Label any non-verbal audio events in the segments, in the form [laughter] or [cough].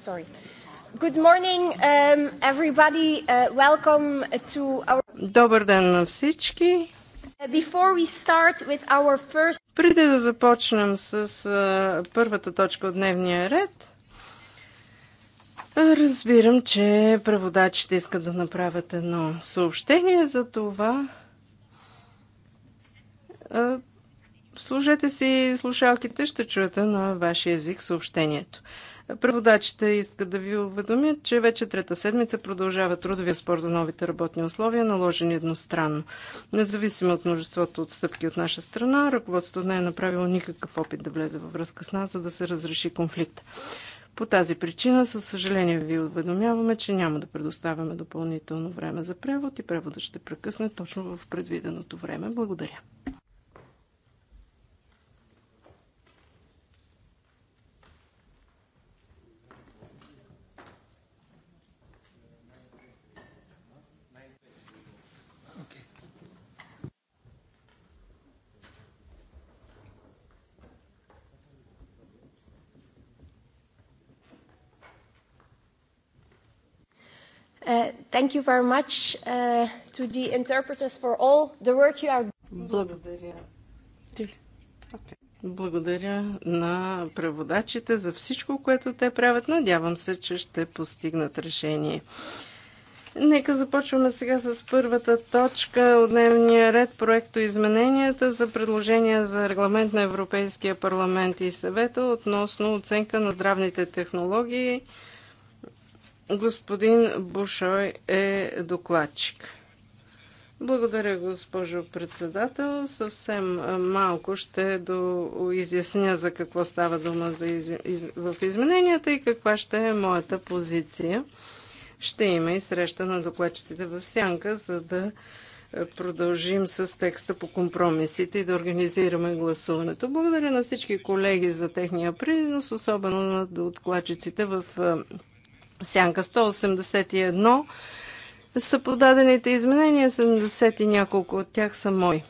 Sorry. Good morning, um, everybody. Uh, welcome to our... Добър ден на всички. Uh, before we start with our first... Преди да започнем с uh, първата точка от дневния ред, разбирам, че преводачите искат да направят едно съобщение за това Служете си слушалките, ще чуете на вашия език съобщението. Преводачите искат да ви уведомят, че вече трета седмица продължава трудовия спор за новите работни условия, наложени едностранно. Независимо от множеството отстъпки от наша страна, ръководството не е направило никакъв опит да влезе във връзка с нас, за да се разреши конфликта. По тази причина, със съжаление ви уведомяваме, че няма да предоставяме допълнително време за превод и преводът ще прекъсне точно в предвиденото време. Благодаря. Uh, thank you very much uh, to the interpreters for all the work you are Благодаря. Благодаря на преводачите за всичко, което те правят. Надявам се, че ще постигнат решение. Нека започваме сега с първата точка от дневния ред проекто измененията за предложения за регламент на Европейския парламент и съвета относно оценка на здравните технологии Господин Бушой е докладчик. Благодаря, госпожо председател. Съвсем малко ще до изясня, за какво става дума за из... в измененията и каква ще е моята позиция. Ще има и среща на докладчиците в Сянка, за да продължим с текста по компромисите и да организираме гласуването. Благодаря на всички колеги за техния принос, особено на докладчиците в сянка 181 са подадените изменения, 70 и няколко от тях са мои.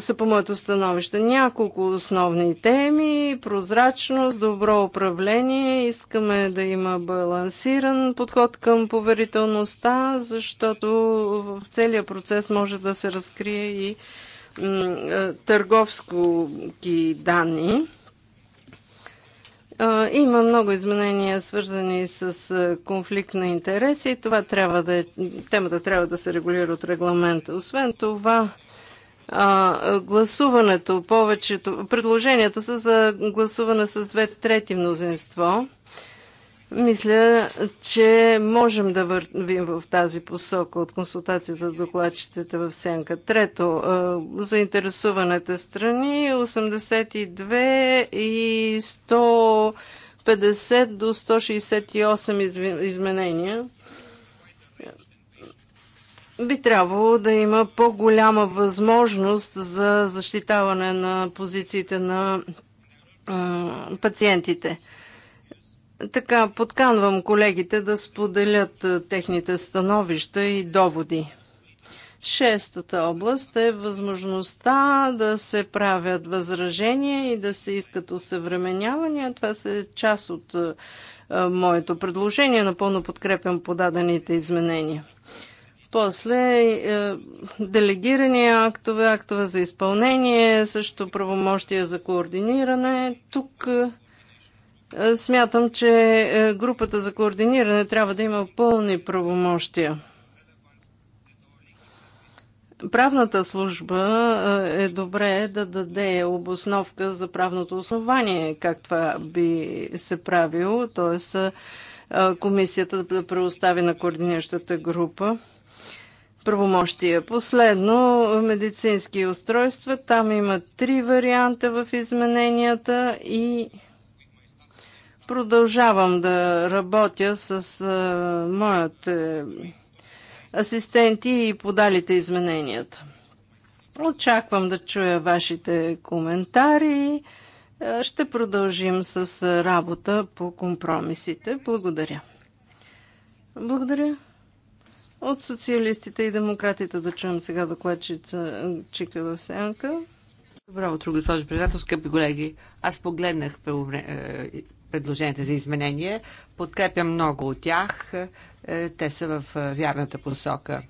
Са по моето становище няколко основни теми, прозрачност, добро управление. Искаме да има балансиран подход към поверителността, защото в целия процес може да се разкрие и търговски данни има много изменения, свързани с конфликт на интереси. Това трябва да е, темата трябва да се регулира от регламента. Освен това, гласуването, повечето, предложенията са за гласуване с две трети мнозинство. Мисля, че можем да вървим в тази посока от консултацията с докладчетата в Сенка. Трето, заинтересуваните страни 82 и 150 до 168 изменения би трябвало да има по-голяма възможност за защитаване на позициите на пациентите. Така, подканвам колегите да споделят е, техните становища и доводи. Шестата област е възможността да се правят възражения и да се искат усъвременявания. Това са част от е, е, моето предложение. Напълно подкрепям подадените изменения. После е, делегирани актове, актове за изпълнение, също правомощия за координиране. Тук е, смятам, че е, групата за координиране трябва да има пълни правомощия. Правната служба е, е добре да даде обосновка за правното основание, как това би се правило, т.е. комисията да предостави на координиращата група правомощия. Последно, медицински устройства. Там има три варианта в измененията и Продължавам да работя с моите асистенти и подалите измененията. Очаквам да чуя вашите коментари. Е, ще продължим с работа по компромисите. Благодаря. Благодаря. От социалистите и демократите да чуем сега докладчица е, Чика в сянка. Добро утро, госпожо председател, скъпи колеги. Аз погледнах е, предложенията за изменение. Подкрепям много от тях. Е, те са в е, вярната посока.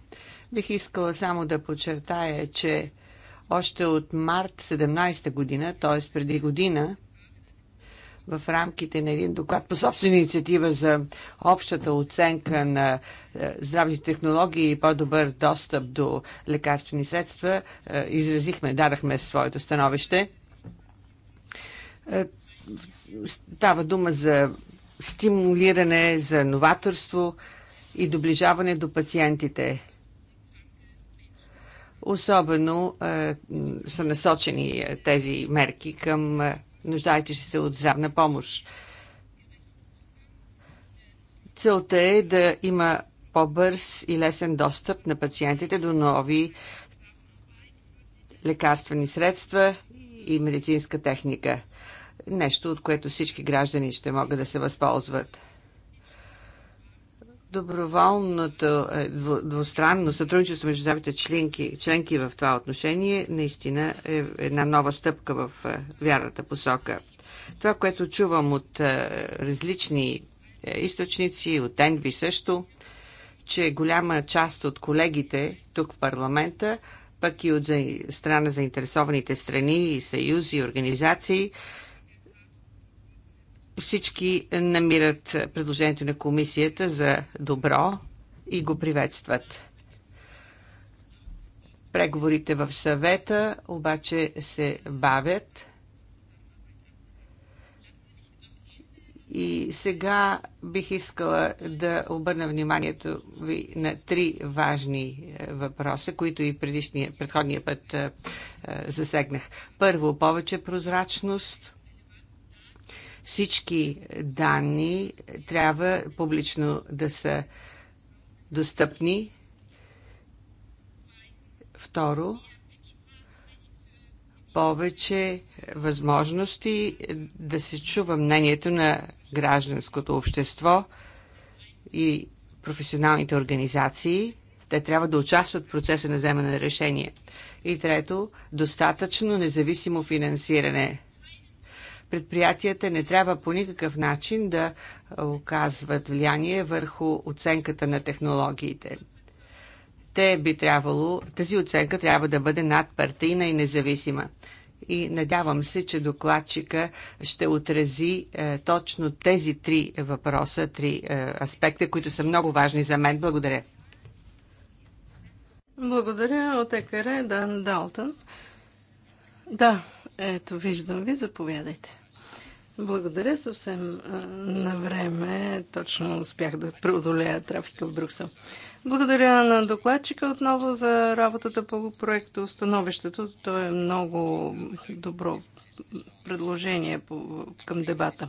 Бих искала само да подчертая, че още от март 17 година, т.е. преди година, в рамките на един доклад по собствена инициатива за общата оценка на е, здравните технологии и по-добър достъп до лекарствени средства, изразихме, дадахме своето становище става дума за стимулиране, за новаторство и доближаване до пациентите. Особено е, са насочени е, тези мерки към е, нуждаещи се от здравна помощ. Целта е да има по-бърз и лесен достъп на пациентите до нови лекарствени средства и медицинска техника нещо, от което всички граждани ще могат да се възползват. Доброволното е, двустранно сътрудничество между държавите членки, членки в това отношение наистина е една нова стъпка в е, вярната посока. Това, което чувам от е, различни източници, от Енви също, че голяма част от колегите тук в парламента, пък и от страна заинтересованите страни и съюзи и организации, всички намират предложението на комисията за добро и го приветстват. Преговорите в съвета обаче се бавят. И сега бих искала да обърна вниманието ви на три важни е, въпроса, които и предишния, предходния път е, е, засегнах. Първо, повече прозрачност. Всички данни трябва публично да са достъпни. Второ, повече възможности да се чува мнението на гражданското общество и професионалните организации. Те трябва да участват в процеса на вземане на решение. И трето, достатъчно независимо финансиране предприятията не трябва по никакъв начин да оказват влияние върху оценката на технологиите. Те би трябвало, тази оценка трябва да бъде надпартийна и независима и надявам се, че докладчика ще отрази е, точно тези три въпроса, три е, аспекта, които са много важни за мен. Благодаря. Благодаря от ЕКР Дан Далтън. Да, ето, виждам ви, заповядайте. Благодаря съвсем на време. Точно успях да преодолея трафика в Брюксел. Благодаря на докладчика отново за работата по проекта Остановището. То е много добро предложение по, към дебата.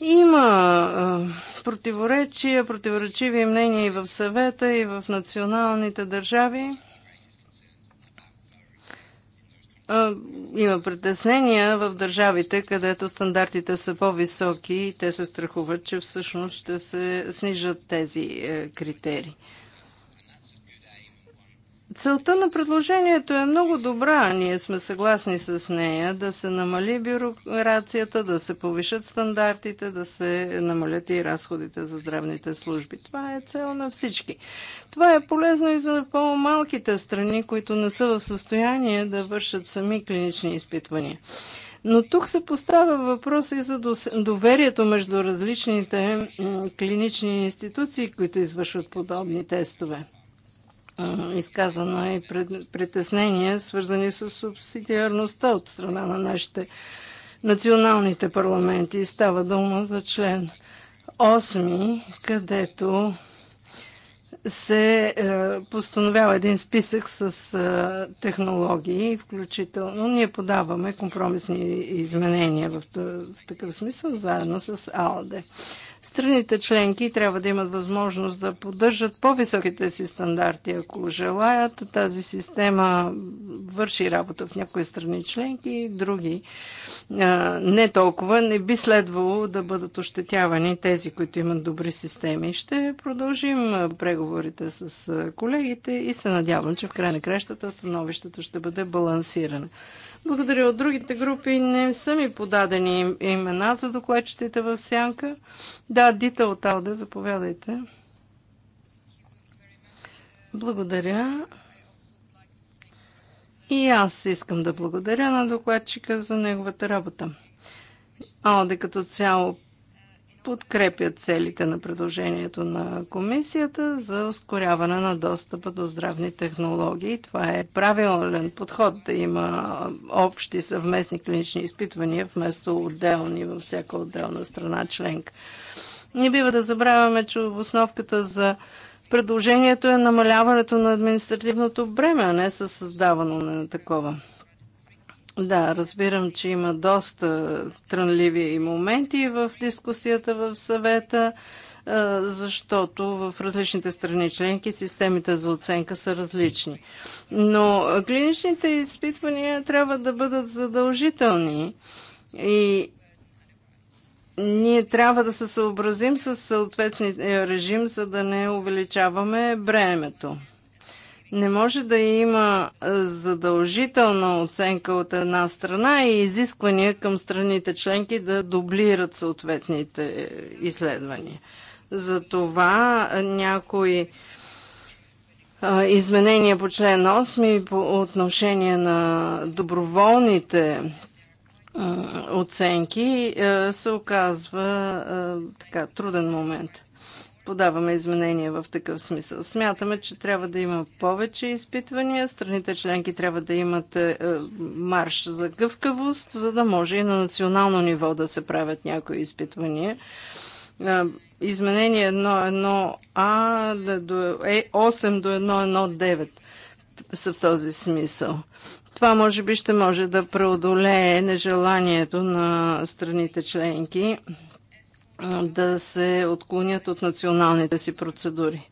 Има противоречия, противоречиви мнения и в съвета, и в националните държави. Има притеснения в държавите, където стандартите са по-високи и те се страхуват, че всъщност ще се снижат тези е, критерии. Целта на предложението е много добра. Ние сме съгласни с нея да се намали бюрокрацията, да се повишат стандартите, да се намалят и разходите за здравните служби. Това е цел на всички. Това е полезно и за по-малките страни, които не са в състояние да вършат сами клинични изпитвания. Но тук се поставя въпрос и за доверието между различните клинични институции, които извършват подобни тестове изказано и притеснение, свързани с субсидиарността от страна на нашите националните парламенти. Става дума за член 8, където се е, постановява един списък с е, технологии, включително ние подаваме компромисни изменения в такъв смисъл, заедно с АЛДЕ. Страните членки трябва да имат възможност да поддържат по-високите си стандарти, ако желаят. Тази система върши работа в някои страни членки, други не толкова. Не би следвало да бъдат ощетявани тези, които имат добри системи. Ще продължим преговорите с колегите и се надявам, че в край на кращата становището ще бъде балансирано. Благодаря. От другите групи не са ми подадени имена за докладчетите в сянка. Да, Дита от Алде, заповядайте. Благодаря. И аз искам да благодаря на докладчика за неговата работа. Алде като цяло подкрепят целите на предложението на комисията за ускоряване на достъпа до здравни технологии. Това е правилен подход да има общи съвместни клинични изпитвания вместо отделни във всяка отделна страна членка. Не бива да забравяме, че обосновката за предложението е намаляването на административното бреме, а не със създаване на такова. Да, разбирам, че има доста трънливи моменти в дискусията в съвета, защото в различните страни членки системите за оценка са различни. Но клиничните изпитвания трябва да бъдат задължителни и ние трябва да се съобразим с съответния режим, за да не увеличаваме бремето. Не може да има задължителна оценка от една страна и изисквания към страните членки да дублират съответните е, изследвания. Затова някои изменения по член 8 по отношение на доброволните оценки е, се оказва е, така труден момент подаваме изменения в такъв смисъл. Смятаме, че трябва да има повече изпитвания, страните членки трябва да имат е, е, марш за гъвкавост, за да може и на национално ниво да се правят някои изпитвания. Е, изменение 1.1а до 8 до 1.1.9 са в този смисъл. Това може би ще може да преодолее нежеланието на страните членки да се отклонят от националните си процедури.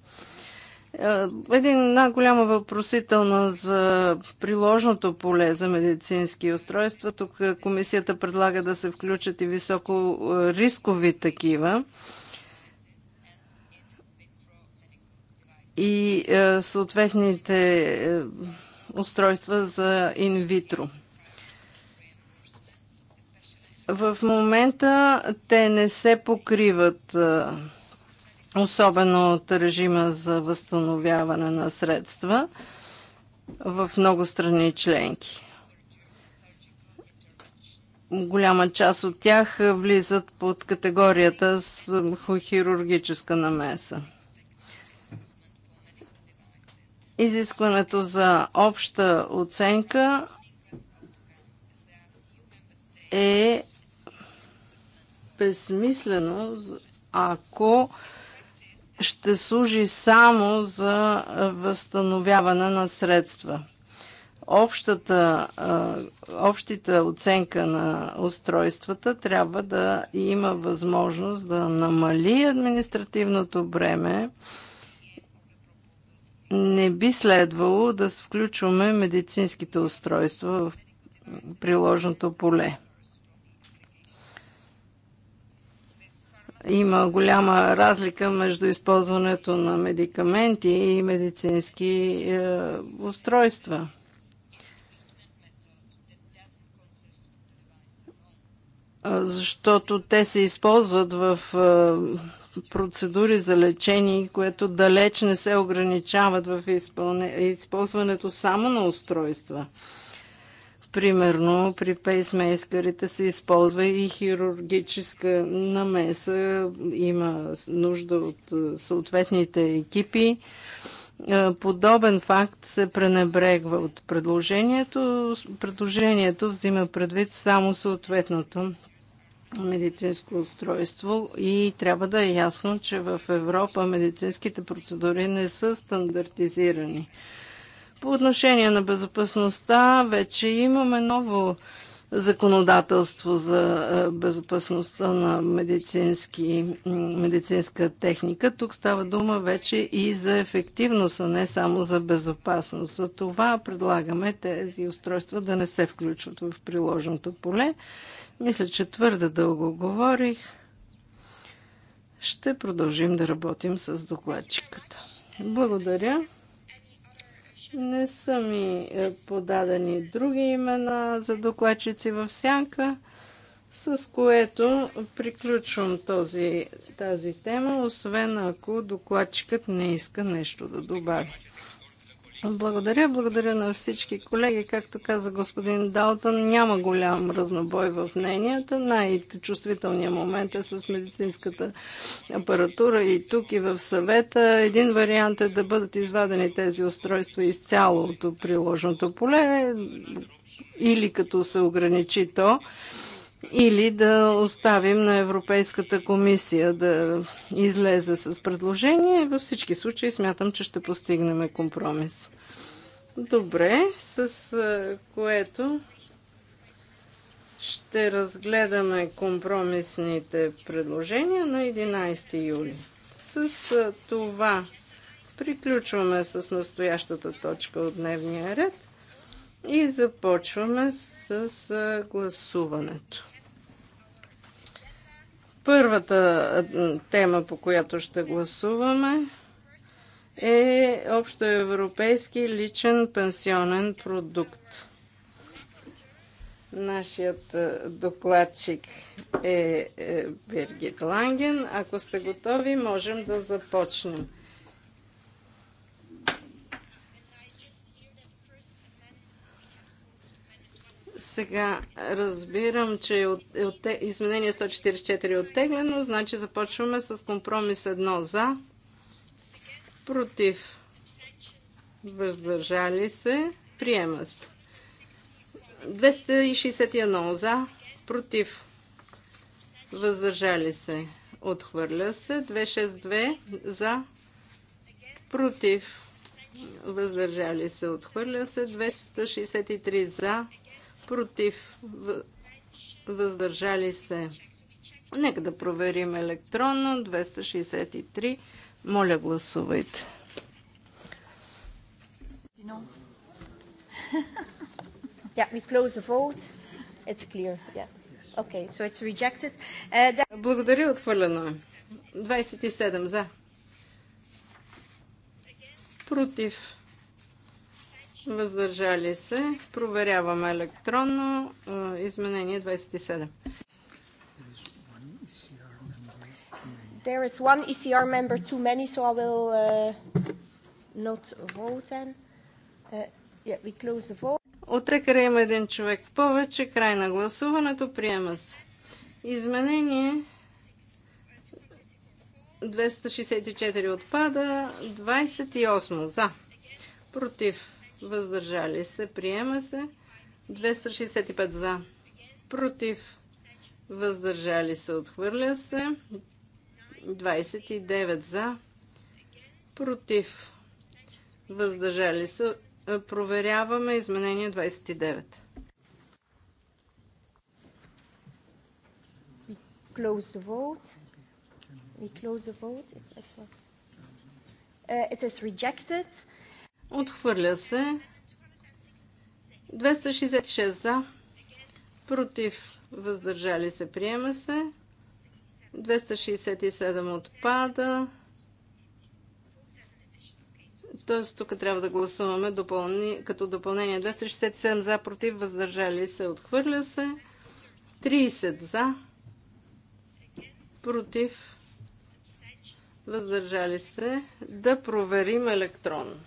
Един най голяма въпросителна за приложното поле за медицински устройства. Тук комисията предлага да се включат и високо рискови такива. И съответните устройства за инвитро. В момента те не се покриват особено от режима за възстановяване на средства в много страни членки. Голяма част от тях влизат под категорията с хирургическа намеса. Изискването за обща оценка е безсмислено, ако ще служи само за възстановяване на средства. Общата, общата оценка на устройствата трябва да има възможност да намали административното бреме. Не би следвало да включваме медицинските устройства в приложното поле. има голяма разлика между използването на медикаменти и медицински е, устройства. Защото те се използват в е, процедури за лечение, което далеч не се ограничават в използването само на устройства. Примерно при пейсмейскарите се използва и хирургическа намеса. Има нужда от е, съответните екипи. Е, подобен факт се пренебрегва от предложението. Предложението взима предвид само съответното медицинско устройство и трябва да е ясно, че в Европа медицинските процедури не са стандартизирани. По отношение на безопасността, вече имаме ново законодателство за е, безопасността на медицински, медицинска техника. Тук става дума вече и за ефективност, а не само за безопасност. За това предлагаме тези устройства да не се включват в приложното поле. Мисля, че твърде дълго говорих. Ще продължим да работим с докладчиката. Благодаря. Не са ми е, подадени други имена за докладчици в сянка, с което приключвам този, тази тема, освен ако докладчикът не иска нещо да добави. Благодаря, благодаря на всички колеги. Както каза господин Далтън, няма голям разнобой в мненията. Най-чувствителният момент е с медицинската апаратура и тук и в съвета. Един вариант е да бъдат извадени тези устройства изцяло от приложното поле или като се ограничи то или да оставим на Европейската комисия да излезе с предложение. Във всички случаи смятам, че ще постигнем компромис. Добре, с което ще разгледаме компромисните предложения на 11 юли. С това приключваме с настоящата точка от дневния ред и започваме с гласуването. Първата тема, по която ще гласуваме, е общоевропейски личен пенсионен продукт. Нашият докладчик е, е Бергит Ланген. Ако сте готови, можем да започнем. Сега разбирам, че е е изменение 144 е оттеглено, значи започваме с компромис 1 за, против, въздържали се, приема се. 261 за, против, въздържали се, отхвърля се. 262 за, против, въздържали се, отхвърля се. 263 за, против, против, въздържали се. Нека да проверим електронно. 263. Моля, гласувайте. [laughs] Uh, Благодаря, отхвърлено е. 27 за. Против въздържали се. Проверяваме електронно. Изменение 27. There is one ECR member too many, so I will uh, not vote then. Uh, yeah, we close the vote. От екара има един човек повече. Край на гласуването. Приема се. Изменение 264 отпада. 28 за. Против въздържали се, приема се. 265 за, против, въздържали се, отхвърля се. 29 за, против, въздържали се. Проверяваме изменение 29. close the vote. We close the vote. It, it was. Uh, it is rejected. Отхвърля се. 266 за. Против. Въздържали се. Приема се. 267 отпада. Тоест тук трябва да гласуваме допълни, като допълнение. 267 за, против, въздържали се, отхвърля се. 30 за, против, въздържали се. Да проверим електрон.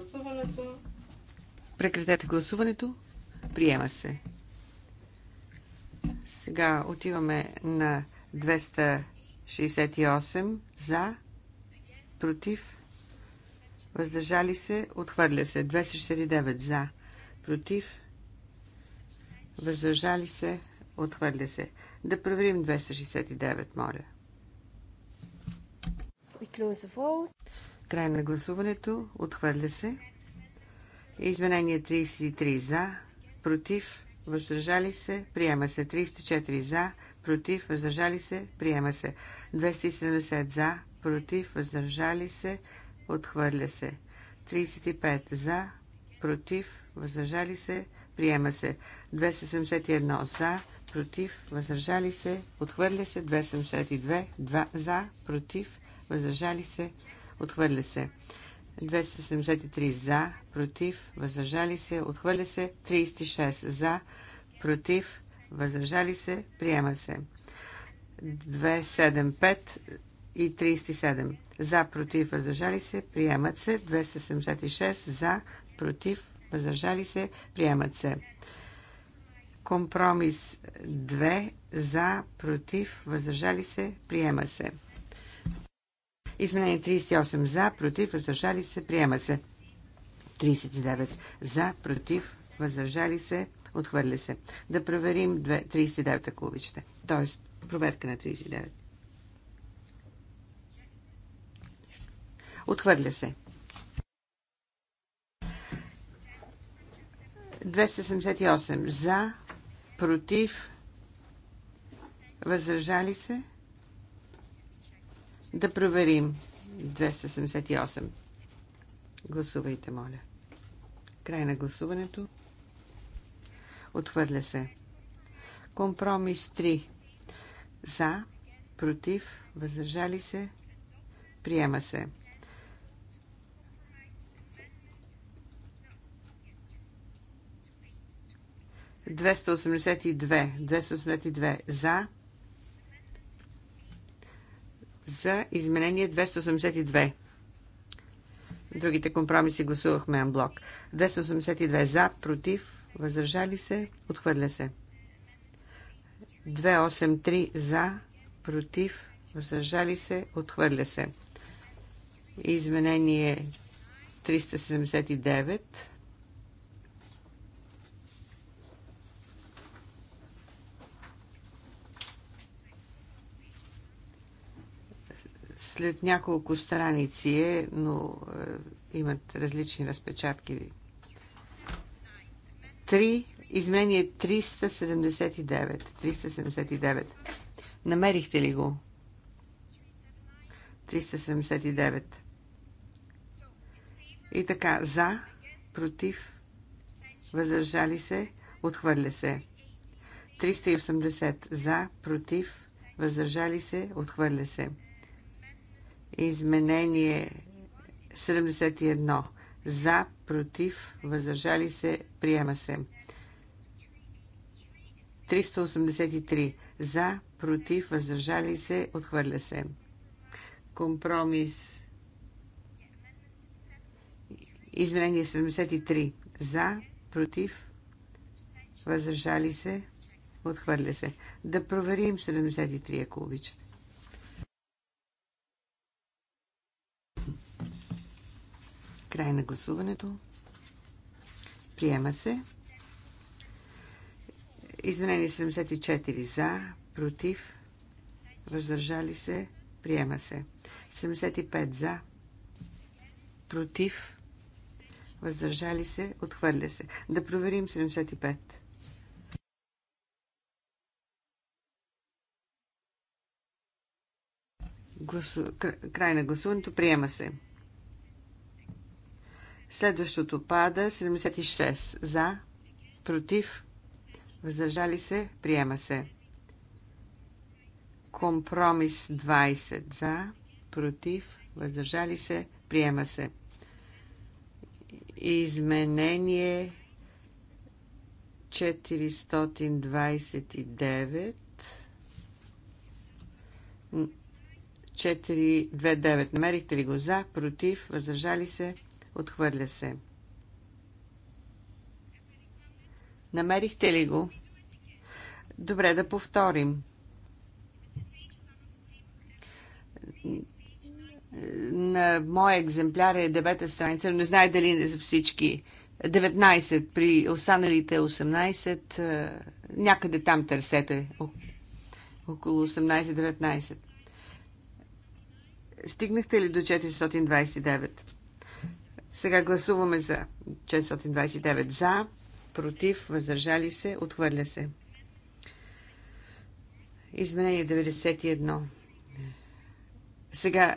гласуването. Прекратете гласуването. Приема се. Сега отиваме на 268 за, против, въздържали се, отхвърля се. 269 за, против, въздържали се, отхвърля се. Да проверим 269, моля. Край на гласуването. Отхвърля се. Изменение 33 за, против, въздържали се, приема се. 34 за, против, въздържали се, приема се. 270 за, против, въздържали се, отхвърля се. 35 за, против, въздържали се, приема се. 271 за, против, въздържали се, отхвърля се. 272 2, за, против, въздържали се, се. Отхвърля се. 273 за, против, въздържали се, отхвърля се, 36 за, против, въздържали се, приема се. 275 и 37 за, против, въздържали се, приемат се, 276 за, против, въздържали се, приемат се. Компромис 2 за, против, въздържали се, приема се. Изменение 38 за, против, въздържали се, приема се. 39 за, против, въздържали се, отхвърля се. Да проверим 39, ако обичате. Тоест, проверка на 39. Отхвърля се. 278 за, против, въздържали се. Да проверим 278. Гласувайте, моля. Край на гласуването. Отхвърля се. Компромис 3. За, против, въздържали се, приема се. Двеста 282. 282. За, за изменение 282. Другите компромиси гласувахме анблок. 282 за, против, въздържали се, отхвърля се. 283 за, против, въздържали се, отхвърля се. Изменение 379 след няколко страници е, но е, имат различни разпечатки. 3, изменение 379. 379. Намерихте ли го? 379. И така, за, против, въздържали се, отхвърля се. 380 за, против, въздържали се, отхвърля се. Изменение 71. За, против, въздържали се, приема се. 383. За, против, въздържали се, отхвърля се. Компромис. Изменение 73. За, против, въздържали се, отхвърля се. Да проверим 73, ако обичате. Край на гласуването. Приема се. Изменени 74 за, против, въздържали се, приема се. 75 за, против, въздържали се, отхвърля се. Да проверим 75. Гласу... Край на гласуването приема се. Следващото пада 76 за, против, въздържали се, приема се. Компромис 20 за, против, въздържали се, приема се. Изменение 429 429. Намерихте ли го за, против, въздържали се, Отхвърля се. Намерихте ли го? Добре, да повторим. На моя екземпляр е девета страница, но не знае дали не за всички. 19, при останалите 18, е, някъде там търсете, около 18-19. Стигнахте ли до 429? Сега гласуваме за 429 за, против, въздържали се, отхвърля се. Изменение 91. Сега,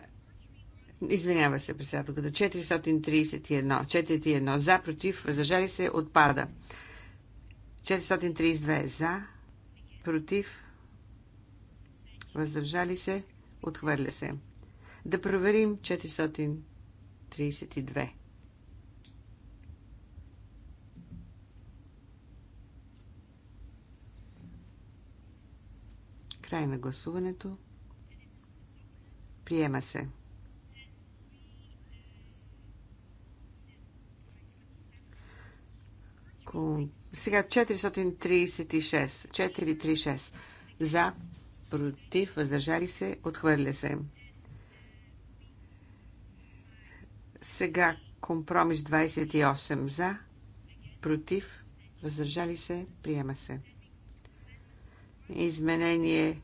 извинява се председателката, 431. 431 за, против, въздържали се, отпада. 432 за, против, въздържали се, отхвърля се. Да проверим 432. Край на гласуването. Приема се. Сега 436. 436. За, против, въздържали се, отхвърля се. Сега компромис 28 за, против, въздържали се, приема се. Изменение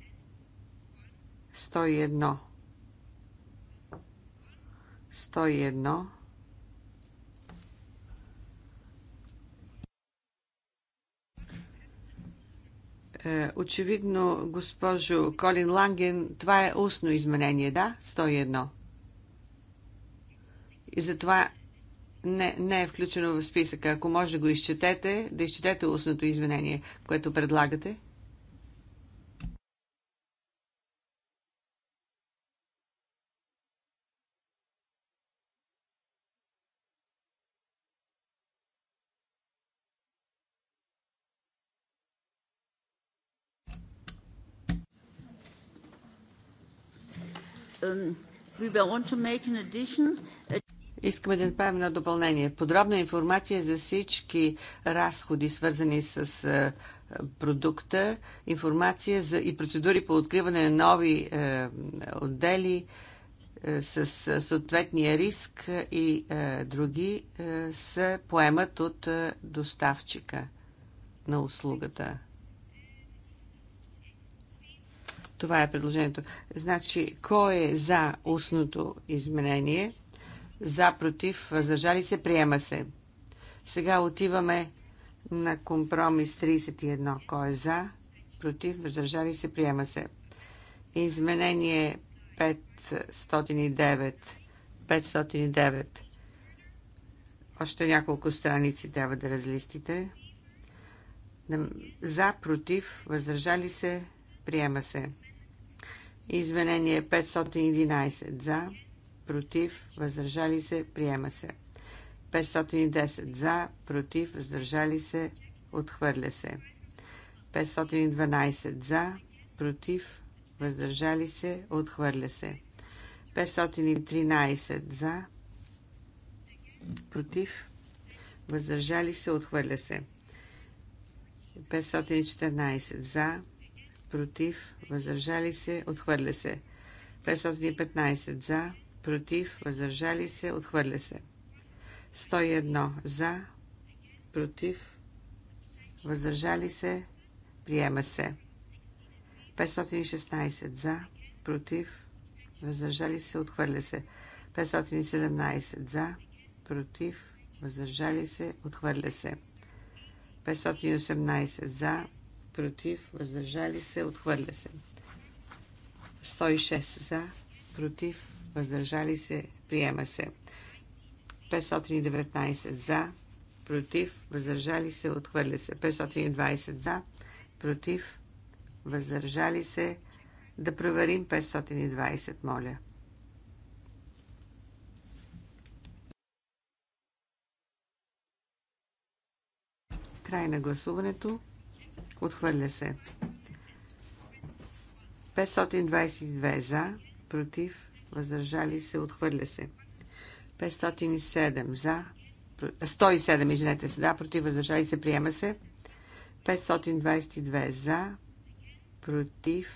101. 101. Е, очевидно, госпожо Колин Ланген, това е устно изменение, да? 101. И затова не, не е включено в списъка. Ако може да го изчетете, да изчетете устното изменение, което предлагате. Um, Искаме да направим едно допълнение. Подробна информация за всички разходи, свързани с е, продукта, информация за и процедури по откриване на нови е, отдели е, с съответния риск и други се поемат от доставчика на услугата. Това е предложението. Значи, кой е за устното изменение? За, против, въздържали се, приема се. Сега отиваме на компромис 31. Кой е за? Против, въздържали се, приема се. Изменение 509. 509. Още няколко страници трябва да разлистите. За, против, въздържали се, приема се. Изменение 511 за, против, въздържали се, приема се. 510 за, против, въздържали се, отхвърля се. 512 за, против, въздържали се, отхвърля се. 513 за, против, въздържали се, отхвърля се. 514 за, против, въздържали се, отхвърля се. 515 за, против, въздържали се, отхвърля се. 101 за, против, въздържали се, приема се. 516 за, против, въздържали се, отхвърля се. 517 за, против, въздържали се, отхвърля се. 518 за, против, въздържали се, отхвърля се. 106 за, против, въздържали се, приема се. 519 за, против, въздържали се, отхвърля се. 520 за, против, въздържали се. Да проверим 520, моля. Край на гласуването. Отхвърля се. 522 за, против, въздържали се, отхвърля се. 507 за, 107, извинете се, да, против, въздържали се, приема се. 522 за, против,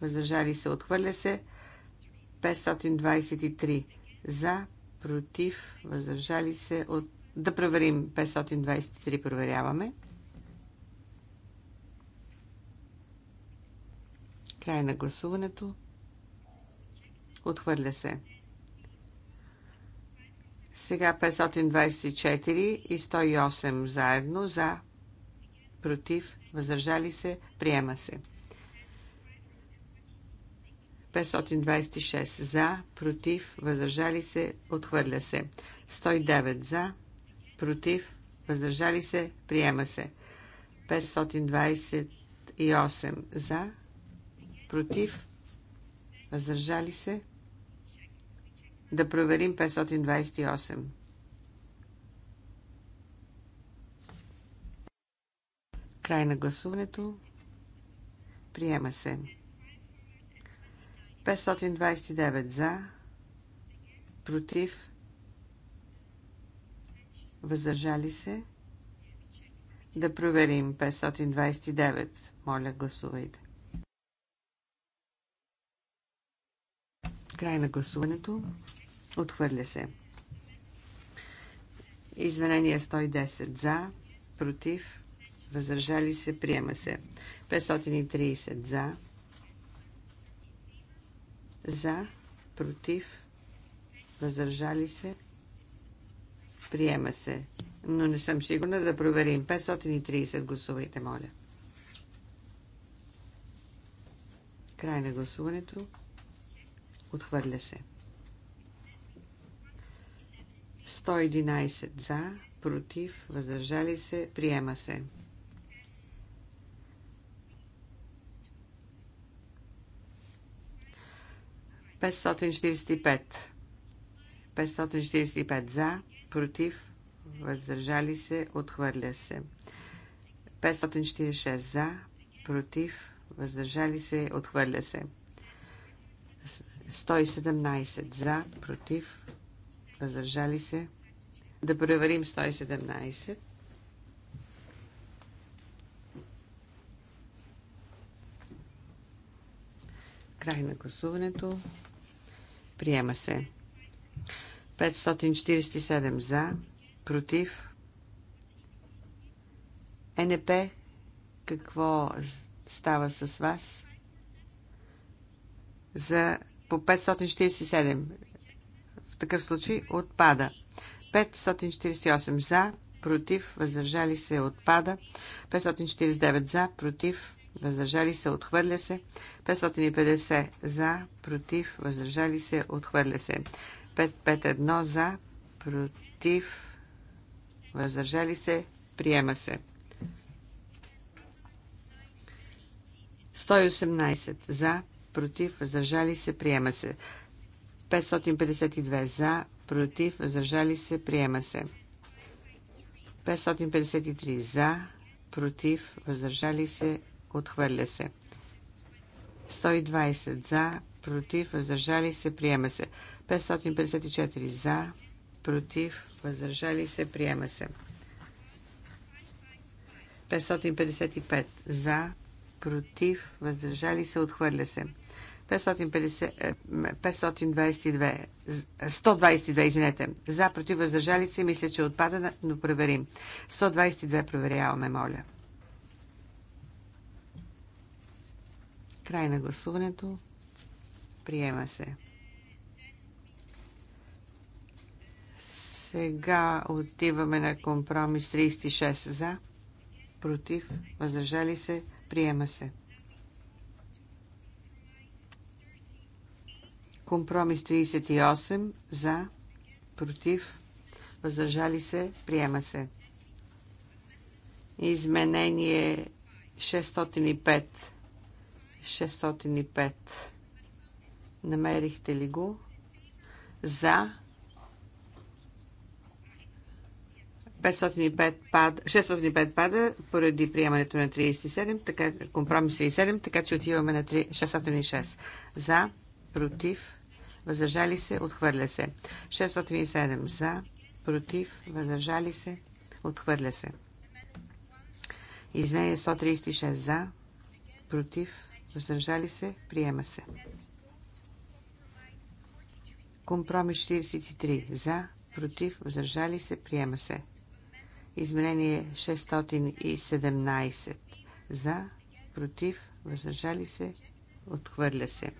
въздържали се, отхвърля се. 523 за, против, въздържали се, от... да проверим 523, проверяваме. 523. Край на гласуването. Отхвърля се. Сега 524 и 108 заедно за, против, въздържали се, приема се. 526 за, против, въздържали се, отхвърля се. 109 за, против, въздържали се, приема се. 528 за, против, въздържали се. Да проверим 528. Край на гласуването. Приема се. 529 за, против, въздържали се. Да проверим 529. Моля, гласувайте. Край на гласуването. Отхвърля се. Извинение 110 за, против, въздържали се, приема се. 530 за, за, против, въздържали се, приема се. Но не съм сигурна да проверим. 530 гласувайте, моля. Край на гласуването. Отхвърля се. 111 за, против, въздържали се, приема се. Петстотин 545 за, против, въздържали се, отхвърля се. 546 за, против, въздържали се, отхвърля се. 117 за, против, въздържали се. Да проверим 117. Край на гласуването. Приема се. 547 за, против. НП, какво става с вас? За по 547. В такъв случай отпада. 548 за, против, въздържали се, отпада. 549 за, против, въздържали се, отхвърля се. 550 за, против, въздържали се, отхвърля се. 551 за, против, въздържали се, приема се. 118 за, против, въздържали се, приема се. 552 за, против, въздържали се, приема се. 553 за, против, въздържали се, отхвърля се. 120 за, против, въздържали се, приема се. 554 за, против, въздържали се, приема се. 555 за, против, въздържали се, отхвърля се. 522, 122, е, извинете. За, против, въздържали се, мисля, че отпада, но проверим. 122 проверяваме, моля. Край на гласуването. Приема се. Сега отиваме на компромис 36 за, против, въздържали се, Приема се. Компромис 38 за, против, въздържали се, приема се. Изменение 605. 605. Намерихте ли го? За, 505 пад, 605 пада поради приемането на 37, така, компромис 37, така че отиваме на 606. За, против, въздържали се, отхвърля се. 607 за, против, въздържали се, отхвърля се. Изменение 136 за, против, въздържали се, приема се. Компромис 43 за, против, въздържали се, приема се. Изменение 617. За, против, въздържали се, отхвърля се.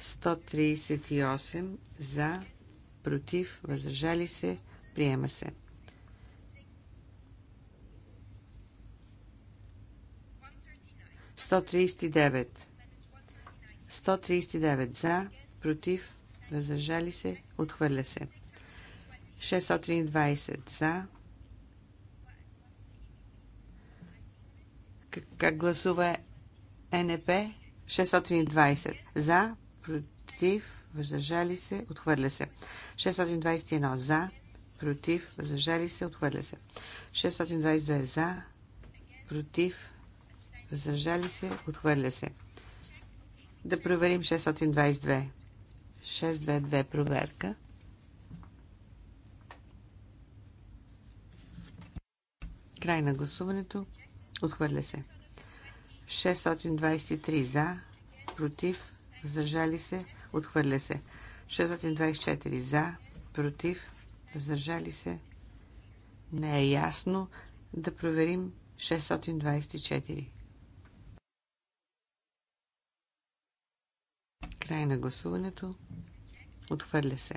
138. За, против, въздържали се, приема се. Сто тридесет девет. 139 за, против, въздържали се, отхвърля се. 620 за, Как гласува НП? 620. За, против, въздържали се, отхвърля се. 621. За, против, въздържали се, отхвърля се. 622. За, против, въздържали се, отхвърля се. Да проверим 622. 622 проверка. Край на гласуването. Отхвърля се. 623 за, против, въздържали се, отхвърля се. 624 за, против, въздържали се. Не е ясно да проверим 624. Край на гласуването. Отхвърля се.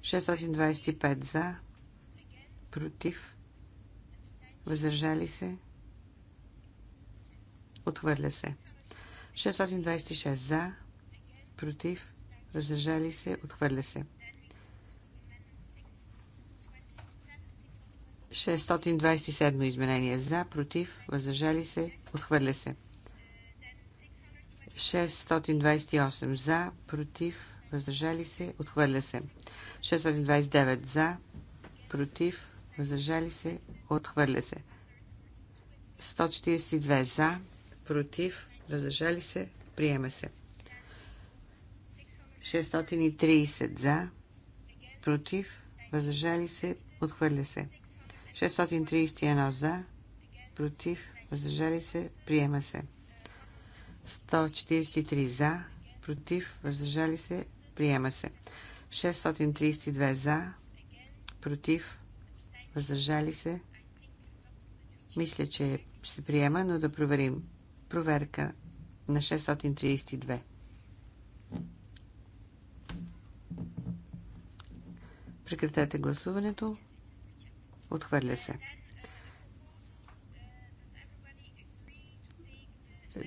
625 за, против, въздържали се. Отхвърля се. 626 за, против, въздържали се, отхвърля се. 627 изменение за, против, въздържали се, отхвърля се. 628 за, против, въздържали се, отхвърля се. 629 за, против, въздържали се, отхвърля се. 142 за, против, въздържали се, приема се. 630 за, против, въздържали се, отхвърля се. 631 за, против, въздържали се, приема се. 143 за, против, въздържали се, приема се. 632 за, против, въздържали се. Мисля, че се приема, но да проверим. Проверка на 632. Прекратете гласуването. Отхвърля се.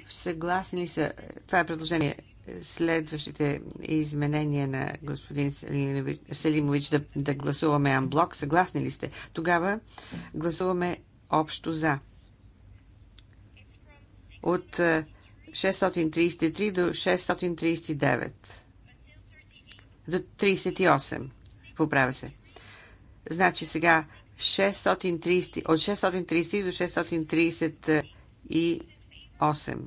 Съгласни ли са? Това е предложение. Следващите изменения на господин Селимович да, да гласуваме анблок. Съгласни ли сте? Тогава гласуваме общо за от 633 е, до 639. До 38. Поправя се. Значи сега 630, от 633 до 638.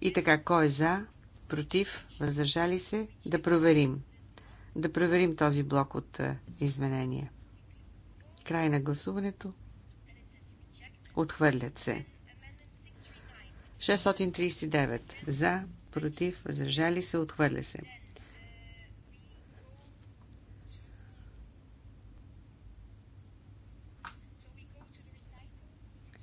И така, кой е за, против, въздържали се, да проверим. Да проверим този блок от е, изменения. Край на гласуването. Отхвърлят се. 639 за, против, въздържали се, отхвърля се.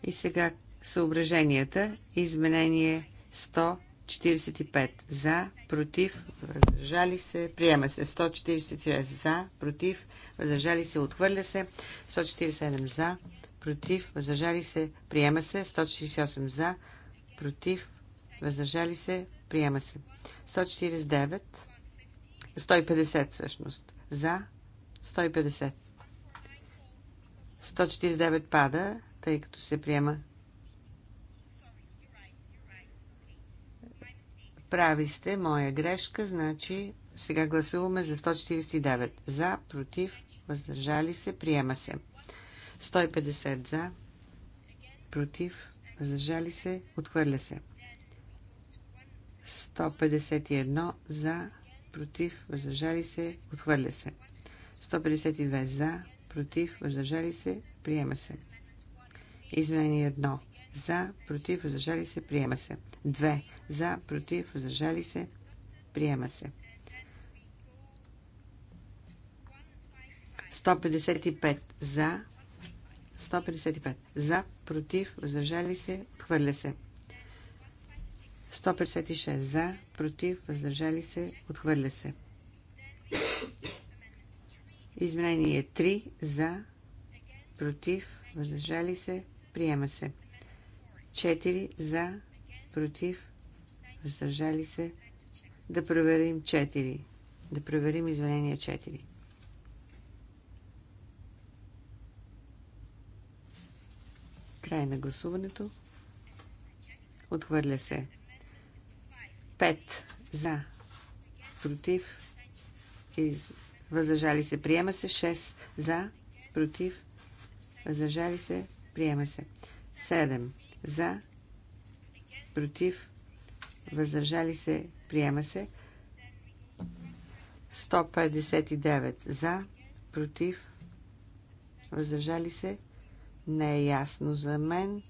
И сега съображенията. Изменение 145 за, против, въздържали се, приема се. 146 за, против, въздържали се, отхвърля се. 147 за, против, въздържали се, приема се. 148 за, против, въздържали се, приема се. 149, 150 всъщност, за, 150. 149 пада, тъй като се приема. Прави сте, моя грешка, значи сега гласуваме за 149. За, против, въздържали се, приема се. 150 за, против, въздържали се, отхвърля се. 151 за, против, въздържали се, отхвърля се. 152 за, против, въздържали се, приема се. Изменение 1. За, против, въздържали се, приема се. 2. За, против, въздържали се, приема се. 155 за, 155. За, против, въздържали се, отхвърля се. 156. За, против, въздържали се, отхвърля се. Изменение 3. За, против, въздържали се, приема се. 4. За, против, въздържали се. Да проверим 4. Да проверим изменение 4. Край на гласуването. Отхвърля се. 5 за. Против. И Въздържали се. Приема се. 6 за. Против. Въздържали се. Приема се. 7 за. Против. Въздържали се. Приема се. 159 за. Против. Въздържали се. Не е ясно за мен.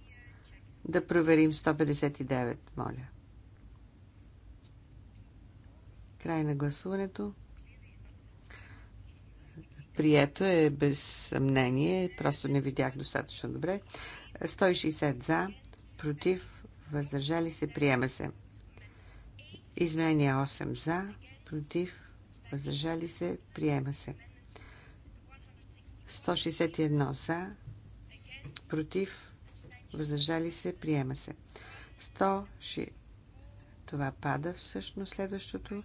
Да проверим 159, моля. Край на гласуването. Прието е без съмнение, просто не видях достатъчно добре. 160 за, против, въздържали се, приема се. Изменя 8 за, против, въздържали се, приема се. 161 за, против, въздържали се, приема се. 100, ши... това пада всъщност следващото,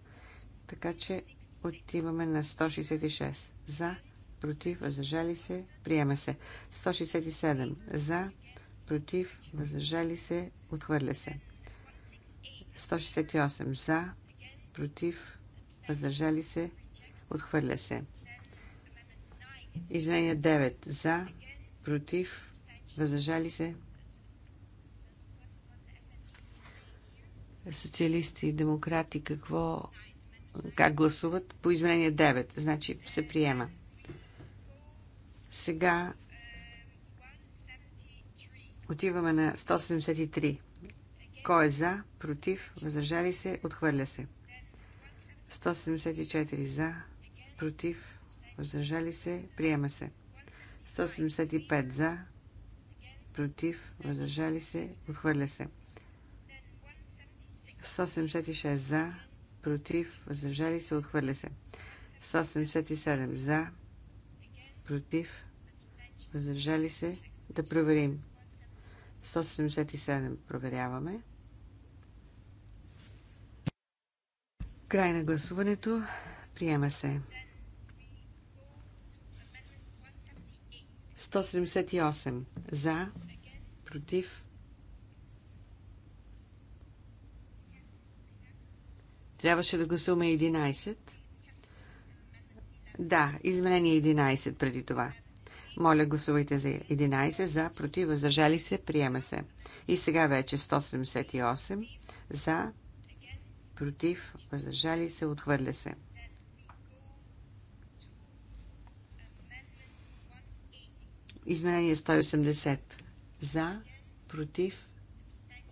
така че отиваме на 166. За, против, въздържали се, приема се. 167. За, против, въздържали се, отхвърля се. 168. За, против, въздържали се, отхвърля се. Изменение 9. За, против, въздържали се. Социалисти и демократи какво, как гласуват? По изменение 9, значи се приема. Сега отиваме на 173. Кой е за, против, въздържали се, отхвърля се. 174 за, против, въздържали се, приема се. 175 за, против, въздържали се, отхвърля се. 176 за, против, въздържали се, отхвърля се. 177 за, против, въздържали се, да проверим. 177 проверяваме. Край на гласуването. Приема се. 178 за, против. Трябваше да гласуваме 11. Да, изменение 11 преди това. Моля, гласувайте за 11, за, против, въздържали се, приема се. И сега вече 178, за, против, въздържали се, отхвърля се. Изменение 180. За, против,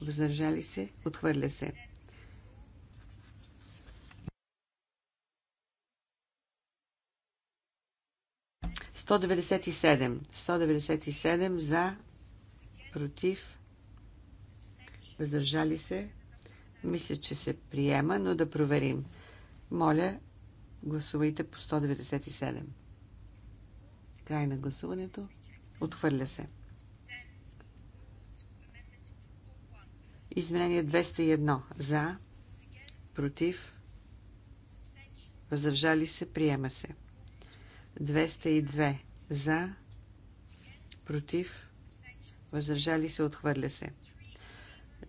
въздържали се, отхвърля се. Сто деветдесет и седем. Сто деветдесет и седем за, против, въздържали се. Мисля, че се приема, но да проверим. Моля, гласувайте по 197. Край на гласуването. Отхвърля се. Изменение 201. За. Против. Въздържали се. Приема се. 202. За. Против. Въздържали се. Отхвърля се.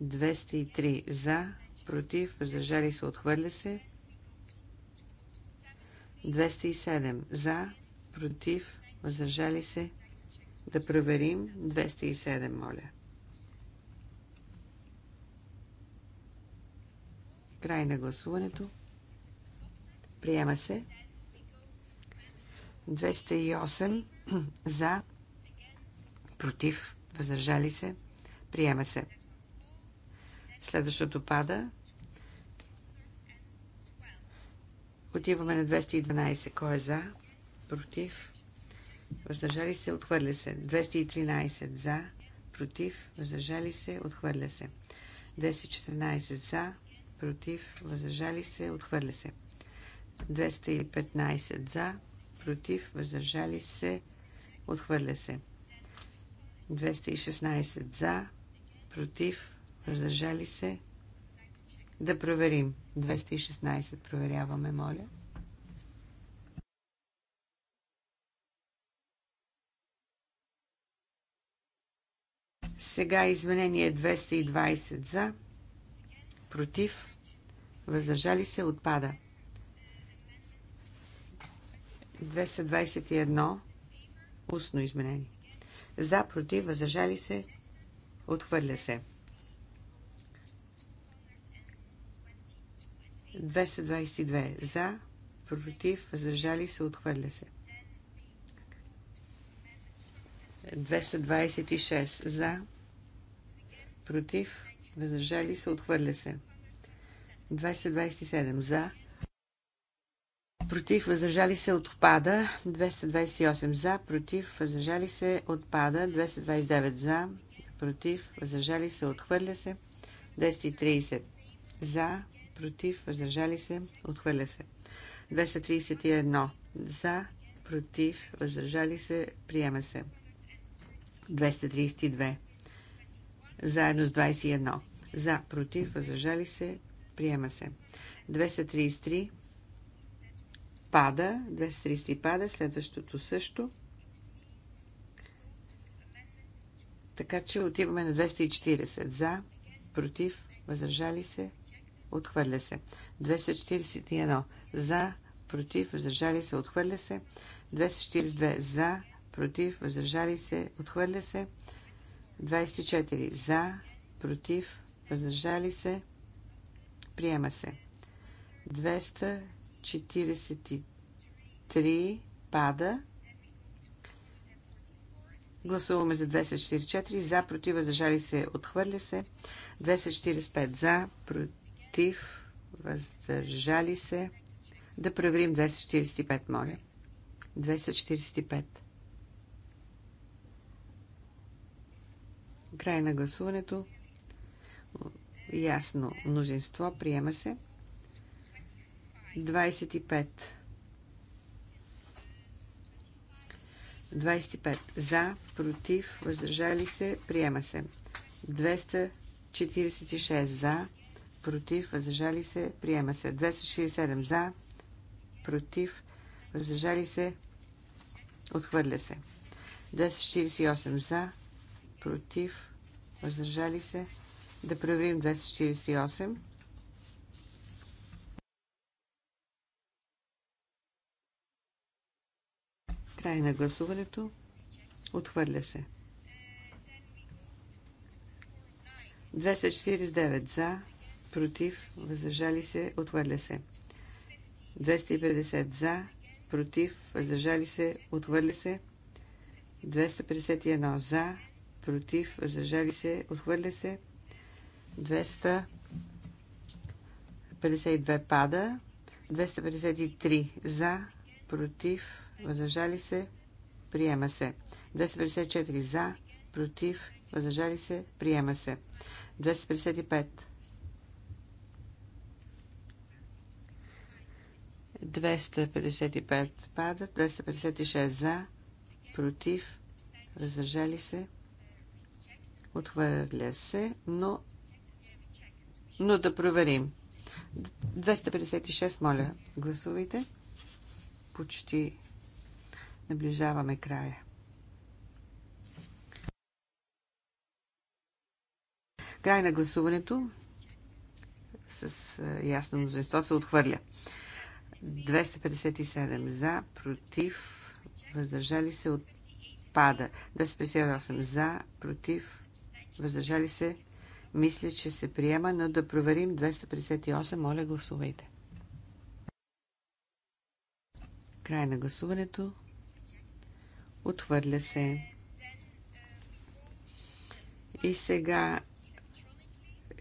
203. За. Против. Въздържали се. Отхвърля се. 207. За. Против. Въздържали се. Да проверим 207, моля. Край на гласуването. Приема се. 208 [clears throat] за, против, въздържали се. Приема се. Следващото пада. Отиваме на 212. Кой е за? Против? въздържали се, отхвърля се. 213 за, против, въздържали се, отхвърля се. 214 за, против, въздържали се, отхвърля се. 215 за, против, въздържали се, отхвърля се. 216 за, против, въздържали се. Да проверим. 216 проверяваме, моля. 216. Сега изменение 220 за, против, въздържали се, отпада. 221 устно изменение. За, против, въздържали се, отхвърля се. 222 за, против, въздържали се, отхвърля се. 226 за, против, въздържали се, отхвърля се. 227 за, против, въздържали се, отпада. 228 за, против, въздържали се, отпада. 229 за, против, въздържали се, отхвърля се. 230 за, против, въздържали се, отхвърля се. 231 за, против, въздържали се, приема се. 232 заедно с 21. За, против, въздържали се, приема се. 233 пада, 230 пада, следващото също. Така че отиваме на 240. За, против, въздържали се, отхвърля се. 241. За, против, въздържали се, отхвърля се. 242. За, против, въздържали се, отхвърля се. 24 за, против, въздържали се, приема се. 243 пада. Гласуваме за 244 за, против, въздържали се, отхвърля се. 245 за, против, въздържали се. Да проверим 245, моля. 245. Край на гласуването. Ясно мнозинство. Приема се. 25. 25. За, против, въздържали се, приема се. 246 за, против, въздържали се, приема се. 267 за, против, въздържали се, отхвърля се. 248 за, против, въздържали се. Да проверим 248. Край на гласуването. Отхвърля се. 249 за, против, въздържали се, отхвърля се. 250 за, против, въздържали се, отхвърля се. 251 за, против, въздържали се, отхвърля се. 252 пада. 253 за, против, въздържали се, приема се. 254 за, против, въздържали се, приема се. 255. 255 пада, 256 за, против, въздържали се, Отхвърля се, но... Но да проверим. 256, моля, гласувайте. Почти наближаваме края. Край на гласуването с ясно мнозинство се отхвърля. 257 за, против, въздържали се, отпада. 258 за, против, въздържали се, мисля, че се приема, но да проверим 258. Моля, гласувайте. Край на гласуването. Отхвърля се. И сега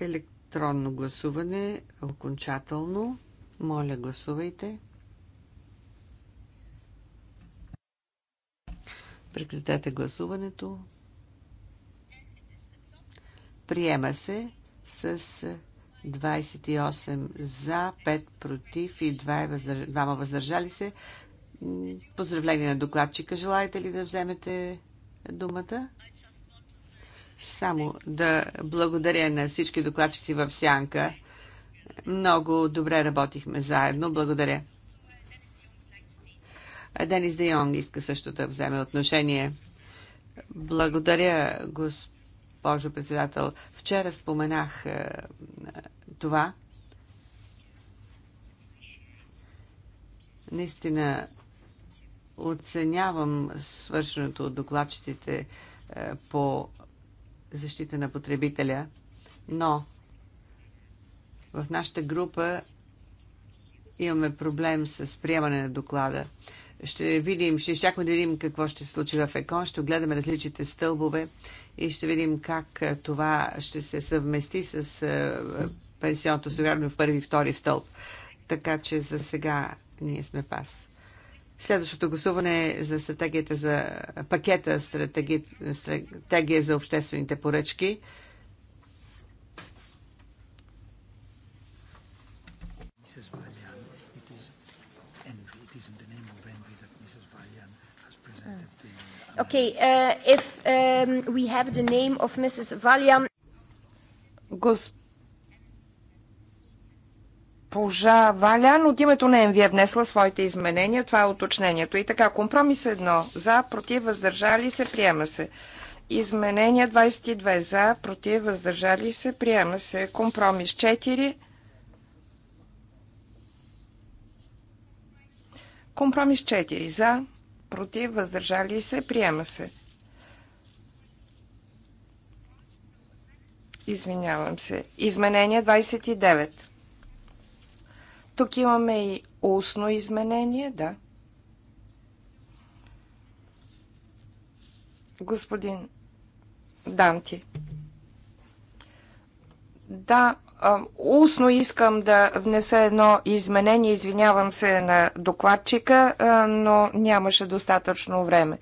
електронно гласуване, окончателно. Моля, гласувайте. Прекратете гласуването. Приема се с 28 за, 5 против и 2 2 е въздържали се. Поздравление на докладчика. Желаете ли да вземете думата? Само да благодаря на всички докладчици в Сянка. Много добре работихме заедно. Благодаря. Денис Де Йонг иска също да вземе отношение. Благодаря, господин Божо председател. Вчера споменах е, това. Наистина оценявам свършеното от докладчиците е, по защита на потребителя, но в нашата група имаме проблем с приемане на доклада. Ще видим, ще изчакаме да видим какво ще се случи в ЕКОН, ще гледаме различните стълбове и ще видим как това ще се съвмести с пенсионното осигуряване в първи и втори стълб. Така че за сега ние сме пас. Следващото гласуване е за стратегията за пакета стратегия, стратегия за обществените поръчки. Okay, uh, if um, we have the name of Mrs. Госпожа Валян от името на МВ е внесла своите изменения. Това е уточнението. И така, компромис едно. За, против, въздържали се, приема се. Изменения 22. За, против, въздържали се, приема се. Компромис 4. Компромис 4. За, против, въздържали се, приема се. Извинявам се. Изменение 29. Тук имаме и устно изменение, да. Господин Данти. Да, Устно искам да внеса едно изменение, извинявам се на докладчика, но нямаше достатъчно време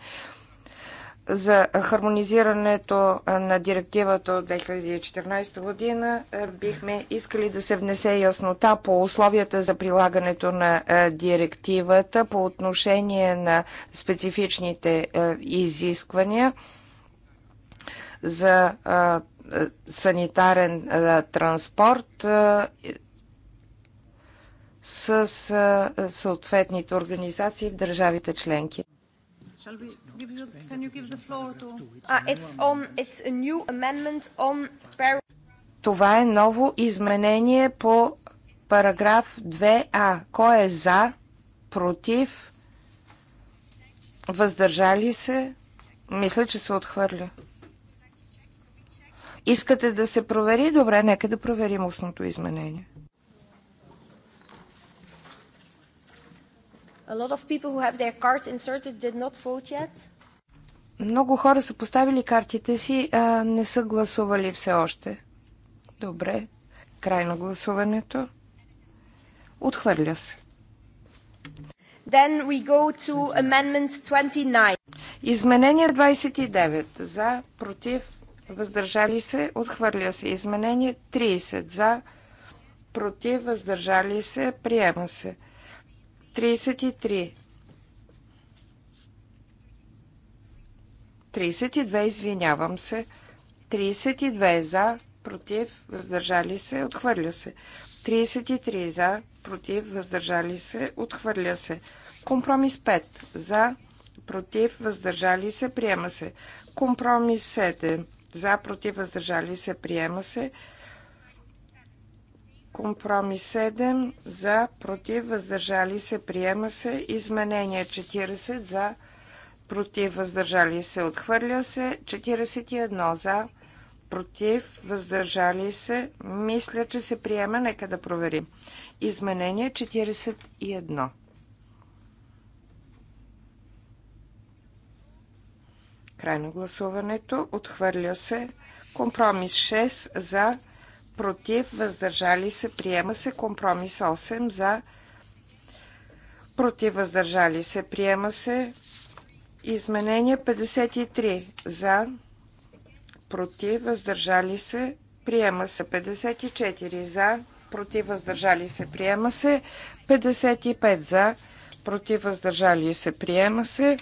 за хармонизирането на директивата от 2014 година бихме искали да се внесе яснота по условията за прилагането на директивата по отношение на специфичните изисквания за санитарен транспорт с съответните организации в държавите членки. Ah, Това е ново изменение по параграф 2а. Кой е за, против, въздържали се? Мисля, че се отхвърля. Искате да се провери? Добре, нека да проверим устното изменение. Много хора са поставили картите си, а не са гласували все още. Добре. Край на гласуването. Отхвърля се. Then we go to amendment 29. Изменение 29. За, против, въздържали се, отхвърля се. Изменение 30 за, против, въздържали се, приема се. 33. 32, извинявам се. 32 за, против, въздържали се, отхвърля се. 33 за, против, въздържали се, отхвърля се. Компромис 5 за, против, въздържали се, приема се. Компромис 7 за, против, въздържали се, приема се. Компромис 7 за, против, въздържали се, приема се. Изменение 40 за, против, въздържали се, отхвърля се. 41 за, против, въздържали се, мисля, че се приема, нека да проверим. Изменение 41. Край на гласуването. Отхвърля се. Компромис 6 за, против, въздържали се, приема се. Компромис 8 за, против, въздържали се, приема се. Изменение 53 за, против, въздържали се, приема се. 54 за, против, въздържали се, приема се. 55 за, против, въздържали се, приема се.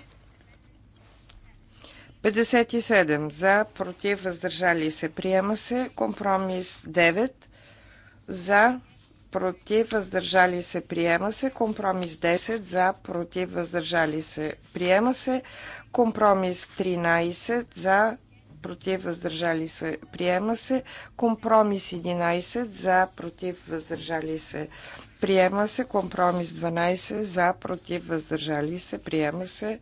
57 за, против, въздържали се, приема се. Компромис 9 за, против, въздържали се, приема се. Компромис 10 за, против, въздържали се, приема се. Компромис 13 за, против, въздържали се, приема се. Компромис 11 за, против, въздържали се, приема се. Компромис 12 за, против, въздържали се, приема се.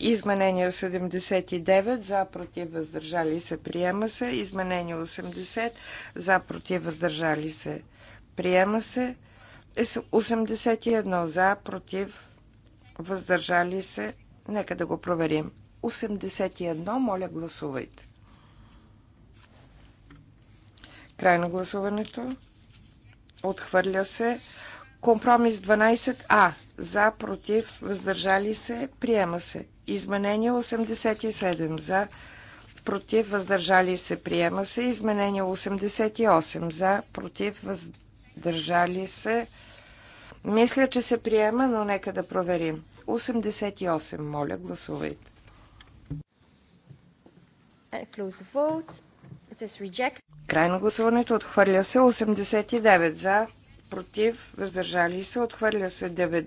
Изменение 79 за против въздържали се приема се. Изменение 80 за против въздържали се приема се. 81 е, за против въздържали се. Нека да го проверим. 81, моля гласувайте. Край на гласуването. Отхвърля се. Компромис 12А за, против, въздържали се, приема се. Изменение 87 за, против, въздържали се, приема се. Изменение 88 за, против, въздържали се. Мисля, че се приема, но нека да проверим. 88, моля, гласувайте. Край на гласуването отхвърля се 89 за, против, въздържали се, отхвърля се 9.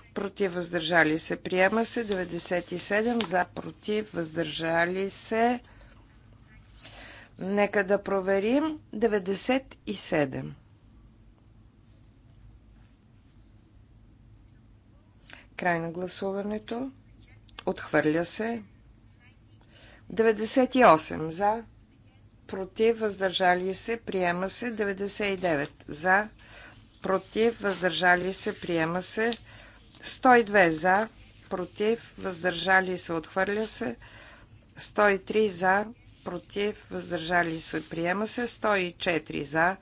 против въздържали се. Приема се 97 за против въздържали се. Нека да проверим 97. Край на гласуването. Отхвърля се. 98 за против въздържали се. Приема се 99 за против въздържали се. Приема се 102 за, против, въздържали се, отхвърля се. 103 за, против, въздържали се, приема се. 104 за,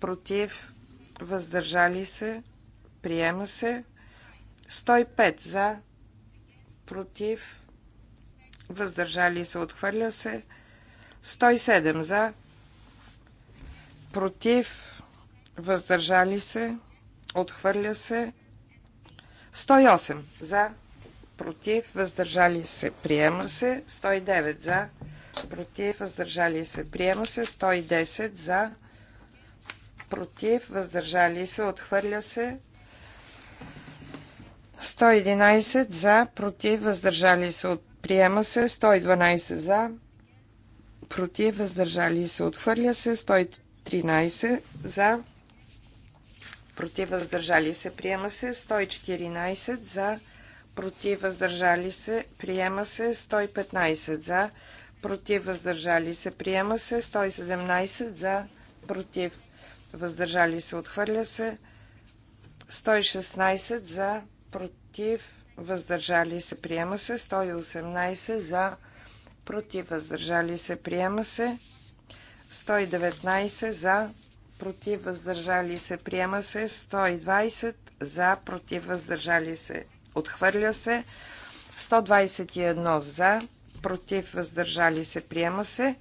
против, въздържали се, приема се. 105 за, против, въздържали се, отхвърля се. 107 за, против, въздържали се, отхвърля се. 108 за, против, въздържали се, приема се. 109 за, против, въздържали се, приема се. 110 за, против, въздържали се, отхвърля се. 111 за, против, въздържали се, приема се. 112 за, против, въздържали се, отхвърля се. 113 за, против въздържали се, приема се 114 за, против въздържали се, приема се 115 за, против въздържали се, приема се 117 за, против въздържали се, отхвърля се 116 за, против въздържали се, приема се 118 за, против въздържали се, приема се 119 за, против, въздържали се, приема се. 120 за, против, въздържали се, отхвърля се. 121 за, против, въздържали се, приема се.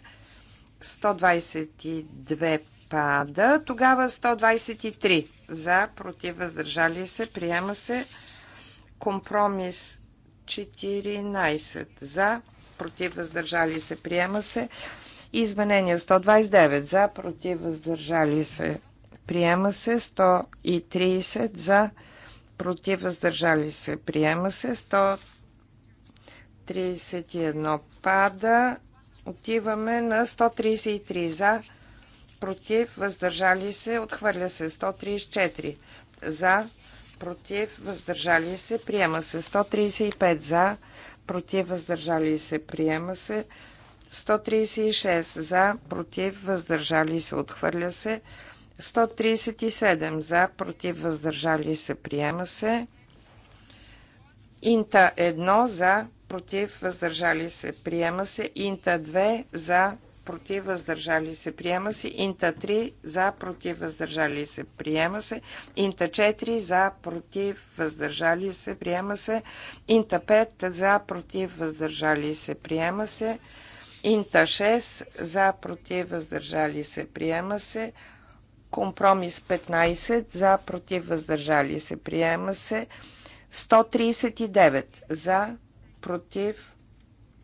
122 пада. Тогава 123 за, против, въздържали се, приема се. Компромис 14 за, против, въздържали се, приема се. Изменение 129 за, против, въздържали се. Приема се 130 за, против, въздържали се. Приема се 131 пада. Отиваме на 133 за, против, въздържали се. Отхвърля се 134 за, против, въздържали се. Приема се 135 за, против, въздържали се. Приема се 136 за, против, въздържали се, отхвърля се. 137 за, против, въздържали се, приема се. Инта 1 за, против, въздържали се, приема се. Инта 2 за, против, въздържали се, приема се. Инта 3 за, против, въздържали се, приема се. Инта 4 за, против, въздържали се, приема се. Инта 5 за, против, въздържали се, приема се. Инта 6 за, против, въздържали се, приема се. Компромис 15 за, против, въздържали се, приема се. 139 за, против,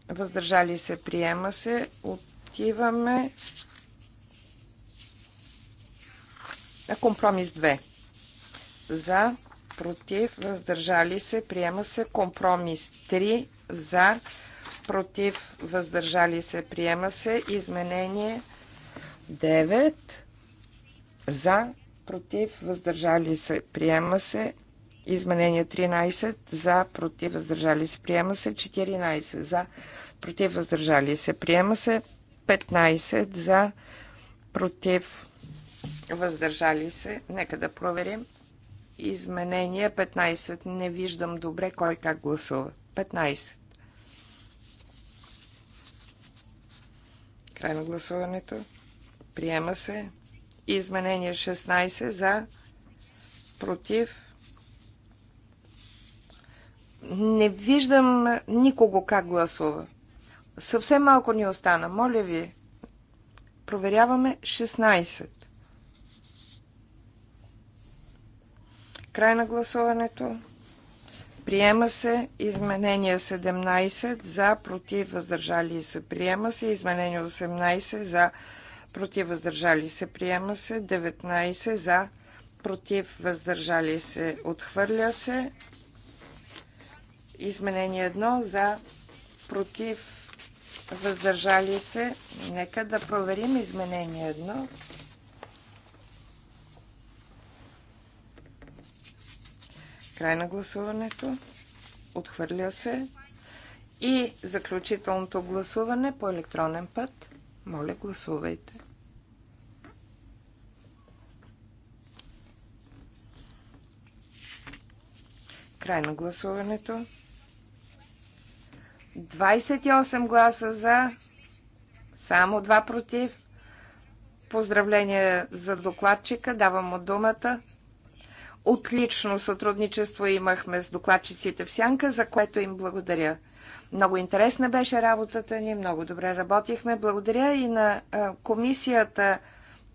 въздържали се, приема се. Отиваме на компромис 2. За, против, въздържали се, приема се. Компромис 3 за, против, против, въздържали се, приема се. Изменение 9 за, против, въздържали се, приема се. Изменение 13 за, против, въздържали се, приема се. 14 за, против, въздържали се, приема се. 15 за, против, въздържали се. Нека да проверим. Изменение 15. Не виждам добре кой как гласува. 15. Край на гласуването. Приема се. Изменение 16 за против. Не виждам никого как гласува. Съвсем малко ни остана. Моля ви, проверяваме 16. Край на гласуването. Приема се изменение 17 за, против, въздържали се. Приема се изменение 18 за, против, въздържали се. Приема се 19 за, против, въздържали се. Отхвърля се. Изменение 1 за, против, въздържали се. Нека да проверим изменение 1. Край на гласуването. Отхвърля се. И заключителното гласуване по електронен път. Моля, гласувайте. Край на гласуването. 28 гласа за, само 2 против. Поздравления за докладчика. Давам му думата. Отлично сътрудничество имахме с докладчиците в Сянка, за което им благодаря. Много интересна беше работата ни, много добре работихме. Благодаря и на комисията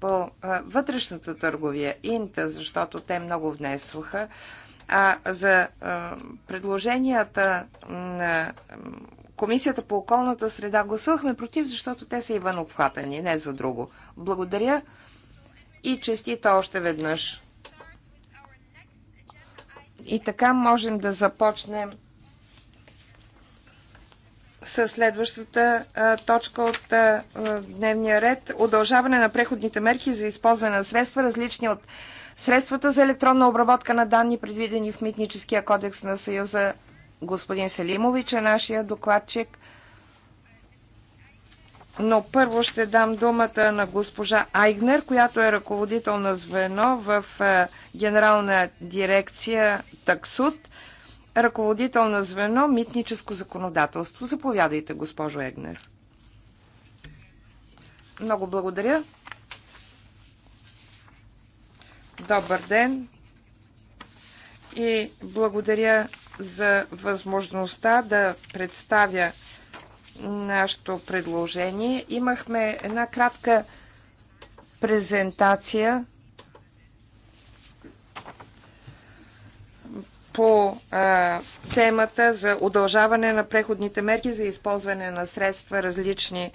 по вътрешната търговия, Инта, защото те много внесоха. А за предложенията на Комисията по околната среда гласувахме против, защото те са извън обхвата ни, не за друго. Благодаря и честита още веднъж. И така можем да започнем с следващата а, точка от а, дневния ред. Удължаване на преходните мерки за използване на средства, различни от средствата за електронна обработка на данни, предвидени в Митническия кодекс на Съюза. Господин Селимович е нашия докладчик но първо ще дам думата на госпожа Айгнер, която е ръководител на звено в е, Генерална дирекция Таксуд, ръководител на звено Митническо законодателство. Заповядайте, госпожо Айгнер. Много благодаря. Добър ден и благодаря за възможността да представя нашето предложение. Имахме една кратка презентация по а, темата за удължаване на преходните мерки за използване на средства, различни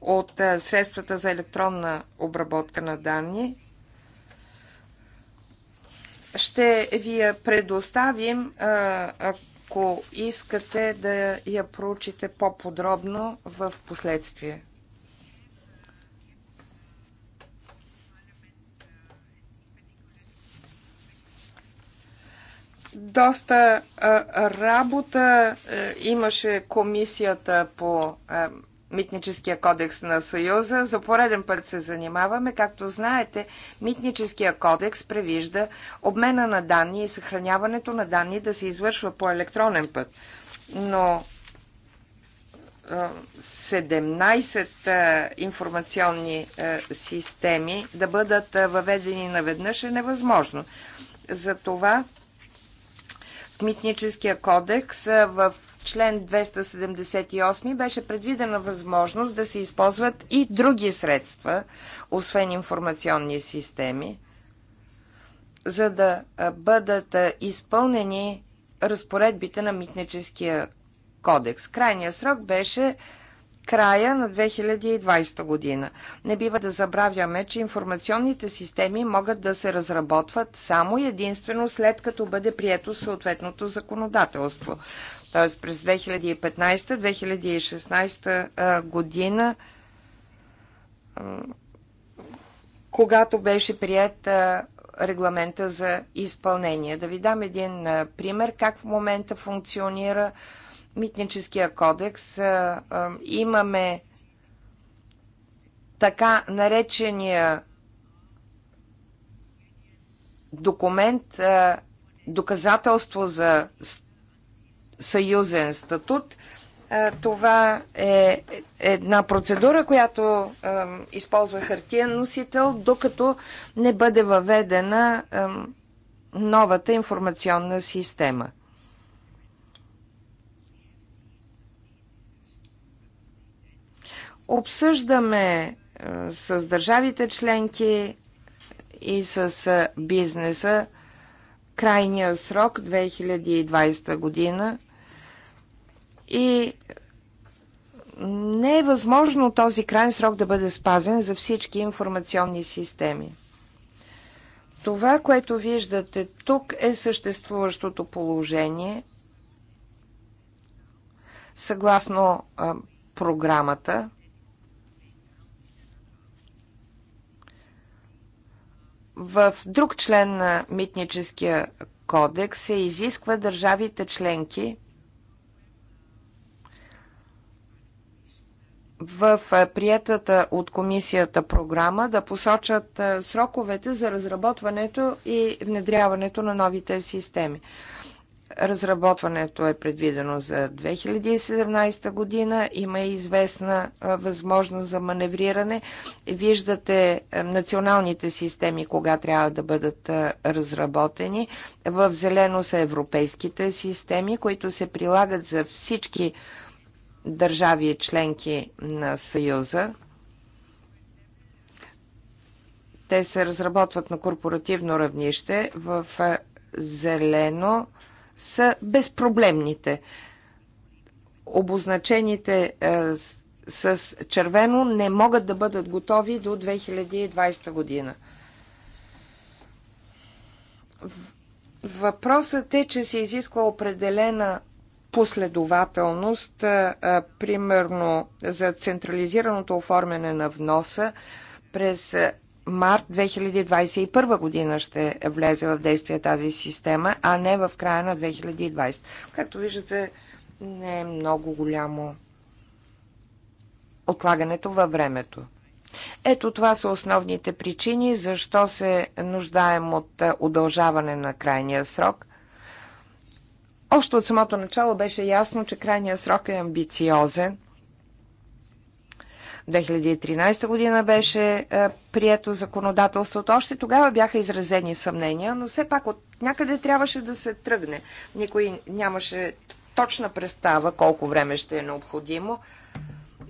от а, средствата за електронна обработка на данни. Ще ви предоставим, предоставим а, ако искате да я проучите по-подробно в последствие. Доста а, работа а, имаше комисията по а, Митническия кодекс на Съюза. За пореден път се занимаваме. Както знаете, Митническия кодекс превижда обмена на данни и съхраняването на данни да се извършва по електронен път. Но 17 информационни системи да бъдат въведени наведнъж е невъзможно. Затова митническия кодекс в член 278 беше предвидена възможност да се използват и други средства, освен информационни системи, за да бъдат изпълнени разпоредбите на митническия кодекс. Крайният срок беше края на 2020 година. Не бива да забравяме, че информационните системи могат да се разработват само единствено след като бъде прието съответното законодателство. Т.е. през 2015-2016 година когато беше прият регламента за изпълнение. Да ви дам един пример как в момента функционира митническия кодекс а, а, имаме така наречения документ, а, доказателство за съюзен статут. А, това е една процедура, която а, използва хартиен носител, докато не бъде въведена а, новата информационна система. Обсъждаме е, с държавите членки и с е, бизнеса крайния срок 2020 година и не е възможно този крайен срок да бъде спазен за всички информационни системи. Това, което виждате тук е съществуващото положение съгласно а, програмата – В друг член на Митническия кодекс се изисква държавите членки в приятата от комисията програма да посочат сроковете за разработването и внедряването на новите системи. Разработването е предвидено за 2017 година. Има и известна възможност за маневриране. Виждате националните системи, кога трябва да бъдат разработени. В зелено са европейските системи, които се прилагат за всички държави и членки на Съюза. Те се разработват на корпоративно равнище. В зелено – са безпроблемните. Обозначените е, с червено не могат да бъдат готови до 2020 година. Въпросът е, че се изисква определена последователност, е, е, примерно за централизираното оформяне на вноса през март 2021 година ще влезе в действие тази система, а не в края на 2020. Както виждате, не е много голямо отлагането във времето. Ето това са основните причини, защо се нуждаем от удължаване на крайния срок. Още от самото начало беше ясно, че крайния срок е амбициозен – 2013 година беше е, прието законодателството. Още тогава бяха изразени съмнения, но все пак от някъде трябваше да се тръгне. Никой нямаше точна представа колко време ще е необходимо.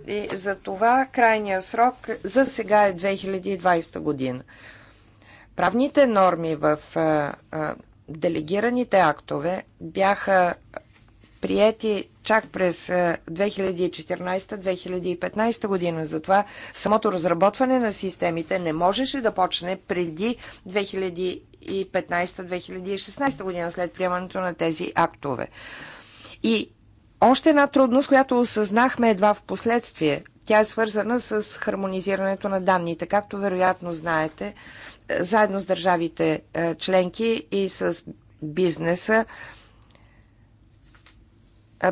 И за това крайният срок за сега е 2020 година. Правните норми в е, е, делегираните актове бяха прияти чак през 2014-2015 година. Затова самото разработване на системите не можеше да почне преди 2015-2016 година, след приемането на тези актове. И още една трудност, която осъзнахме едва в последствие, тя е свързана с хармонизирането на данните. Както вероятно знаете, е, заедно с държавите е, членки и с бизнеса,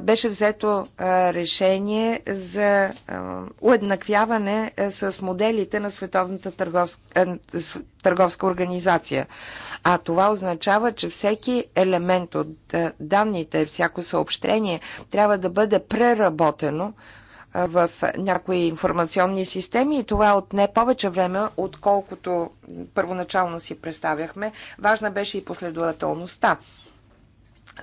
беше взето решение за уеднаквяване с моделите на Световната търговска, търговска организация. А това означава, че всеки елемент от данните, всяко съобщение трябва да бъде преработено в някои информационни системи и това отне повече време, отколкото първоначално си представяхме. Важна беше и последователността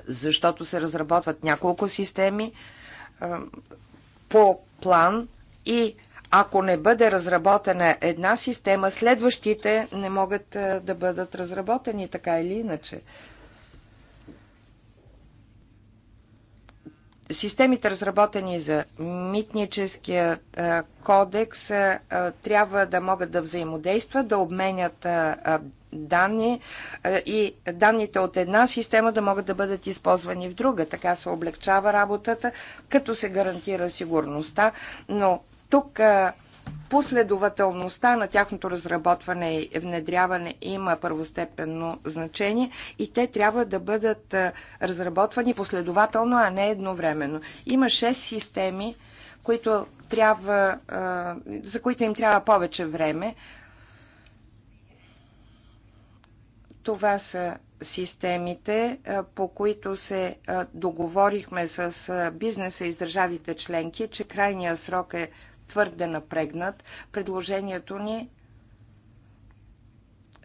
защото се разработват няколко системи е, по план и ако не бъде разработена една система, следващите не могат е, да бъдат разработени така или иначе. Системите, разработени за митническия кодекс, трябва да могат да взаимодействат, да обменят данни и данните от една система да могат да бъдат използвани в друга. Така се облегчава работата, като се гарантира сигурността, но тук последователността на тяхното разработване и внедряване има първостепенно значение и те трябва да бъдат разработвани последователно, а не едновременно. Има 6 системи, които трябва, за които им трябва повече време. Това са системите, по които се договорихме с бизнеса и с държавите членки, че крайния срок е твърде напрегнат. Предложението ни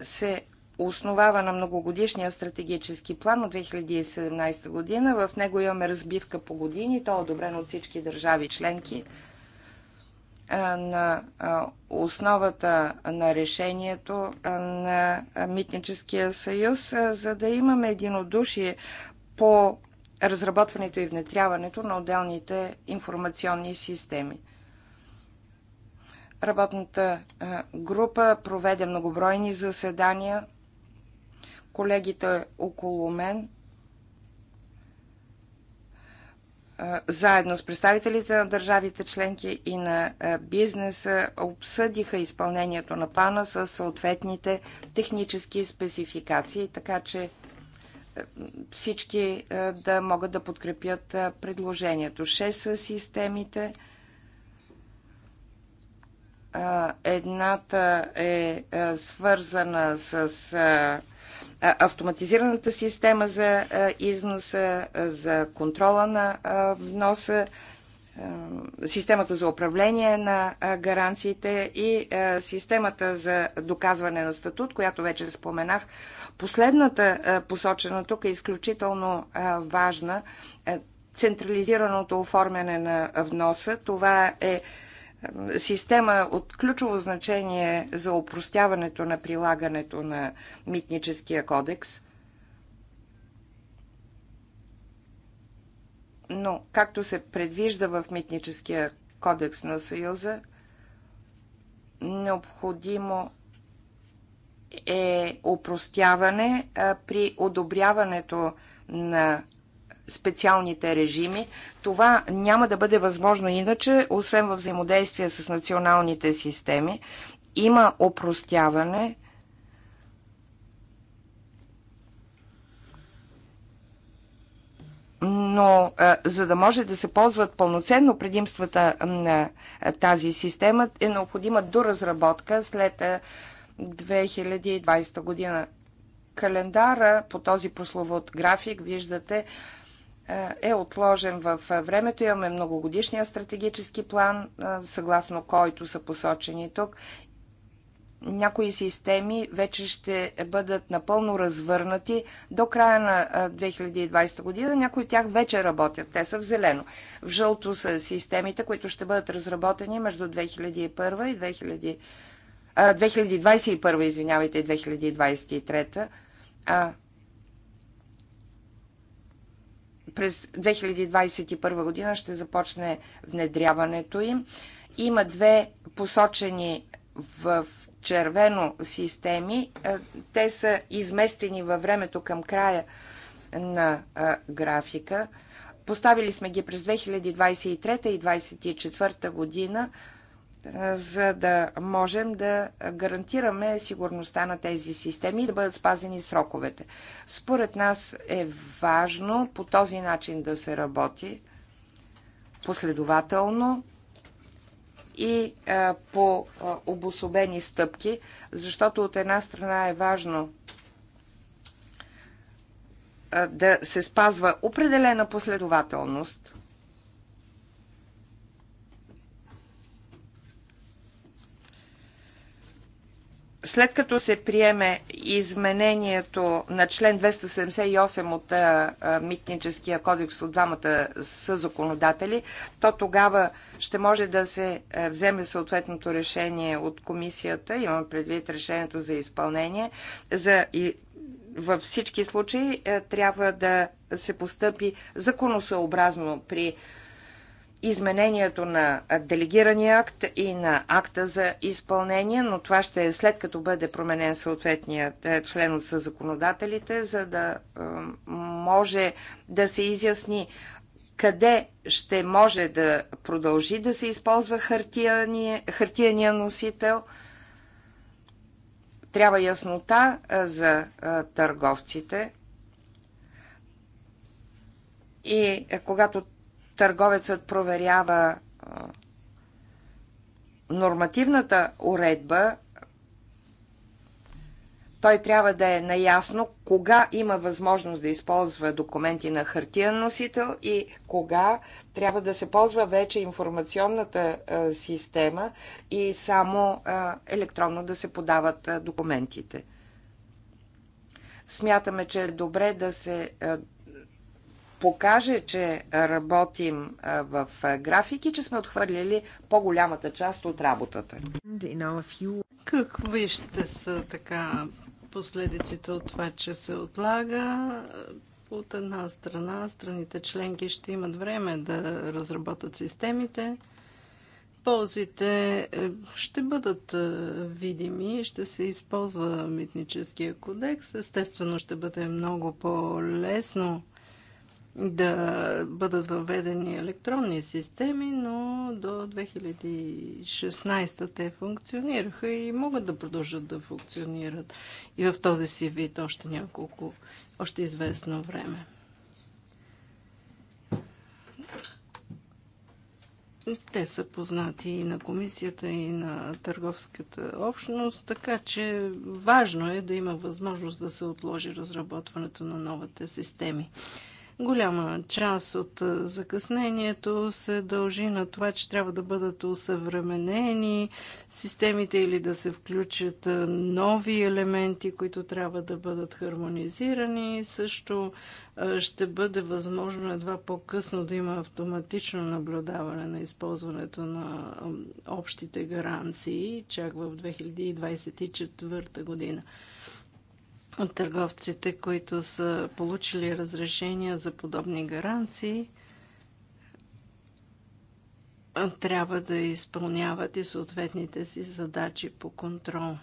се основава на многогодишния стратегически план от 2017 година. В него имаме разбивка по години. то е одобрено от всички държави членки. На основата на решението на Митническия съюз, за да имаме единодушие по разработването и внедряването на отделните информационни системи. Работната група проведе многобройни заседания. Колегите около мен, заедно с представителите на държавите членки и на бизнеса, обсъдиха изпълнението на плана с съответните технически спецификации, така че всички да могат да подкрепят предложението. Шест са системите – Едната е свързана с автоматизираната система за износа, за контрола на вноса, системата за управление на гаранциите и системата за доказване на статут, която вече споменах. Последната посочена тук е изключително важна. Е, централизираното оформяне на вноса. Това е система от ключово значение за упростяването на прилагането на митническия кодекс. Но, както се предвижда в митническия кодекс на Съюза, необходимо е упростяване при одобряването на специалните режими. Това няма да бъде възможно иначе, освен във взаимодействие с националните системи. Има опростяване, но а, за да може да се ползват пълноценно предимствата на тази система, е необходима доразработка след 2020 година. Календара по този прословут график виждате е отложен в времето. Имаме многогодишния стратегически план, съгласно който са посочени тук. Някои системи вече ще бъдат напълно развърнати до края на 2020 година. Някои от тях вече работят. Те са в зелено. В жълто са системите, които ще бъдат разработени между 2001 и 2000... 2021 извинявайте, 2023. А През 2021 година ще започне внедряването им. Има две посочени в червено системи. Е, те са изместени във времето към края на е, графика. Поставили сме ги през 2023 и 2024 година за да можем да гарантираме сигурността на тези системи и да бъдат спазени сроковете. Според нас е важно по този начин да се работи последователно и по обособени стъпки, защото от една страна е важно да се спазва определена последователност след като се приеме изменението на член 278 от а, Митническия кодекс от двамата съзаконодатели, то тогава ще може да се е, вземе съответното решение от комисията, имам предвид решението за изпълнение, за и във всички случаи е, трябва да се постъпи законосъобразно при изменението на делегирания акт и на акта за изпълнение, но това ще е след като бъде променен съответният е, член от съзаконодателите, за да е, може да се изясни къде ще може да продължи да се използва хартияния, хартияния носител. Трябва яснота е, за търговците. И когато търговецът проверява нормативната уредба, той трябва да е наясно кога има възможност да използва документи на хартиен носител и кога трябва да се ползва вече информационната система и само електронно да се подават документите. Смятаме, че е добре да се покаже, че работим в графики, че сме отхвърлили по-голямата част от работата. Какви ще са така последиците от това, че се отлага? От една страна, страните членки ще имат време да разработят системите. Ползите е, ще бъдат е, видими, ще се използва митническия кодекс. Естествено ще бъде много по-лесно да бъдат въведени електронни системи, но до 2016 те функционираха и могат да продължат да функционират и в този си вид още няколко, още известно време. Те са познати и на комисията, и на търговската общност, така че важно е да има възможност да се отложи разработването на новите системи. Голяма част от закъснението се дължи на това, че трябва да бъдат усъвременени системите или да се включат нови елементи, които трябва да бъдат хармонизирани. Също ще бъде възможно едва по-късно да има автоматично наблюдаване на използването на общите гаранции, чак в 2024 година. От търговците, които са получили разрешения за подобни гаранции, трябва да изпълняват и съответните си задачи по контрол.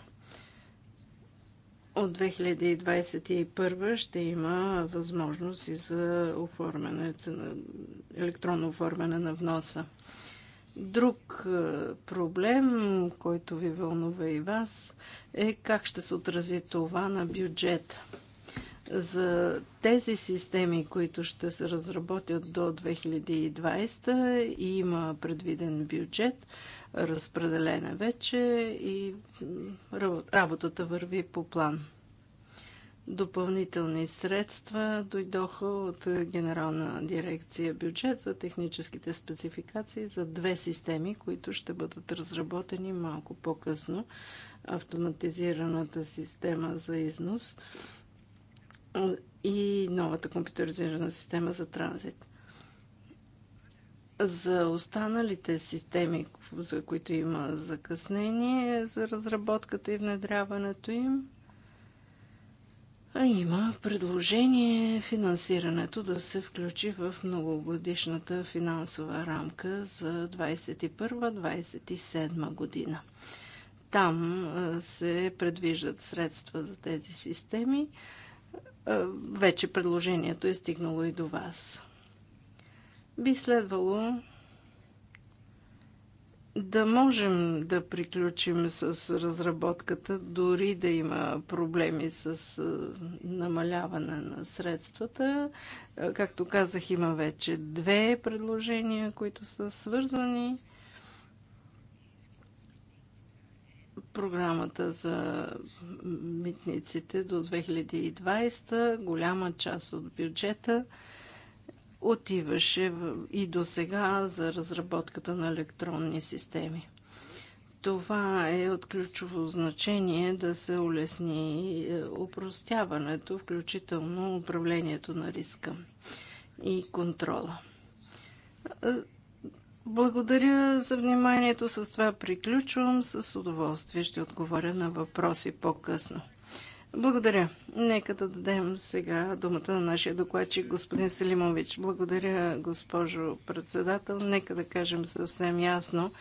От 2021 ще има възможност и за оформяне, електронно оформяне на вноса. Друг е, проблем, който ви вълнува и вас, е как ще се отрази това на бюджета. За тези системи, които ще се разработят до 2020, има предвиден бюджет, разпределена е вече и работата върви по план допълнителни средства дойдоха от Генерална дирекция бюджет за техническите спецификации за две системи, които ще бъдат разработени малко по-късно. Автоматизираната система за износ и новата компютъризирана система за транзит. За останалите системи, за които има закъснение за разработката и внедряването им, а има предложение финансирането да се включи в многогодишната финансова рамка за 2021-2027 година. Там се предвиждат средства за тези системи. Вече предложението е стигнало и до вас. Би следвало да можем да приключим с разработката, дори да има проблеми с намаляване на средствата. Както казах, има вече две предложения, които са свързани. Програмата за митниците до 2020, голяма част от бюджета – отиваше и до сега за разработката на електронни системи. Това е от ключово значение да се улесни е, упростяването, включително управлението на риска и контрола. Е, благодаря за вниманието. С това приключвам. С удоволствие ще отговоря на въпроси по-късно. Благодаря. Нека да дадем сега думата на нашия докладчик, господин Селимович. Благодаря, госпожо председател. Нека да кажем съвсем ясно.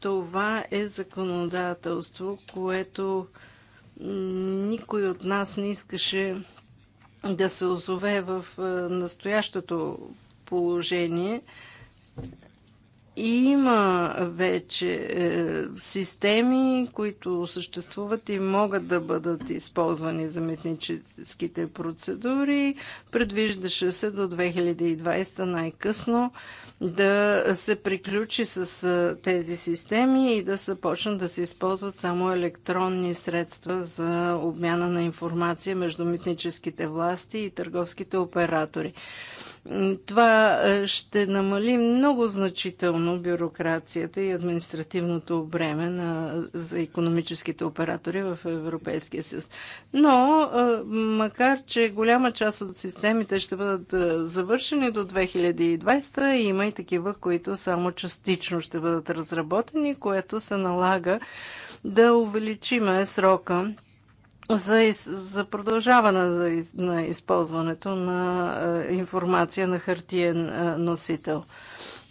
Това е законодателство, което никой от нас не искаше да се озове в настоящото положение. Има вече е, системи, които съществуват и могат да бъдат използвани за митническите процедури. Предвиждаше се до 2020 най-късно да се приключи с е, тези системи и да се почнат да се използват само електронни средства за обмяна на информация между митническите власти и търговските оператори. Това е, ще намали много значително бюрокрацията и административното бреме на, за економическите оператори в Европейския съюз. Но, е, макар че голяма част от системите ще бъдат е, завършени до 2020, има и такива, които само частично ще бъдат разработени, което се налага да увеличиме срока за, из, за продължаване на използването на е, информация на хартиен е, носител.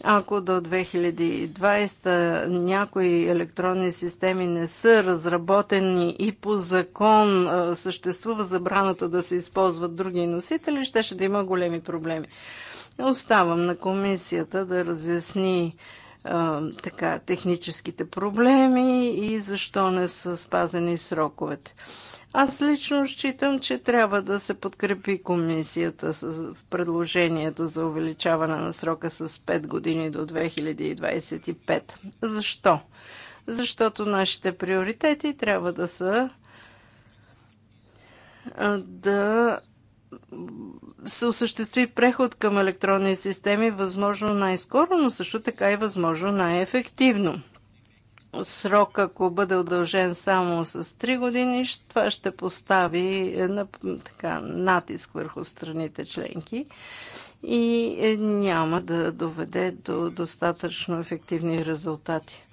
Ако до 2020 някои електронни системи не са разработени и по закон е, съществува забраната да се използват други носители, ще, ще да има големи проблеми. Оставам на комисията да разясни така, техническите проблеми и защо не са спазени сроковете. Аз лично считам, че трябва да се подкрепи комисията в предложението за увеличаване на срока с 5 години до 2025. Защо? Защото нашите приоритети трябва да са да се осъществи преход към електронни системи възможно най-скоро, но също така и възможно най-ефективно срок, ако бъде удължен само с 3 години, това ще постави е, на, така, натиск върху страните членки и е, няма да доведе до достатъчно ефективни резултати.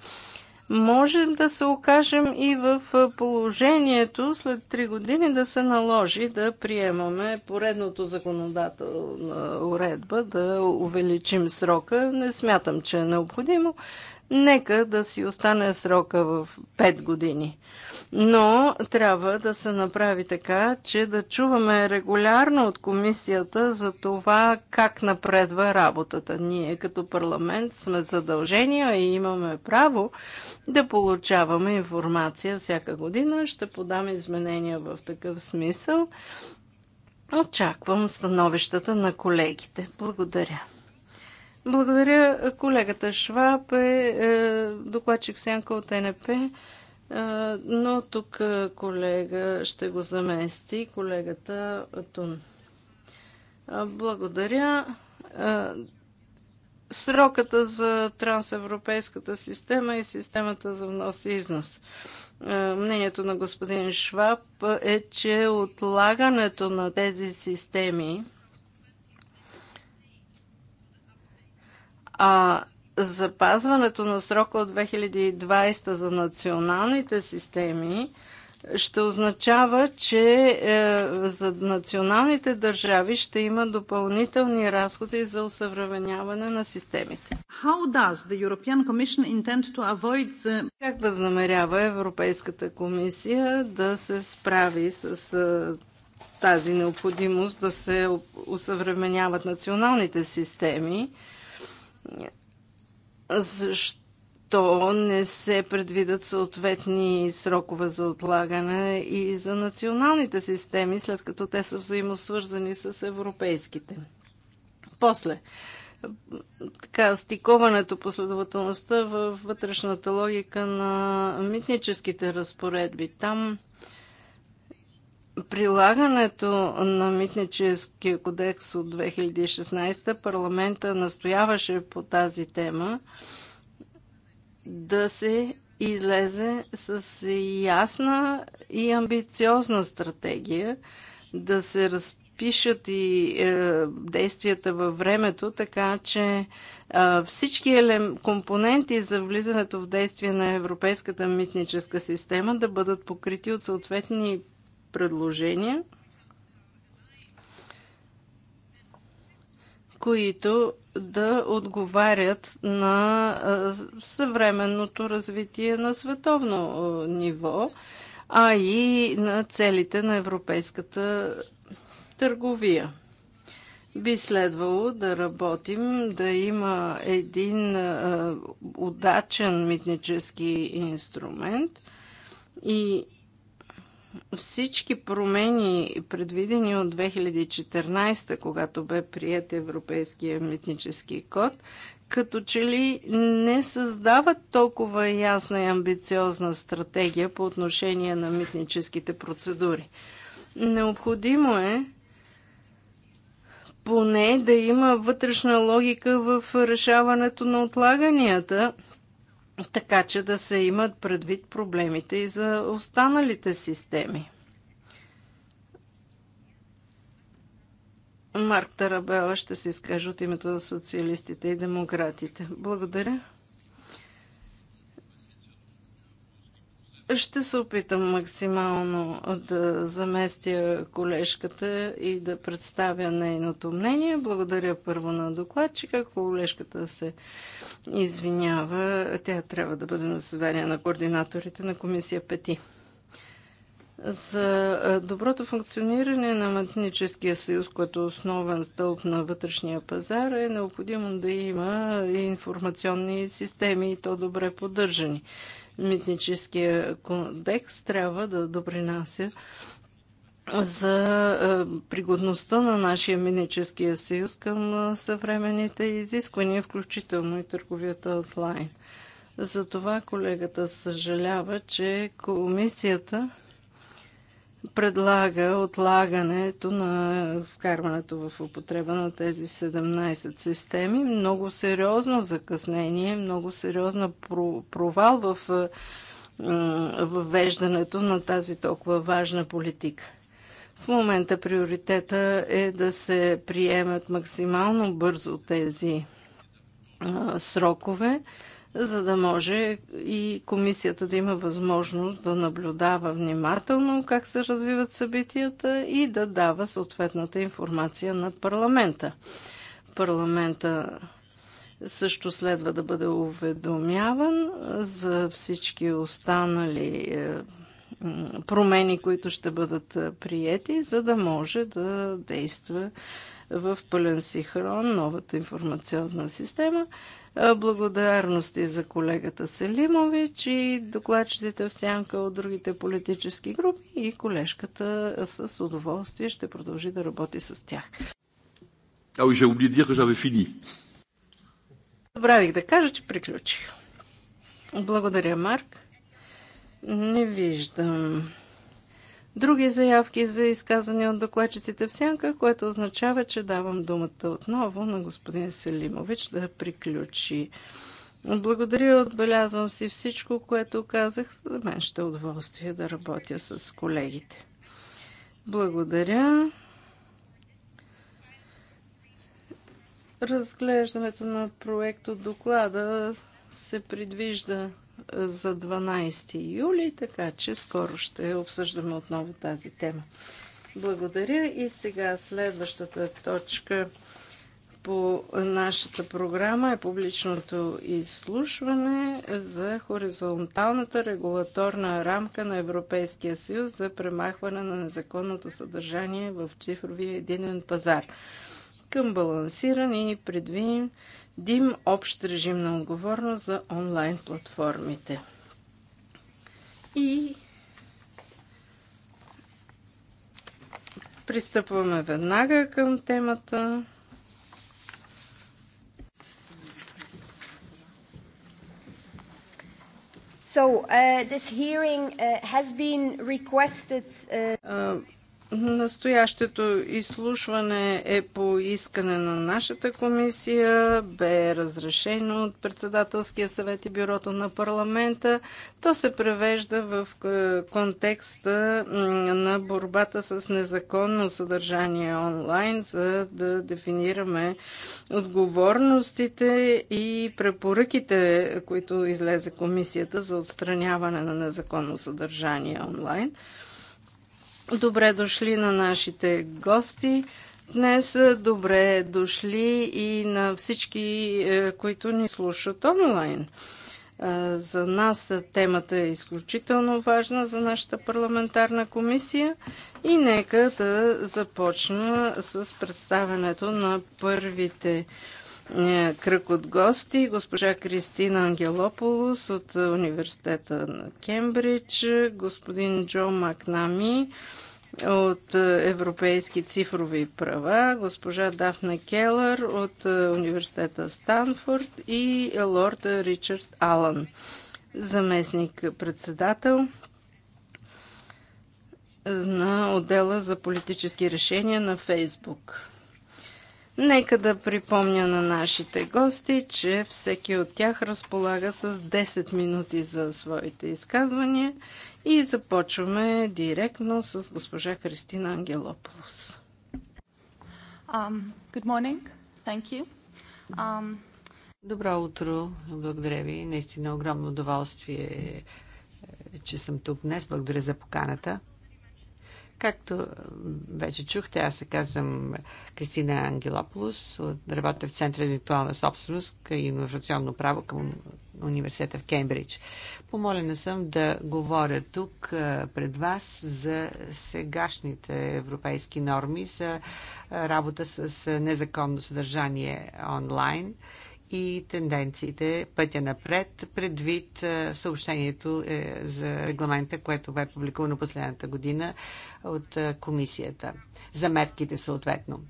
Можем да се окажем и в е, положението след 3 години да се наложи да приемаме поредното законодателна уредба, да увеличим срока. Не смятам, че е необходимо, Нека да си остане срока в 5 години. Но трябва да се направи така, че да чуваме регулярно от комисията за това как напредва работата. Ние като парламент сме задължения и имаме право да получаваме информация всяка година. Ще подам изменения в такъв смисъл. Очаквам становищата на колегите. Благодаря. Благодаря. Колегата Шваб е, е докладчик Сянка от НП, е, но тук е, колега ще го замести, колегата Тун. Благодаря. Сроката за трансевропейската система и системата за внос и износ. Мнението на господин Шваб е, че отлагането на тези системи А запазването на срока от 2020 за националните системи ще означава, че е, за националните държави ще има допълнителни разходи за усъвременяване на системите. The... Как възнамерява Европейската комисия да се справи с е, тази необходимост да се усъвременяват националните системи? Защо не се предвидат съответни срокове за отлагане и за националните системи, след като те са взаимосвързани с европейските? После, така, стиковането, последователността във вътрешната логика на митническите разпоредби. Там прилагането на митническия кодекс от 2016 парламента настояваше по тази тема да се излезе с ясна и амбициозна стратегия, да се разпишат и е, действията във времето, така че е, всички елем, компоненти за влизането в действие на европейската митническа система да бъдат покрити от съответни предложения, които да отговарят на съвременното развитие на световно ниво, а и на целите на европейската търговия. Би следвало да работим, да има един удачен митнически инструмент и всички промени, предвидени от 2014, когато бе прият Европейския митнически код, като че ли не създават толкова ясна и амбициозна стратегия по отношение на митническите процедури. Необходимо е поне да има вътрешна логика в решаването на отлаганията – така че да се имат предвид проблемите и за останалите системи. Марк Тарабела ще се изкаже от името на социалистите и демократите. Благодаря. Ще се опитам максимално да заместя колежката и да представя нейното мнение. Благодаря първо на докладчика. Колежката се извинява. Тя трябва да бъде на заседание на координаторите на комисия Пети. За доброто функциониране на Матническия съюз, е основен стълб на вътрешния пазар, е необходимо да има информационни системи и то добре поддържани митническия кодекс трябва да допринася за е, пригодността на нашия митническия съюз към е, съвременните изисквания, включително и търговията онлайн. Затова колегата съжалява, че комисията предлага отлагането на вкарването в употреба на тези 17 системи. Много сериозно закъснение, много сериозна провал в въвеждането на тази толкова важна политика. В момента приоритета е да се приемат максимално бързо тези срокове, за да може и комисията да има възможност да наблюдава внимателно как се развиват събитията и да дава съответната информация на парламента. Парламента също следва да бъде уведомяван за всички останали е, промени, които ще бъдат е, приети, за да може да действа в пълен синхрон новата информационна система Благодарности за колегата Селимович и докладчиците в сянка от другите политически групи и колежката с удоволствие ще продължи да работи с тях. А, уже j'ai oublié de dire que Забравих да кажа, че приключих. Благодаря, Марк. Не виждам други заявки за изказване от докладчиците в сянка, което означава, че давам думата отново на господин Селимович да приключи. Благодаря, отбелязвам си всичко, което казах. За мен ще е удоволствие да работя с колегите. Благодаря. Разглеждането на проект от доклада се предвижда за 12 юли, така че скоро ще обсъждаме отново тази тема. Благодаря и сега следващата точка по нашата програма е публичното изслушване за хоризонталната регулаторна рамка на Европейския съюз за премахване на незаконното съдържание в цифровия единен пазар към балансиран и предвидим Дим общ режим на отговорност за онлайн платформите. И пристъпваме веднага към темата. So, uh, this hearing uh, has been requested. Uh... Uh, Настоящето изслушване е по искане на нашата комисия, бе разрешено от Председателския съвет и Бюрото на парламента. То се превежда в е, контекста на борбата с незаконно съдържание онлайн, за да дефинираме отговорностите и препоръките, които излезе комисията за отстраняване на незаконно съдържание онлайн. Добре дошли на нашите гости днес. Е, добре дошли и на всички, е, които ни слушат онлайн. Е, за нас темата е изключително важна за нашата парламентарна комисия и нека да започна с представянето на първите е, кръг от гости. Госпожа Кристина Ангелополос от Университета на Кембридж, господин Джо Макнами от Европейски цифрови права, госпожа Дафна Келър от Университета Станфорд и лорд Ричард Алън, заместник-председател на отдела за политически решения на Фейсбук. Нека да припомня на нашите гости, че всеки от тях разполага с 10 минути за своите изказвания и започваме директно с госпожа Кристина Ангелополос. Um, good morning. Thank you. Um... Добро утро. Благодаря ви. Наистина огромно удоволствие, е, че съм тук днес. Благодаря за поканата. Както вече чухте, аз се казвам Кристина Ангелополос, работя в Центъра за интелектуална собственост и инновационно право към университета в Кембридж. Помолена съм да говоря тук пред вас за сегашните европейски норми за работа с незаконно съдържание онлайн – и тенденциите, пътя напред, предвид съобщението е, за регламента, което бе публикувано последната година от комисията, за мерките съответно.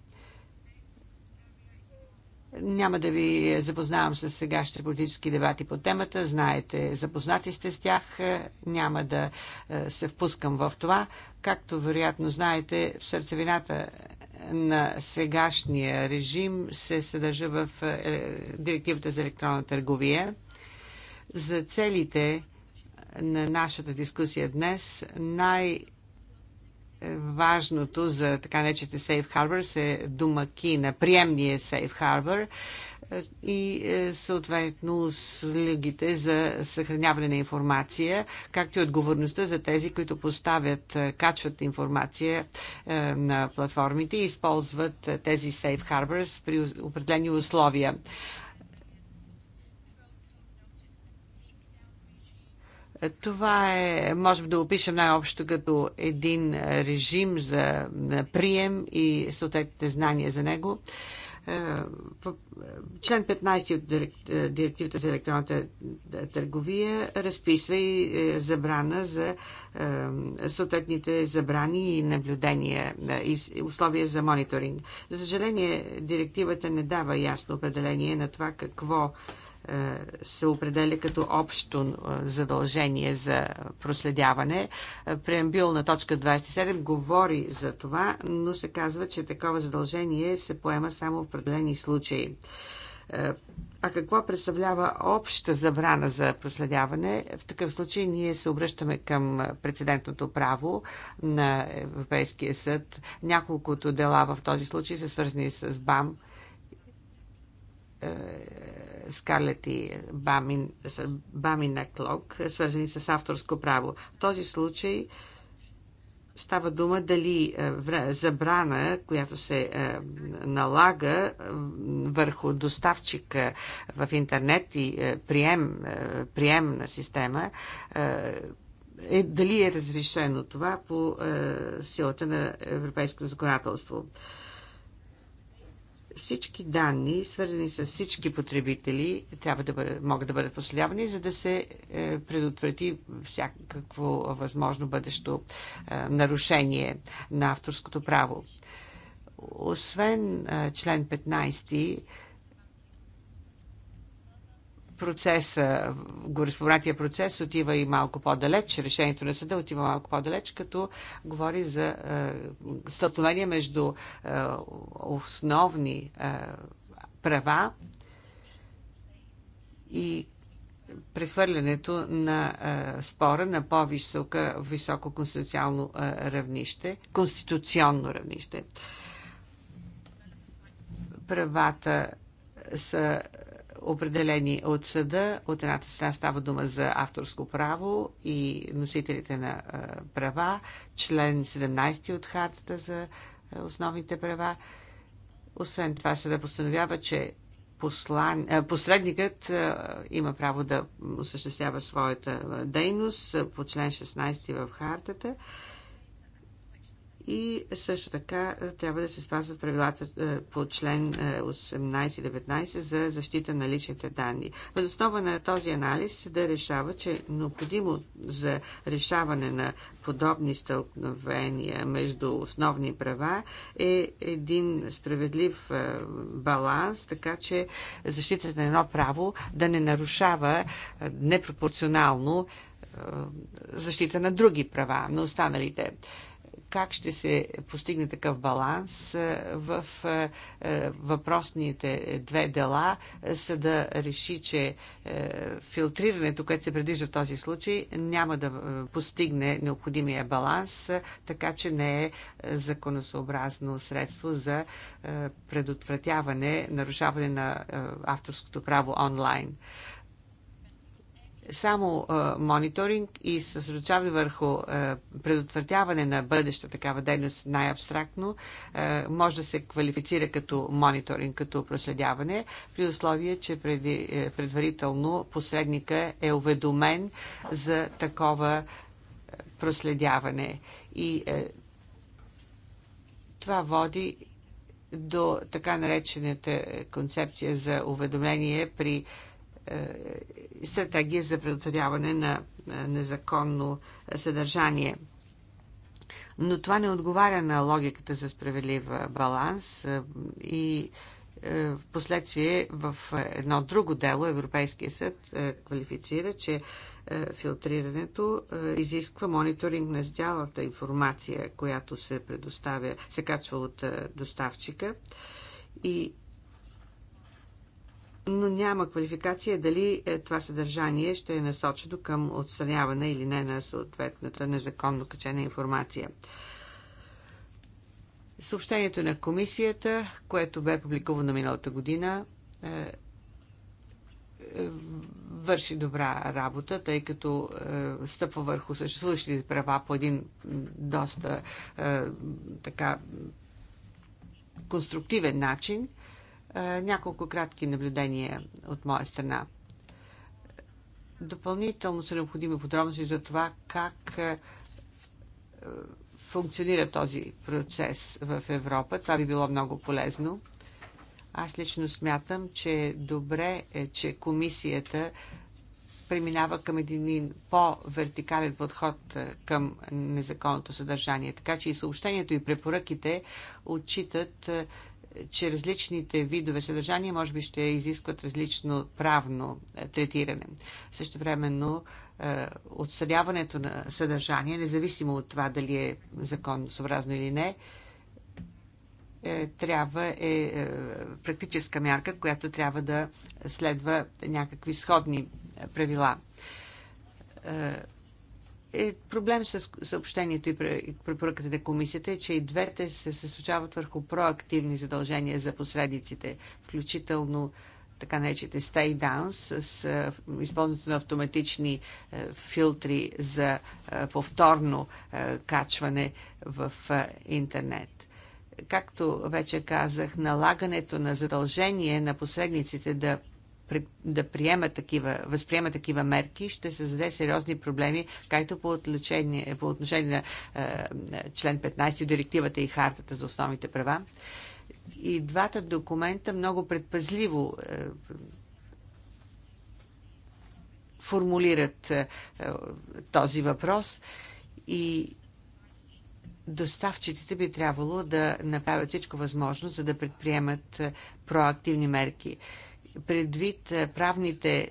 Няма да ви запознавам с сегашните политически дебати по темата. Знаете, запознати сте с тях. Няма да се впускам в това. Както вероятно знаете, в сърцевината на сегашния режим се съдържа в е, директивата за електронна търговия. За целите на нашата дискусия днес най- важното за така наречените Safe Harbor е домакина, приемния Safe Harbor, и е, съответно лигите за съхраняване на информация, както и отговорността за тези, които поставят, е, качват информация е, на платформите и използват тези Safe Harbors при определени условия. Това е, можем да опишем най-общо като един режим за прием и съответните знания за него. Е, в е, Член 15 от е, директивата за електронната търговия разписва и забрана за съответните забрани и наблюдения и условия за мониторинг. За съжаление, директивата не дава ясно определение на това какво се определя като общо задължение за проследяване. Преамбил на точка 27 говори за това, но се казва, че такова задължение се поема само в определени случаи. А какво представлява обща забрана за проследяване? В такъв случай ние се обръщаме към прецедентното право на Европейския съд. Няколкото дела в този случай са свързани с БАМ е, Скарлет и Бамин, Бамина Клок, свързани с авторско право. В този случай става дума дали е, забрана, която се е, налага е, върху доставчика в интернет и прием, приемна система, е, дали е разрешено това по силата на европейското законодателство. Всички данни, свързани с всички потребители, трябва да бъде, могат да бъдат последявани, за да се е, предотврати всякакво възможно бъдещо е, нарушение на авторското право. Освен е, член 15, процеса, гореспоменатия процес отива и малко по-далеч, решението на съда отива малко по-далеч, като говори за е, стълкновение между е, основни е, права и прехвърлянето на е, спора на по-високо конституционно е, равнище, конституционно равнище. Правата са определени от съда. От едната страна става дума за авторско право и носителите на права, член 17 от Хартата за основните права. Освен това, съда постановява, че послан... посредникът има право да осъществява своята дейност по член 16 в Хартата и също така е, трябва да се спазват правилата е, по член 18-19 е, за защита на личните данни. Въз основа на този анализ се да решава, че необходимо за решаване на подобни стълкновения между основни права е един справедлив баланс, така че защитата на едно право да не нарушава непропорционално защита на други права, на останалите как ще се постигне такъв баланс е, в е, е, въпросните две дела, за да реши, че филтрирането, което се предвижда в този случай, няма да постигне необходимия баланс, така че не е законосъобразно средство за предотвратяване, нарушаване на авторското право онлайн. Само мониторинг и съсредоточаване върху предотвратяване на бъдеща такава дейност най-абстрактно може да се квалифицира като мониторинг, като проследяване, при условие, че е, предварително посредника е уведомен за такова проследяване. И а, е, това води до така наречената концепция за уведомление при е, стратегия за предотвратяване на е, незаконно съдържание. Но това не отговаря на логиката за справедлив е, баланс и в последствие в едно друго дело Европейския съд квалифицира, че филтрирането изисква мониторинг на сделата информация, която се предоставя, се качва от доставчика и но няма квалификация дали е, това съдържание ще е насочено към отстраняване или не на съответната незаконно качена информация. Съобщението на комисията, което бе публикувано миналата година, е, е, върши добра работа, тъй като е, стъпва върху съществуващите права по един доста е, така конструктивен начин. Е, няколко кратки наблюдения от моя страна. Допълнително са необходими подробности за това как е, функционира този процес в Европа. Това би било много полезно. Аз лично смятам, че добре е, че комисията преминава към един по-вертикален подход е, към незаконното съдържание. Така че и съобщението и препоръките отчитат че различните видове съдържания може би ще изискват различно правно е, третиране. Също времено е, отсъдяването на съдържание, независимо от това дали е законосъобразно или не, е, трябва е практическа мярка, която трябва да следва някакви сходни правила е проблем с съобщението и препоръката на комисията е, че и двете се съсочават върху проактивни задължения за посредиците, включително така наречите stay downs, с е, използването на автоматични е, филтри за е, повторно качване в интернет както вече казах, налагането на задължение на посредниците да да приема такива, възприема такива мерки, ще създаде сериозни проблеми, както по отношение, по отношение на е, член 15 директивата и хартата за основните права. И двата документа много предпазливо е, формулират е, е този въпрос и доставчиците би трябвало да направят всичко възможно, за да предприемат е, проактивни мерки. Е, предвид е, правните е,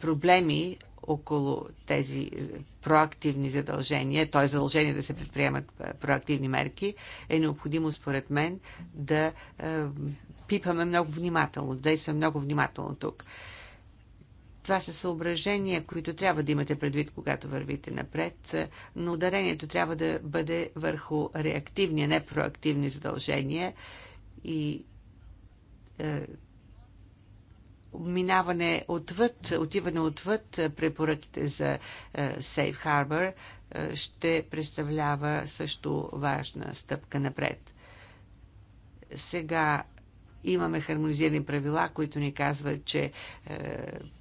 проблеми около тези е, проактивни задължения, т.е. задължения да се предприемат проактивни мерки, е необходимо според мен да пипаме много внимателно, да действаме много внимателно тук. Това са съображения, които трябва да имате предвид, когато вървите напред, но ударението трябва да бъде върху реактивни, не проактивни задължения и минаване отвъд, отиване отвъд препоръките за е, Safe Harbor е, ще представлява също важна стъпка напред. Сега имаме хармонизирани правила, които ни казват, че е,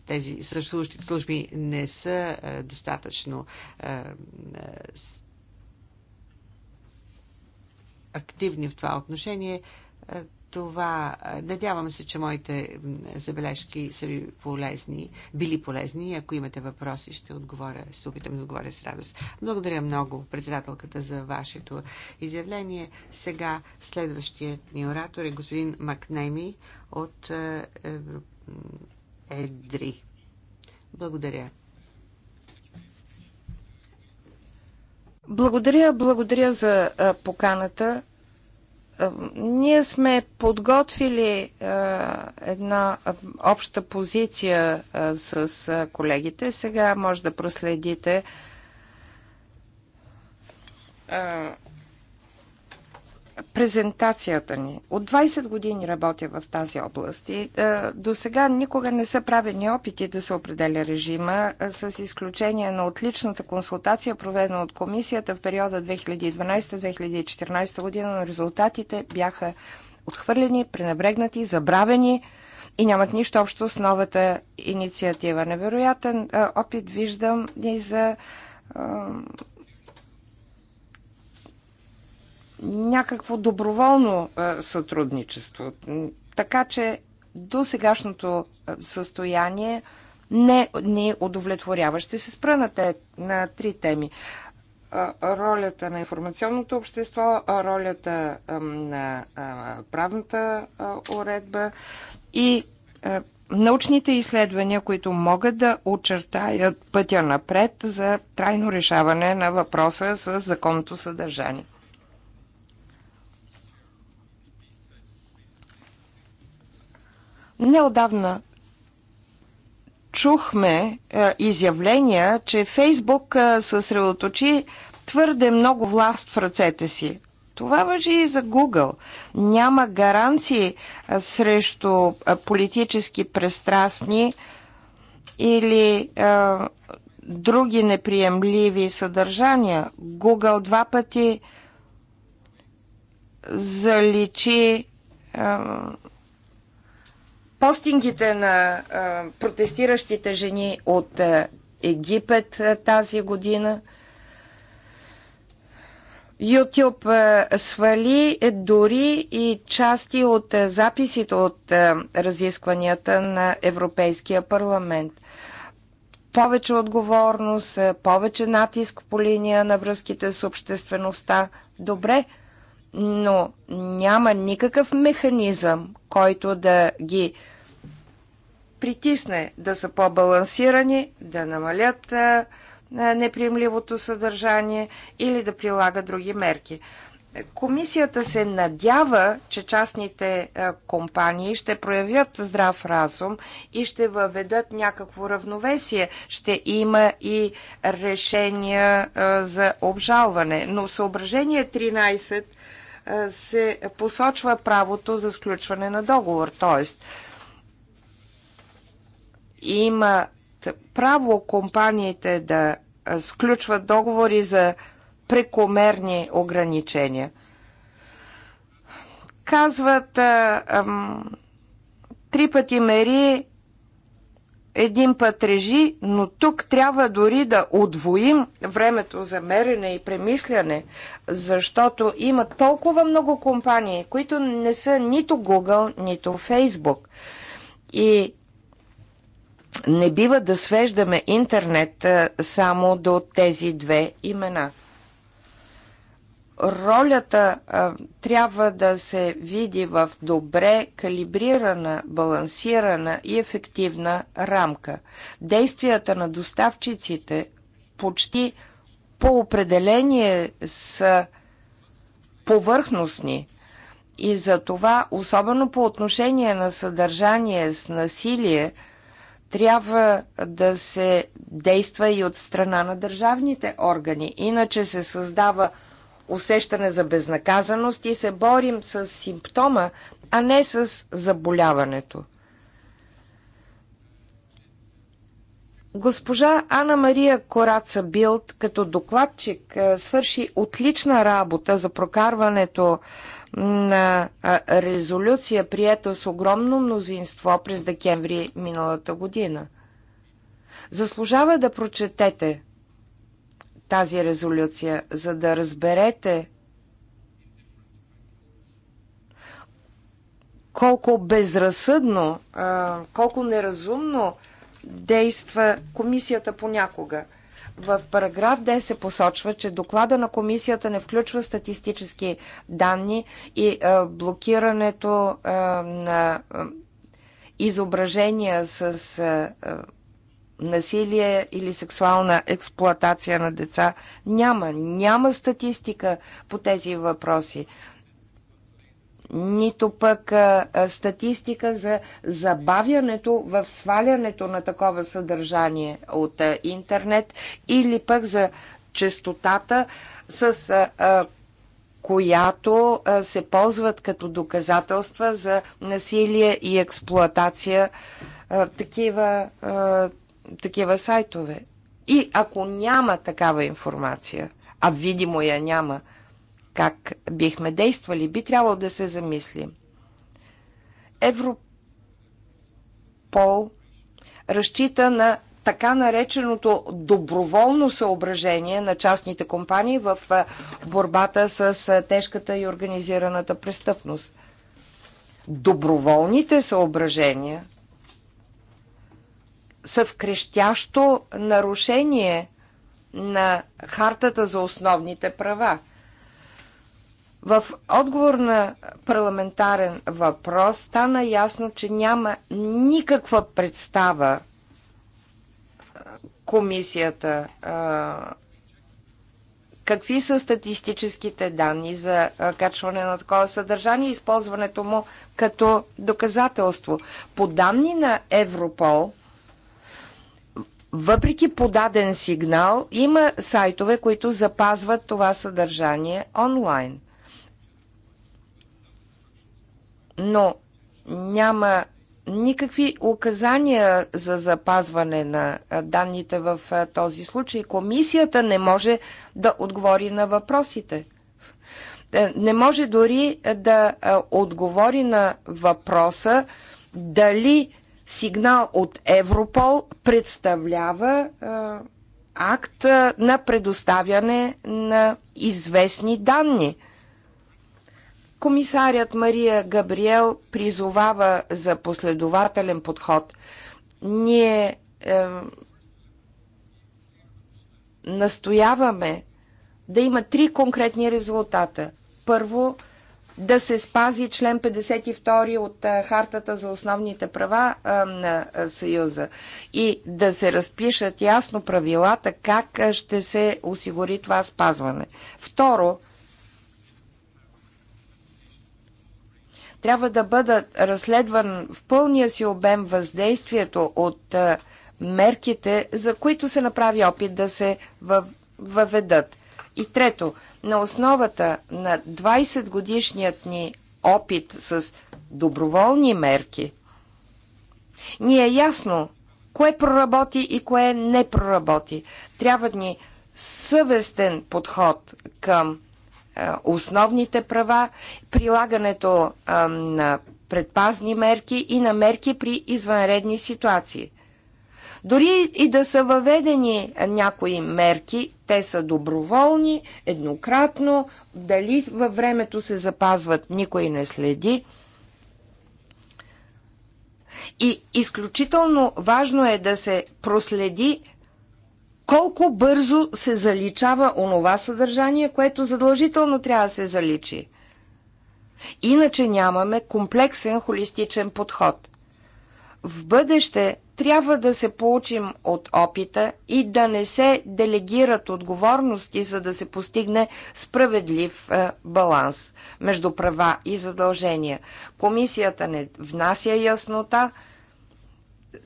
тези съществуващи служби не са достатъчно активни в това отношение това надявам се, че моите забележки са ви полезни, били полезни. Ако имате въпроси, ще отговоря, се опитам да отговоря с радост. Благодаря много председателката за вашето изявление. Сега следващият ни оратор е господин Макнеми от Едри. Благодаря. Благодаря, благодаря за поканата. Ние сме подготвили е, една е, обща позиция е, с колегите. Сега може да проследите презентацията ни. От 20 години работя в тази област и е, до сега никога не са правени опити да се определя режима, е, с изключение на отличната консултация, проведена от комисията в периода 2012-2014 година, но резултатите бяха отхвърлени, пренебрегнати, забравени и нямат нищо общо с новата инициатива. Невероятен е, опит виждам и за е, някакво доброволно е, сътрудничество. Така че до сегашното е, състояние не ни е удовлетворява. Ще се спра на, те, на три теми. Ролята на информационното общество, ролята на правната уредба и научните изследвания, които могат да очертаят пътя напред за трайно решаване на въпроса с законното съдържание. Неодавна чухме е, изявления, че Фейсбук е, съсредоточи твърде много власт в ръцете си. Това въжи и за Google. Няма гаранции е, срещу е, политически престрастни или е, други неприемливи съдържания. Google два пъти заличи е, Постингите на протестиращите жени от Египет тази година. YouTube свали дори и части от записите от разискванията на Европейския парламент. Повече отговорност, повече натиск по линия на връзките с обществеността. Добре, но няма никакъв механизъм, който да ги притисне, да са по-балансирани, да намалят неприемливото съдържание или да прилага други мерки. Комисията се надява, че частните компании ще проявят здрав разум и ще въведат някакво равновесие. Ще има и решения за обжалване. Но в съображение 13 се посочва правото за сключване на договор. Тоест, имат право компаниите да сключват договори за прекомерни ограничения. Казват а, ам, три пъти мери, един път режи, но тук трябва дори да отвоим времето за мерене и премисляне, защото има толкова много компании, които не са нито Google, нито Facebook. И не бива да свеждаме интернет само до тези две имена. Ролята а, трябва да се види в добре калибрирана, балансирана и ефективна рамка. Действията на доставчиците почти по определение са повърхностни и за това, особено по отношение на съдържание с насилие, трябва да се действа и от страна на държавните органи. Иначе се създава усещане за безнаказаност и се борим с симптома, а не с заболяването. Госпожа Анна Мария Кораца Билт като докладчик е, свърши отлична работа за прокарването е, на резолюция, прията с огромно мнозинство през декември миналата година. Заслужава да прочетете тази резолюция, за да разберете колко безразсъдно, колко неразумно действа комисията понякога. В параграф 10 се посочва, че доклада на комисията не включва статистически данни и а, е, блокирането а, е, на а, е, изображения с а, а, насилие или сексуална експлоатация на деца няма. Няма статистика по тези въпроси нито пък а, статистика за забавянето в свалянето на такова съдържание от а, интернет или пък за частотата, с а, която се ползват като доказателства за насилие и експлоатация такива, такива сайтове. И ако няма такава информация, а видимо я няма, как бихме действали, би трябвало да се замисли. Европол разчита на така нареченото доброволно съображение на частните компании в борбата с тежката и организираната престъпност. Доброволните съображения са в крещящо нарушение на Хартата за основните права – в отговор на парламентарен въпрос стана ясно, че няма никаква представа комисията какви са статистическите данни за качване на такова съдържание и използването му като доказателство. По данни на Европол, въпреки подаден сигнал, има сайтове, които запазват това съдържание онлайн. но няма никакви указания за запазване на данните в този случай. Комисията не може да отговори на въпросите. Е, не може дори да отговори на въпроса дали сигнал от Европол представлява акт на предоставяне на известни данни – Комисарят Мария Габриел призовава за последователен подход. Ние е, настояваме да има три конкретни резултата. Първо, да се спази член 52 от е, Хартата за основните права е, на е, Съюза и да се разпишат ясно правилата как ще се осигури това спазване. Второ, трябва да бъдат разследван в пълния си обем въздействието от мерките, за които се направи опит да се въведат. И трето, на основата на 20 годишният ни опит с доброволни мерки, ни е ясно кое проработи и кое не проработи. Трябва ни съвестен подход към е, основните права, прилагането на предпазни мерки и на мерки при извънредни ситуации. Дори и да са въведени някои мерки, те са доброволни, еднократно, дали във времето се запазват, никой не следи. И изключително важно е да се проследи колко бързо се заличава онова съдържание, което задължително трябва да се заличи. Иначе нямаме комплексен холистичен подход. В бъдеще трябва да се получим от опита и да не се делегират отговорности, за да се постигне справедлив е, баланс между права и задължения. Комисията не внася яснота,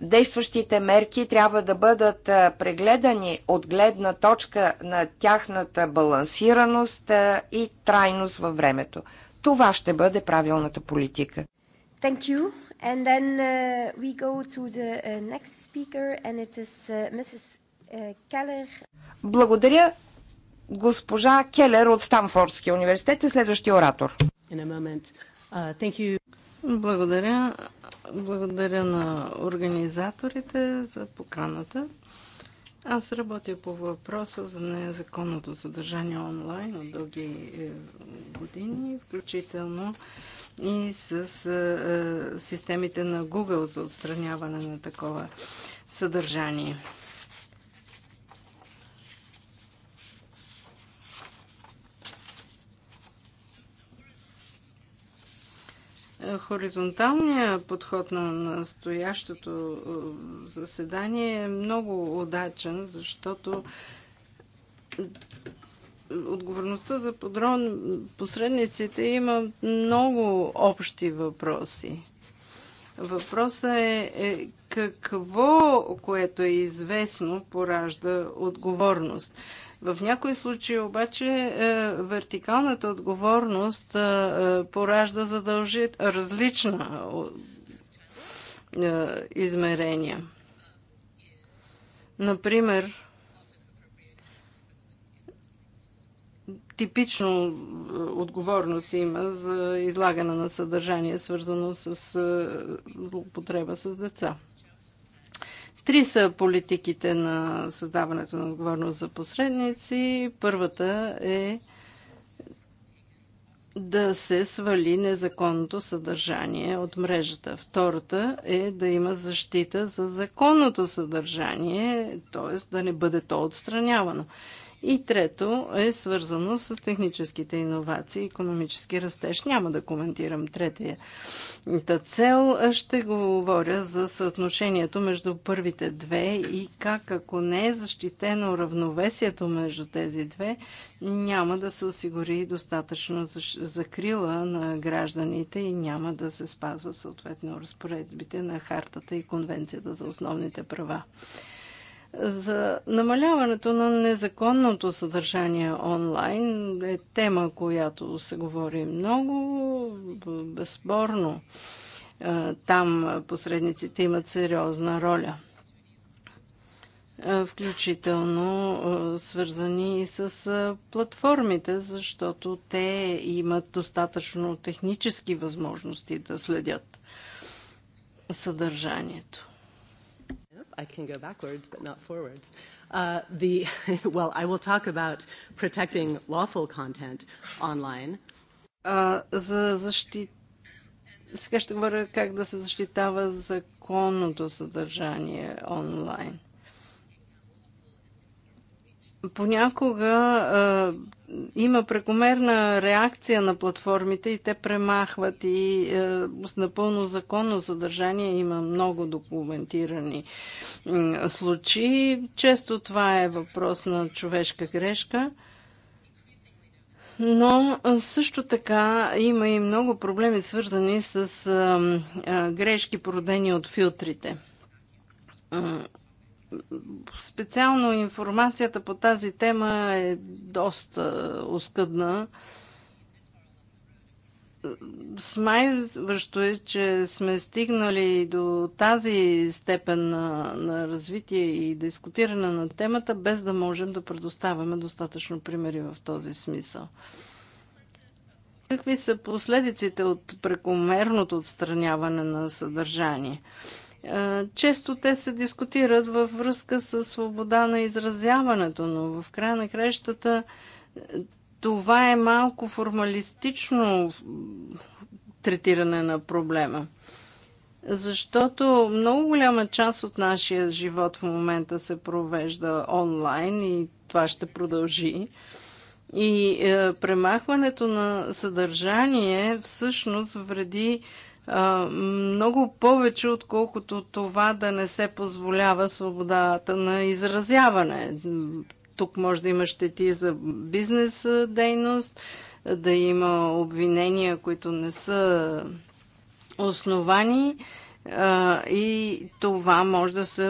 действащите мерки трябва да бъдат прегледани от гледна точка на тяхната балансираност и трайност във времето. Това ще бъде правилната политика. Thank you. And then uh, we go to the uh, next speaker and it is uh, Mrs. Uh, Keller. Благодаря госпожа Келер от Станфордския университет е следващия оратор. Uh, Благодаря. Благодаря на организаторите за поканата. Аз работя по въпроса за незаконното съдържание онлайн от дълги е, години, включително и с е, системите на Google за отстраняване на такова съдържание. Хоризонталният подход на настоящото е, заседание е много удачен, защото отговорността за подрон посредниците има много общи въпроси. Въпросът е, е какво, което е известно, поражда отговорност. В някои случаи обаче е, вертикалната отговорност е, е, поражда задължи... различна измерения. Например, типично отговорност има за излагане на съдържание, свързано с злоупотреба с деца. Три са политиките на създаването на отговорност за посредници. Първата е да се свали незаконното съдържание от мрежата. Втората е да има защита за законното съдържание, т.е. да не бъде то отстранявано. И трето е свързано с техническите иновации и економически растеж. Няма да коментирам третията цел. Ще говоря за съотношението между първите две и как, ако не е защитено равновесието между тези две, няма да се осигури достатъчно закрила на гражданите и няма да се спазва съответно разпоредбите на хартата и конвенцията за основните права. За намаляването на незаконното съдържание онлайн е тема, която се говори много, безспорно. Там посредниците имат сериозна роля включително свързани и с платформите, защото те имат достатъчно технически възможности да следят съдържанието. I can go backwards, but not forwards. Uh, the, well, I will talk about protecting lawful content online. Uh, за защита сега ще говоря как да се защитава законното съдържание онлайн понякога а, има прекомерна реакция на платформите и те премахват и а, с напълно законно съдържание има много документирани а, случаи. Често това е въпрос на човешка грешка. Но също така има и много проблеми свързани с а, а, грешки породени от филтрите специално информацията по тази тема е доста е, оскъдна. Смайващо е, че сме стигнали до тази степен на, на развитие и дискутиране на темата, без да можем да предоставяме достатъчно примери в този смисъл. Какви са последиците от прекомерното отстраняване на съдържание? Често те се дискутират във връзка с свобода на изразяването, но в края на крещата е, това е малко формалистично третиране на проблема. Защото много голяма част от нашия живот в момента се провежда онлайн и това ще продължи. И е, премахването на съдържание всъщност вреди много повече, отколкото това да не се позволява свободата на изразяване. Тук може да има щети за бизнес дейност, да има обвинения, които не са основани и това може да се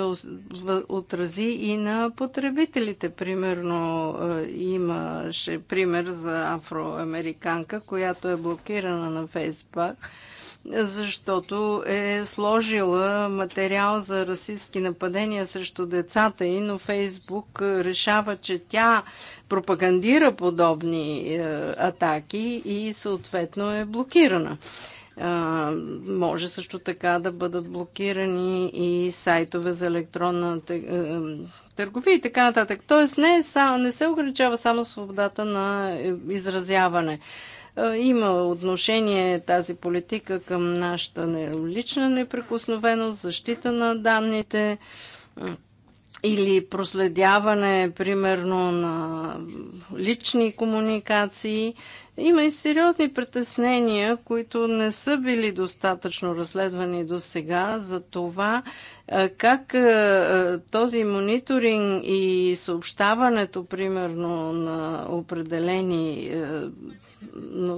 отрази и на потребителите. Примерно имаше пример за афроамериканка, която е блокирана на Фейсбук защото е сложила материал за расистски нападения срещу децата и, но Фейсбук решава, че тя пропагандира подобни е, атаки и съответно е блокирана. може също така да бъдат блокирани и сайтове за електронна е, е, търговия и така нататък. Тоест не, е, не се ограничава само свободата на изразяване. Е, има отношение тази политика към нашата лична неприкосновеност, защита на данните или проследяване, примерно, на лични комуникации. Има и сериозни притеснения, които не са били достатъчно разследвани до сега за това е, как е, този мониторинг и съобщаването, примерно, на определени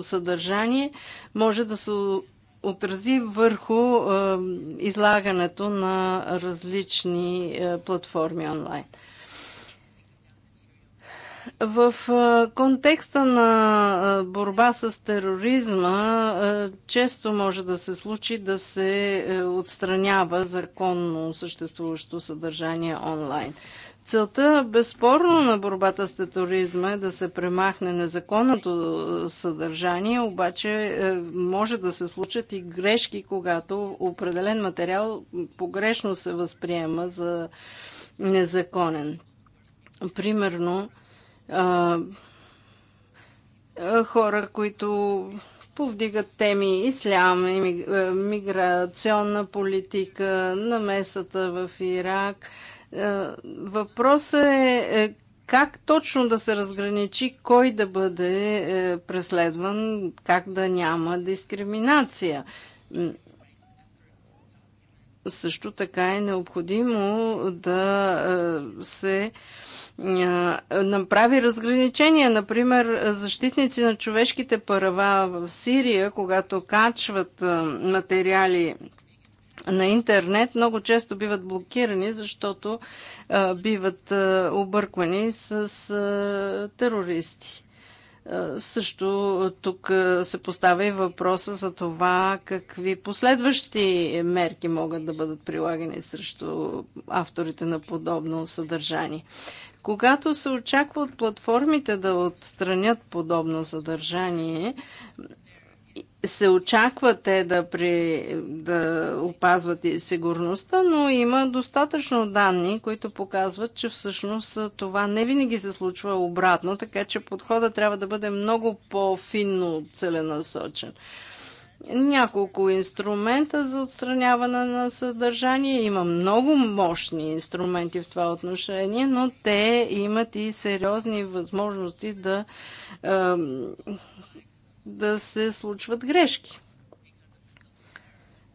съдържание може да се отрази върху излагането на различни платформи онлайн. В контекста на борба с тероризма често може да се случи да се е, отстранява законно съществуващо съдържание онлайн. Целта безспорно на борбата с тероризма е да се премахне незаконното е, съдържание, обаче е, може да се случат и грешки, когато определен материал погрешно се възприема за незаконен. Примерно, хора, които повдигат теми ислям, е, миграционна политика, намесата в Ирак – е, въпросът е, е как точно да се разграничи кой да бъде е, преследван, как да няма дискриминация. Също така е необходимо да се направи разграничения. Например, защитници на човешките права в Сирия, когато качват материали на интернет много често биват блокирани, защото а, биват а, обърквани с а, терористи. Също тук се поставя и въпроса за това какви последващи мерки могат да бъдат прилагани срещу авторите на подобно съдържание. Когато се очаква от платформите да отстранят подобно съдържание, се очаква те да, при, да опазват и сигурността, но има достатъчно данни, които показват, че всъщност това не винаги се случва обратно, така че подхода трябва да бъде много по-финно целенасочен. Няколко инструмента за отстраняване на съдържание. Има много мощни инструменти в това отношение, но те имат и сериозни възможности да да се случват грешки.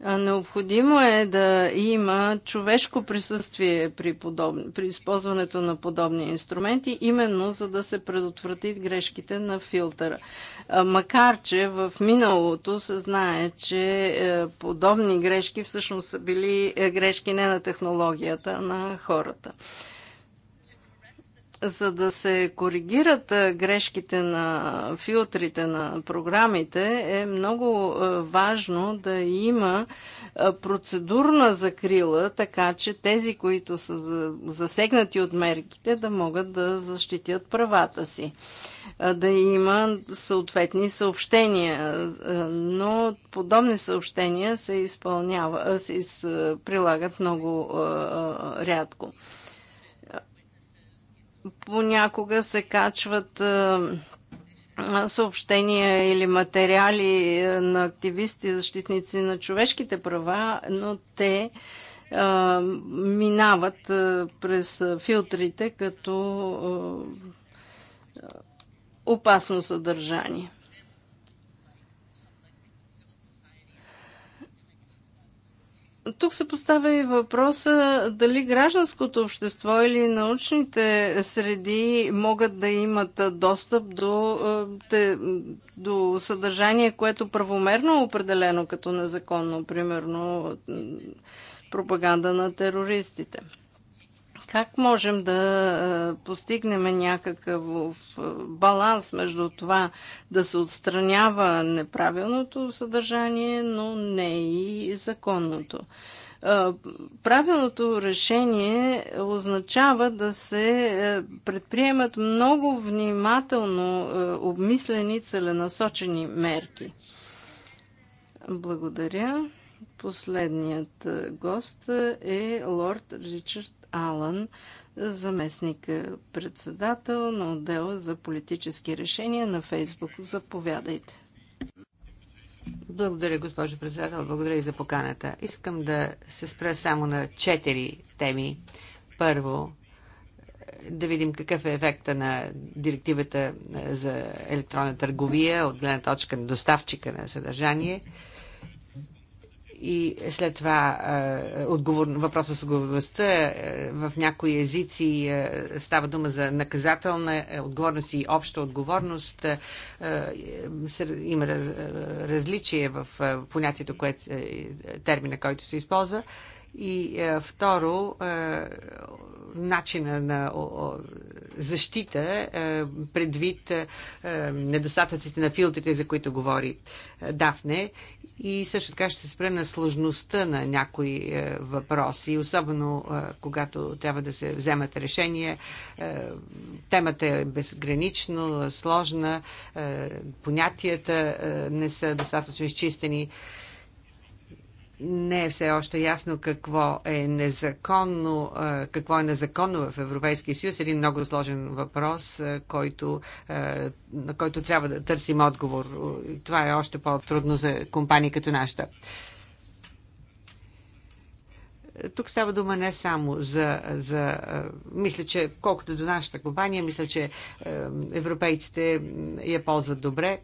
Необходимо е да има човешко присъствие при, подобни, при използването на подобни инструменти, именно за да се предотвратят грешките на филтъра. Макар, че в миналото се знае, че е, подобни грешки всъщност са били е, грешки не на технологията, а на хората за да се коригират грешките на филтрите на програмите, е много важно да има процедурна закрила, така че тези, които са засегнати от мерките, да могат да защитят правата си. Да има съответни съобщения, но подобни съобщения се, изпълнява, се прилагат много рядко понякога се качват е, е, съобщения или материали е, на активисти, защитници на човешките права, но те минават през филтрите като опасно съдържание. тук се поставя и въпроса дали гражданското общество или научните среди могат да имат достъп до, е, до съдържание, което правомерно е определено като незаконно, примерно пропаганда на терористите. Как можем да постигнем някакъв баланс между това да се отстранява неправилното съдържание, но не и законното? Правилното решение означава да се предприемат много внимателно обмислени целенасочени мерки. Благодаря. Последният гост е лорд Ричард Алън, заместник е, председател на отдела за политически решения на Фейсбук. Заповядайте. Благодаря, госпожо председател. Благодаря и за поканата. Искам да се спра само на четири теми. Първо, да видим какъв е ефекта на директивата е, за електронна търговия от гледна точка на доставчика на съдържание – и след това отговор, въпроса с отговорността в някои езици става дума за наказателна е, отговорност и обща отговорност. Има различие в понятието, което, е, термина, който се използва. И второ, начина на защита предвид недостатъците на филтрите, за които говори Дафне. И също така ще се спрем на сложността на някои е, въпроси, особено е, когато трябва да се вземат решения. Е, темата е безгранично, сложна, понятията не са достатъчно изчистени не е все още ясно какво е незаконно, какво е незаконно в Европейския съюз. Един много сложен въпрос, който, на който трябва да търсим отговор. Това е още по-трудно за компании като нашата. Тук става дума не само за, за... Мисля, че колкото до нашата компания, мисля, че европейците я ползват добре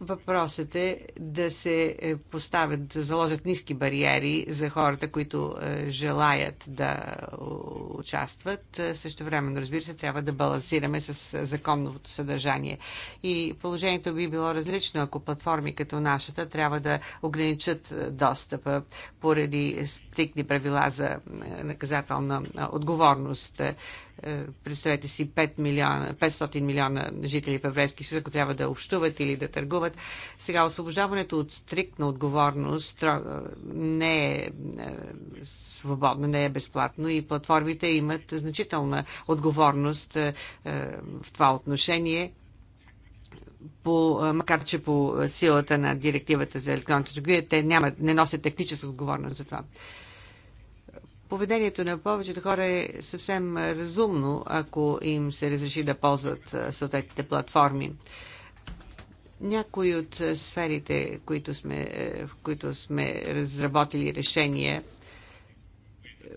Въпросът е да се е, поставят, да заложат ниски бариери за хората, които е, желаят да е, участват. Също времено, разбира се, трябва да балансираме с законното съдържание. И положението би било различно, ако платформи като нашата трябва да ограничат достъпа поради стикни правила за наказателна отговорност. Е, представете си 5 милиона, 500 милиона жители в Еврейски съюз, ако трябва да общуват или да търгуват. Сега освобождаването от стриктна отговорност не е, е свободно, не е безплатно и платформите имат значителна отговорност е, в това отношение по, макар че по силата на директивата за електронната търговия, те нямат, не носят техническа отговорност за това. Поведението на повечето хора е съвсем разумно, ако им се разреши да ползват съответните платформи. Някои от сферите, които сме, е, в които сме разработили решение е,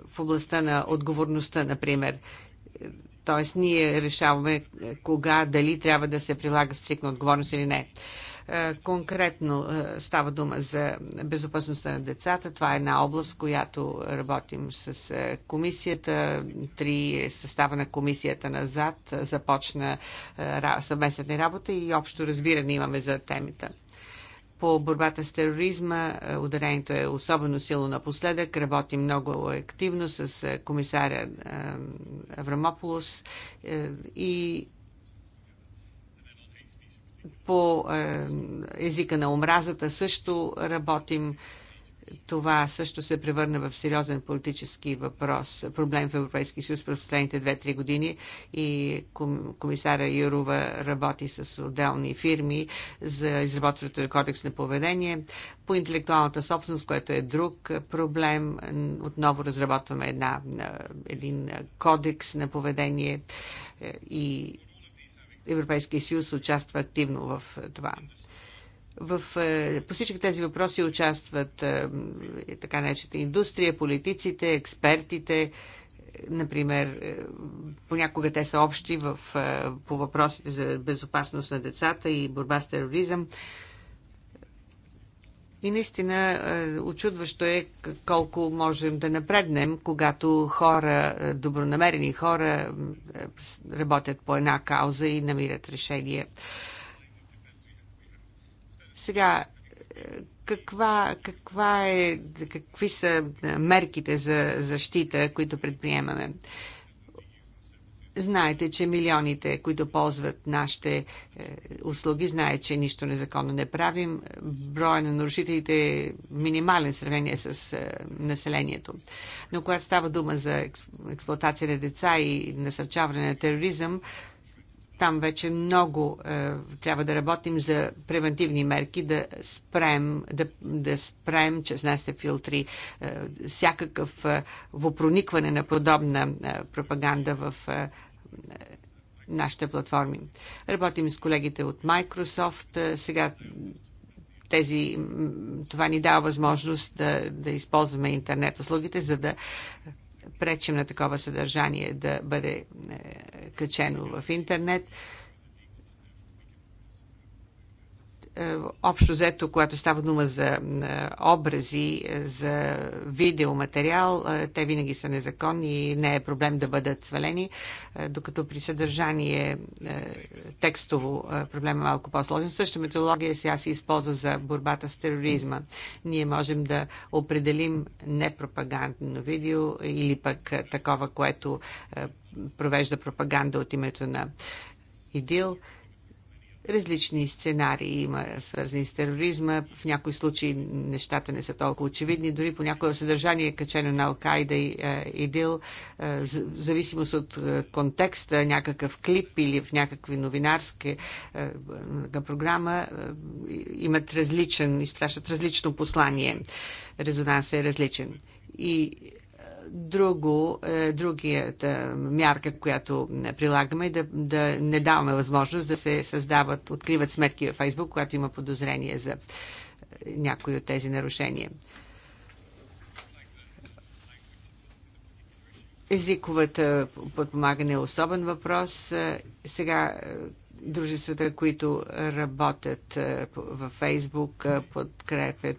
в областта на отговорността, например, т.е. ние решаваме е, кога, дали трябва да се прилага стрикна отговорност или не. Е, конкретно е, става дума за безопасността на децата. Това е една област, в която работим с е, комисията. Три състава на комисията назад започна съвместна работа и общо разбиране имаме за темата. по борбата с тероризма. Ударението е особено силно напоследък. Работим много активно с комисаря Аврамополос и по е, езика на омразата също работим. Това също се превърна в сериозен политически въпрос, проблем в Европейския съюз през последните 2-3 години и комисара Юрова работи с отделни фирми за изработването на кодекс на поведение. По интелектуалната собственост, което е друг проблем, отново разработваме една, е, един кодекс на поведение е, и Европейския съюз участва активно в е, това. В, е, по всички тези въпроси участват е, така наречената индустрия, политиците, експертите, например, понякога те са общи в, по въпросите за безопасност на децата и борба с тероризъм. И наистина е, очудващо е колко можем да напреднем, когато хора, е, добронамерени хора, е, работят по една кауза и намират решение. Сега, каква, каква е, какви са мерките за защита, които предприемаме? Знаете, че милионите, които ползват нашите е, услуги, знаят, че нищо незаконно не правим. Броя на нарушителите е минимален сравнение с е, населението. Но когато става дума за експлуатация на деца и насърчаване на тероризъм, там вече много е, трябва да работим за превентивни мерки, да спрем, да, да спрем нашите филтри, е, всякакъв е, вопроникване на подобна е, пропаганда в е, е, нашите платформи. Работим с колегите от Microsoft. Е, сега тези, това ни дава възможност да, да използваме интернет услугите, за да пречим на такова съдържание да бъде е, качено в интернет. Е, общо взето, когато става дума за е, образи, е, за видеоматериал, те винаги са незаконни и не е проблем да бъдат свалени, докато при съдържание текстово проблем е малко по-сложен. Също методология сега се използва за борбата с тероризма. Ние можем да определим непропагандно видео или пък такова, което провежда пропаганда от името на ИДИЛ Различни сценарии има свързани с тероризма. В някои случаи нещата не са толкова очевидни. Дори по някое съдържание е качено на Алкайда и е, ИДИЛ, е, в зависимост от е, контекста, някакъв клип или в някакви е, програма, имат различен, изпращат различно послание. Резонансът е различен. И Друго, е, другията е, мярка, която прилагаме е да, да не даваме възможност да се създават, откриват сметки в Фейсбук, когато има подозрение за някои от тези нарушения. Езиковата подпомагане е особен въпрос. Сега дружествата, които работят във Фейсбук, поддържат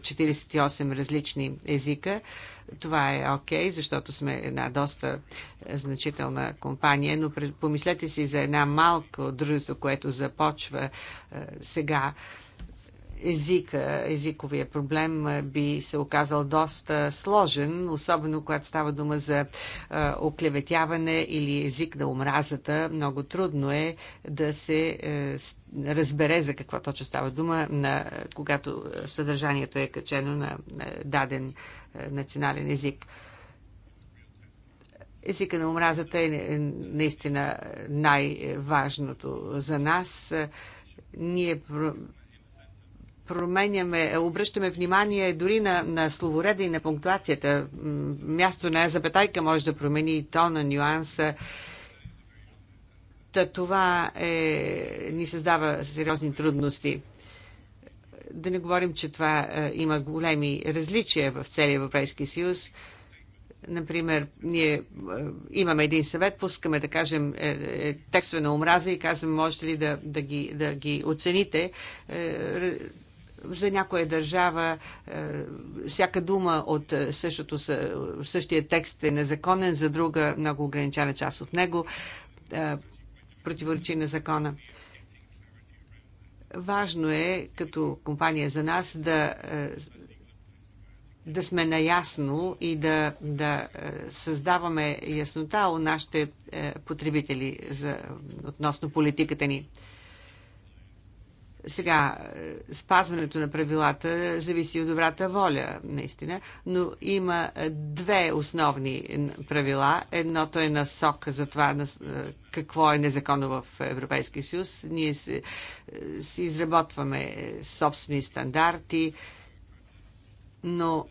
48 различни езика. Това е окей, okay, защото сме една доста е, значителна компания, но помислете си за една малко дружество, което започва е, сега езика, езиковия проблем е, би се оказал доста сложен, особено когато става дума за оклеветяване или език на омразата. Много трудно е да се разбере за какво точно става дума, на, когато съдържанието е качено на даден национален език. Езика на омразата е наистина най-важното за нас. Ние променяме, обръщаме внимание дори на, на словореда и на пунктуацията. Място на запетайка може да промени и тона, нюанса. Та това е, ни създава сериозни трудности. Да не говорим, че това е, има големи различия в целия Европейски съюз. Например, ние е, имаме един съвет, пускаме, да кажем, е, е, текстове на омраза и казваме, може ли да, да, ги, да ги оцените за някоя държава всяка дума от същото, същия текст е незаконен, за друга много ограничена част от него противоречи на закона. Важно е като компания за нас да, е, да сме наясно и да, да е, създаваме яснота у нашите е, потребители за, относно политиката ни. Сега, е, спазването на правилата зависи от добрата воля, наистина, но има е, две основни правила. Едното е насок за това е, какво е незаконно в Европейския съюз. Ние си изработваме собствени стандарти, но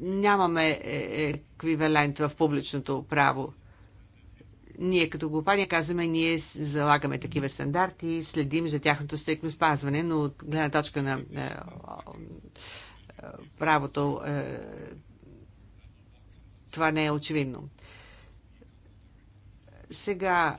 нямаме еквивалент в публичното право. Ние като компания казваме, ние залагаме такива стандарти, следим за тяхното стрикно спазване, но от гледна точка на правото е, е, е, това не е очевидно. Сега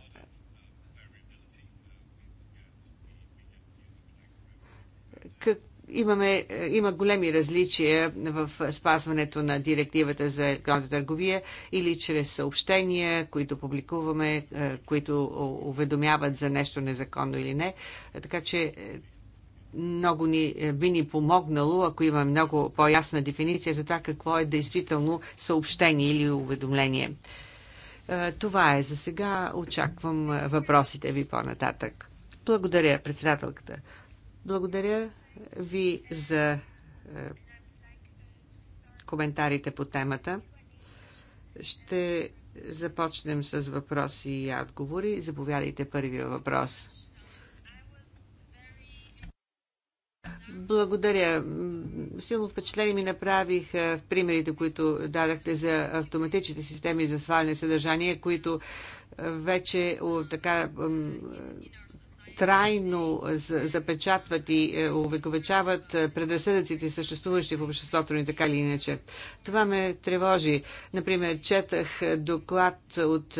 как, Имаме, е, има големи различия в спазването на директивата за електронната търговия или чрез съобщения, които публикуваме, е, които уведомяват за нещо незаконно или не. Така че е, много ни, би ни помогнало, ако има много по-ясна дефиниция за това какво е действително съобщение или уведомление. Това е за сега. Очаквам въпросите ви по-нататък. Благодаря, председателката. Благодаря ви за е, коментарите по темата. Ще започнем с въпроси и отговори. Заповядайте първия въпрос. Благодаря. Силно впечатление ми направих е, в примерите, които дадахте за автоматичните системи за сваляне съдържание, които е, вече така трайно запечатват и е, увековечават е, предразсъдъците, съществуващи в обществото ни, така или иначе. Това ме тревожи. Например, четах е, доклад от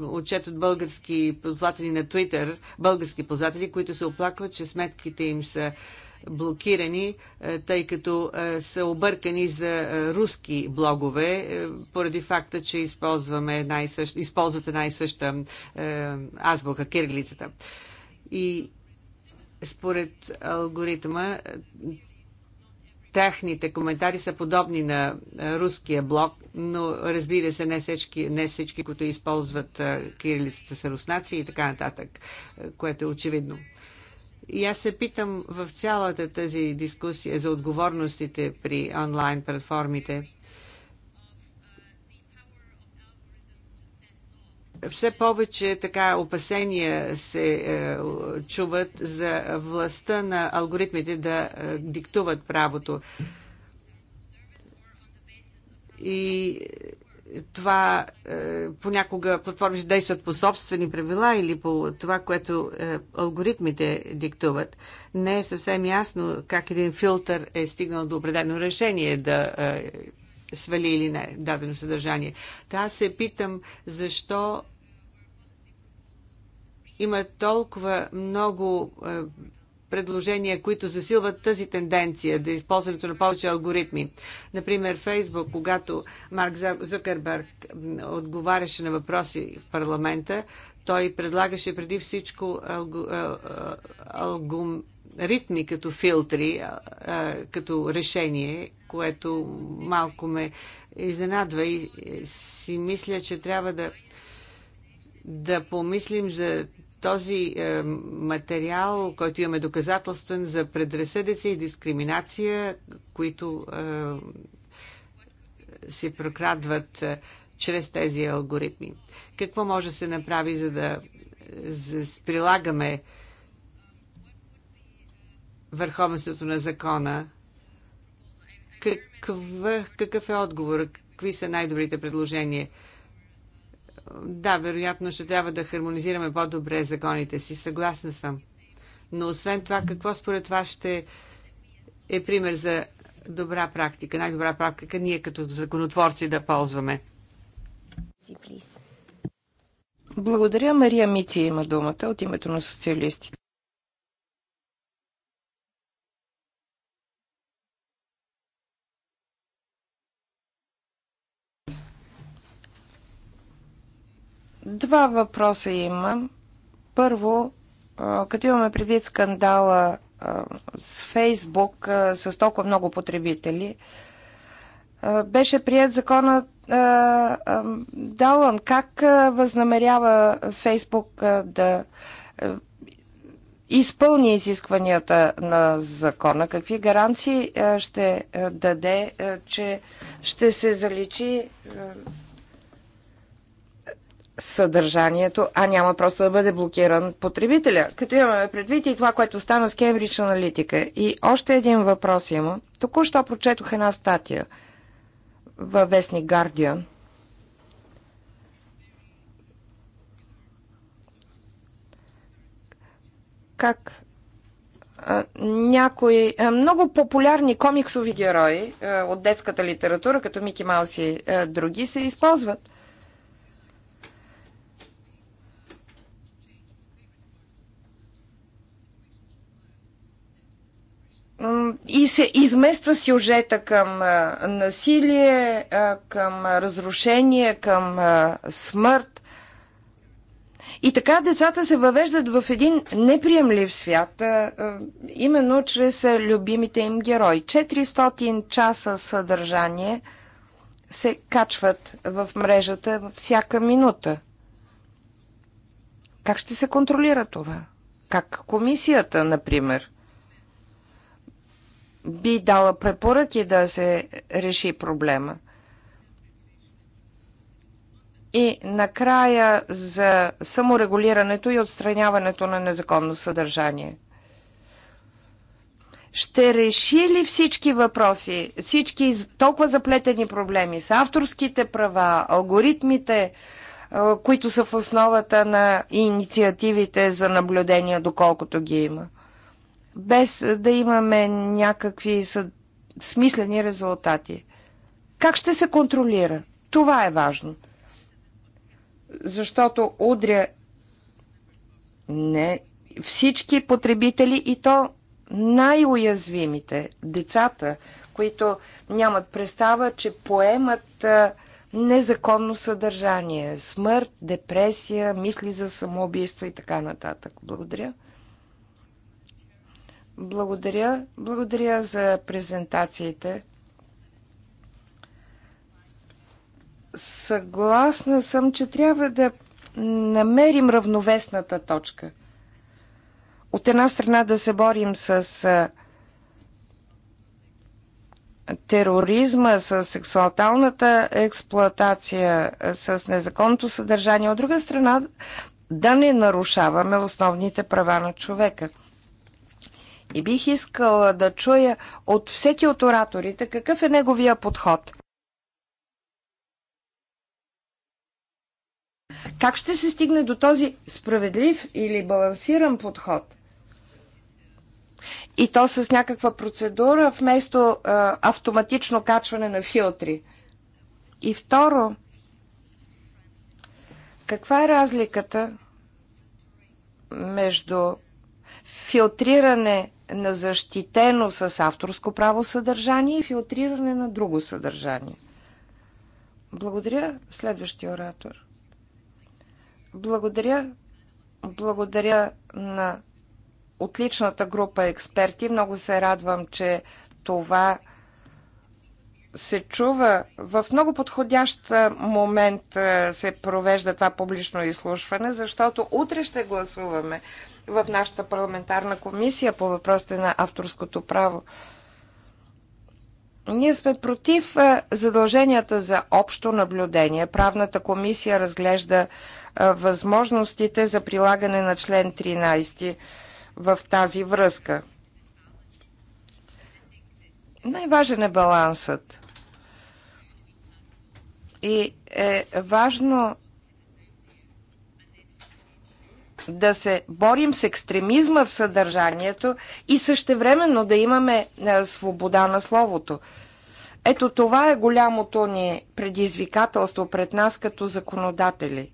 отчет от български ползватели на Twitter, български ползватели, които се оплакват, че сметките им са блокирани, тъй като са объркани за руски блогове, поради факта, че използваме една и съща, използват една и съща азбука, кирилицата и според алгоритма техните коментари са подобни на руския блог, но разбира се, не всички, не всички които използват кирилицата са руснаци и така нататък, което е очевидно. И аз се питам в цялата тази дискусия за отговорностите при онлайн платформите, все повече така опасения се е, чуват за властта на алгоритмите да е, диктуват правото. И това е, понякога платформите действат по собствени правила или по това, което е, алгоритмите диктуват. Не е съвсем ясно как един филтър е стигнал до определено решение да е, свали или не дадено съдържание. Та аз се питам защо има толкова много е, предложения, които засилват тази тенденция да използването на повече алгоритми. Например, Фейсбук, когато Марк Зукерберг отговаряше на въпроси в парламента, той предлагаше преди всичко алгу, е, е, алгу, ритми като филтри, като решение, което малко ме изненадва и си мисля, че трябва да, да помислим за този е, материал, който имаме доказателствен за предразсъдици и дискриминация, които е, се прокрадват е, чрез тези алгоритми. Какво може да се направи, за да за, е, прилагаме върховенството на закона. какъв, какъв е отговор? Какви са най-добрите предложения? Да, вероятно ще трябва да хармонизираме по-добре законите си. Съгласна съм. Но освен това, какво според вас ще е пример за добра практика, най-добра практика ние като законотворци да ползваме? Благодаря. Мария Мици има думата от името на социалистите. Два въпроса имам. Първо, като имаме предвид скандала с Фейсбук, с толкова много потребители, беше прият законът Далан. Как възнамерява Фейсбук да изпълни изискванията на закона? Какви гаранции ще даде, че ще се заличи съдържанието, а няма просто да бъде блокиран потребителя. Като имаме предвид и това, което стана с Кембридж аналитика. И още един въпрос има. Току-що прочетох една статия във вестник Guardian. Как някои много популярни комиксови герои от детската литература, като Мики Маус и други, се използват – и се измества сюжета към насилие, към разрушение, към смърт. И така децата се въвеждат в един неприемлив свят, именно чрез любимите им герои. 400 часа съдържание се качват в мрежата всяка минута. Как ще се контролира това? Как комисията, например? би дала препоръки да се реши проблема. И накрая за саморегулирането и отстраняването на незаконно съдържание. Ще реши ли всички въпроси, всички толкова заплетени проблеми с авторските права, алгоритмите, е, които са в основата на инициативите за наблюдение, доколкото ги има? без да имаме някакви смислени резултати. Как ще се контролира? Това е важно. Защото удря не всички потребители и то най-уязвимите децата, които нямат представа, че поемат незаконно съдържание, смърт, депресия, мисли за самоубийство и така нататък. Благодаря. Благодаря. Благодаря за презентациите. Съгласна съм, че трябва да намерим равновесната точка. От една страна да се борим с тероризма, с сексуалталната експлоатация, с незаконното съдържание. От друга страна да не нарушаваме основните права на човека – и бих искала да чуя от всеки от ораторите какъв е неговия подход. Как ще се стигне до този справедлив или балансиран подход? И то с някаква процедура вместо а, автоматично качване на филтри. И второ, каква е разликата между филтриране на защитено с авторско право съдържание и филтриране на друго съдържание. Благодаря. Следващия оратор. Благодаря. Благодаря на отличната група експерти. Много се радвам, че това се чува. В много подходящ момент се провежда това публично изслушване, защото утре ще гласуваме в нашата парламентарна комисия по въпросите на авторското право. Ние сме против е, задълженията за общо наблюдение. Правната комисия разглежда е, възможностите за прилагане на член 13 в тази връзка. Най-важен е балансът. И е важно да се борим с екстремизма в съдържанието и същевременно да имаме е, свобода на словото. Ето това е голямото ни предизвикателство пред нас като законодатели.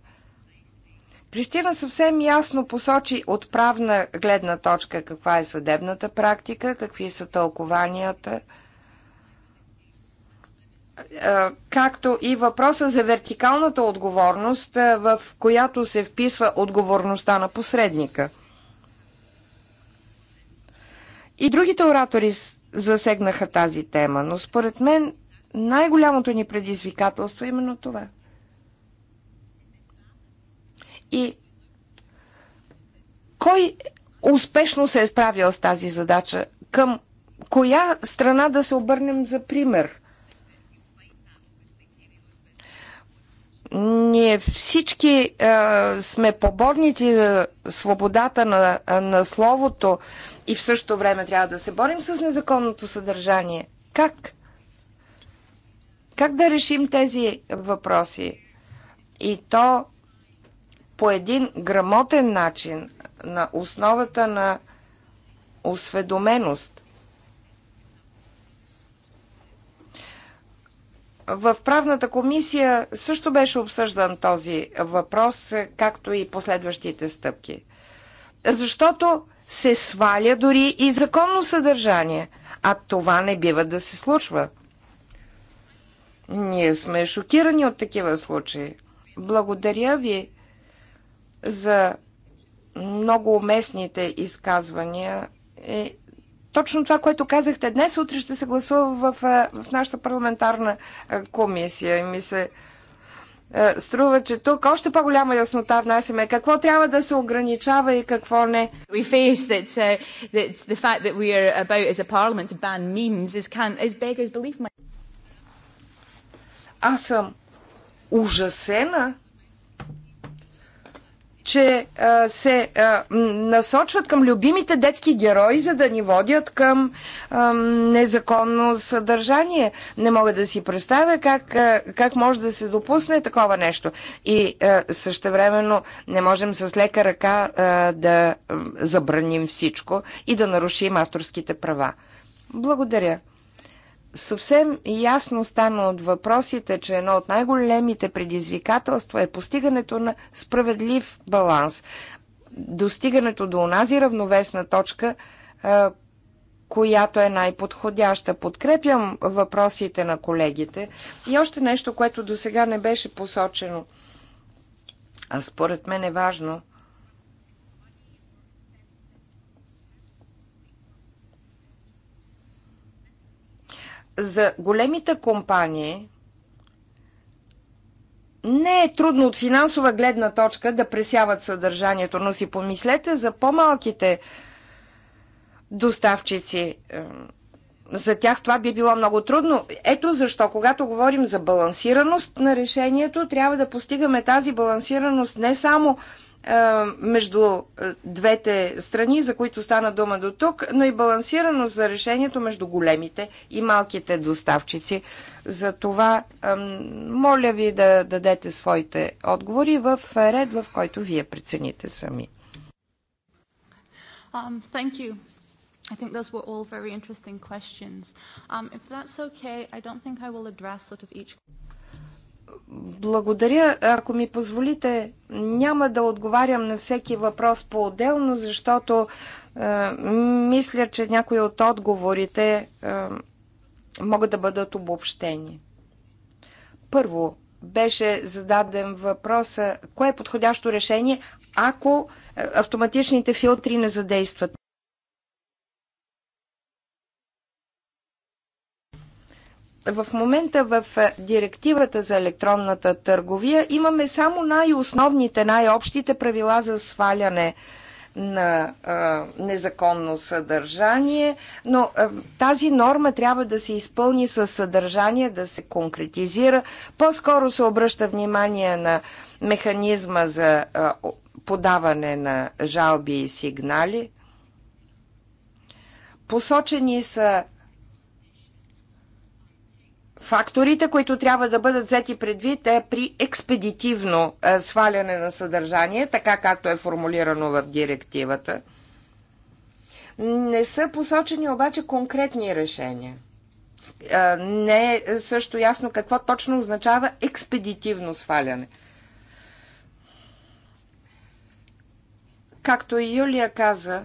Кристина съвсем ясно посочи от правна гледна точка каква е съдебната практика, какви са тълкованията – както и въпроса за вертикалната отговорност, в която се вписва отговорността на посредника. И другите оратори засегнаха тази тема, но според мен най-голямото ни предизвикателство е именно това. И кой успешно се е справил с тази задача? Към коя страна да се обърнем за пример – Ние всички а, сме поборници за свободата на, на словото и в същото време трябва да се борим с незаконното съдържание. Как? Как да решим тези въпроси? И то по един грамотен начин на основата на осведоменост. В правната комисия също беше обсъждан този въпрос, както и последващите стъпки. Защото се сваля дори и законно съдържание, а това не бива да се случва. Ние сме шокирани от такива случаи. Благодаря ви за много уместните изказвания и е, точно това, което казахте днес, утре ще се гласува в, е, в нашата парламентарна е, комисия. И ми се е, струва, че тук още по-голяма яснота внасяме какво трябва да се ограничава и какво не. We face that, uh, that the fact that we are about as a parliament to ban memes is, can, is beggars belief. Аз съм ужасена че а, се а, насочват към любимите детски герои, за да ни водят към а, незаконно съдържание. Не мога да си представя как, а, как може да се допусне такова нещо. И а, същевременно не можем с лека ръка а, да забраним всичко и да нарушим авторските права. Благодаря съвсем ясно стана от въпросите, че едно от най-големите предизвикателства е постигането на справедлив баланс, достигането до онази равновесна точка, която е най-подходяща. Подкрепям въпросите на колегите. И още нещо, което до сега не беше посочено, а според мен е важно – за големите компании не е трудно от финансова гледна точка да пресяват съдържанието, но си помислете за по-малките доставчици. За тях това би било много трудно. Ето защо, когато говорим за балансираност на решението, трябва да постигаме тази балансираност не само между двете страни, за които стана дума до тук, но и балансирано за решението между големите и малките доставчици. За това моля ви да дадете своите отговори в ред, в който вие прецените сами. Um, thank you. I think those were all very interesting questions. Um, if that's okay, I don't think I will address sort of each. Благодаря. Ако ми позволите, няма да отговарям на всеки въпрос по-отделно, защото е, мисля, че някои от отговорите е, могат да бъдат обобщени. Първо, беше зададен въпроса, кое е подходящо решение, ако е, автоматичните филтри не задействат. в момента в директивата за електронната търговия имаме само най-основните, най-общите правила за сваляне на а, незаконно съдържание, но а, тази норма трябва да се изпълни с съдържание, да се конкретизира. По-скоро се обръща внимание на механизма за а, подаване на жалби и сигнали. Посочени са Факторите, които трябва да бъдат взети предвид е при експедитивно е, сваляне на съдържание, така както е формулирано в директивата. Не са посочени обаче конкретни решения. Е, не е също ясно какво точно означава експедитивно сваляне. Както и Юлия каза,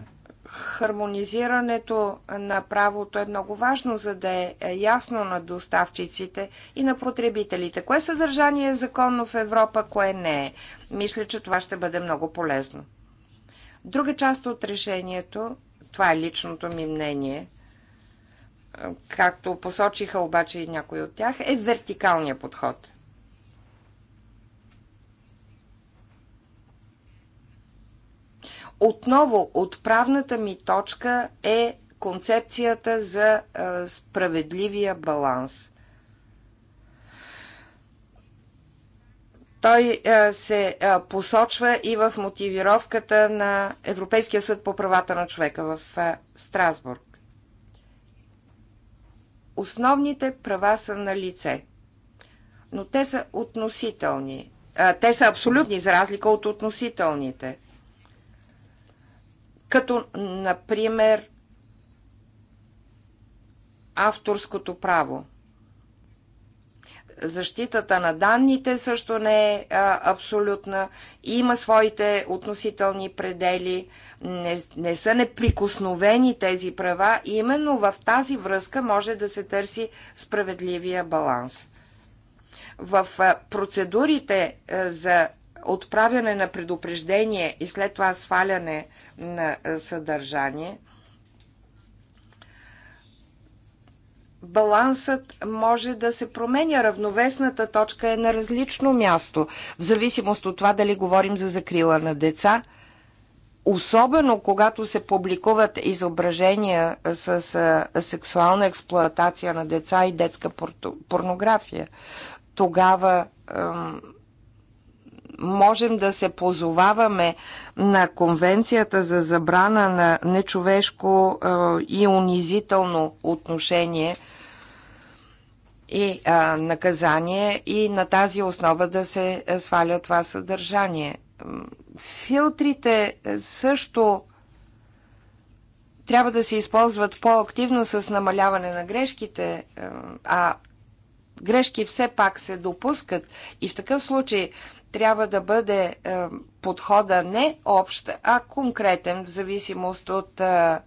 хармонизирането на правото е много важно, за да е ясно на доставчиците и на потребителите. Кое съдържание е законно в Европа, кое не е. Мисля, че това ще бъде много полезно. Друга част от решението, това е личното ми мнение, както посочиха обаче и някои от тях, е вертикалния подход – Отново отправната ми точка е концепцията за е, справедливия баланс. Той е, се е, посочва и в мотивировката на Европейския съд по правата на човека в Страсбург. Основните права са на лице, но те са относителни. Те са абсолютни, за разлика от относителните – като например авторското право. Защитата на данните също не е а, абсолютна. Има своите относителни предели. Не, не са неприкосновени тези права. И именно в тази връзка може да се търси справедливия баланс. В процедурите за отправяне на предупреждение и след това сваляне на е, съдържание, балансът може да се променя. Равновесната точка е на различно място, в зависимост от това дали говорим за закрила на деца, особено когато се публикуват изображения е, с е, сексуална експлоатация на деца и детска порнография. Тогава можем да се позоваваме на Конвенцията за забрана на нечовешко и унизително отношение и а, наказание и на тази основа да се сваля това съдържание. Филтрите също трябва да се използват по-активно с намаляване на грешките, а грешки все пак се допускат и в такъв случай трябва да бъде е, подхода не общ, а конкретен, в зависимост от е, е,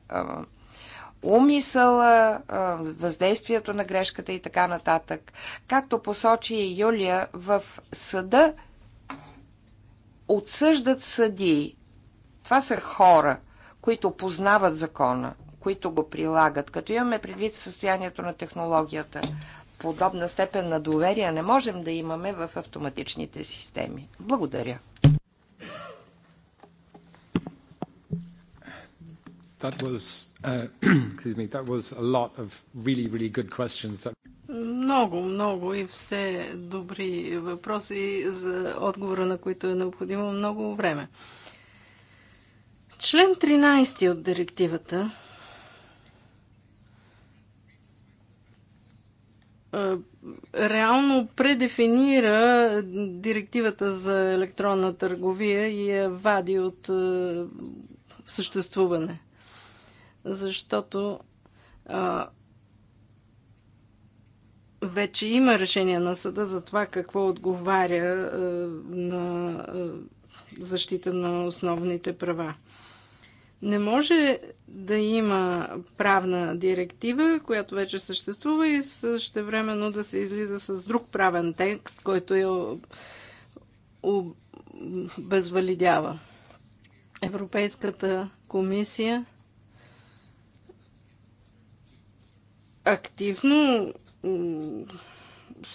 умисъла, въздействието на грешката и така нататък. Както посочи Юлия, в съда отсъждат съдии. Това са хора, които познават закона, които го прилагат. Като имаме предвид състоянието на технологията, подобна степен на доверие не можем да имаме в автоматичните системи. Благодаря. That was, uh, [clears throat] excuse me, that was a lot of really, really good questions. That... Много, много и все добри въпроси, за отговора на които е необходимо много време. Член 13 от директивата реално предефинира директивата за електронна търговия и я вади от съществуване. Защото вече има решение на съда за това какво отговаря на защита на основните права. Не може да има правна директива, която вече съществува и също времено да се излиза с друг правен текст, който я обезвалидява. Европейската комисия активно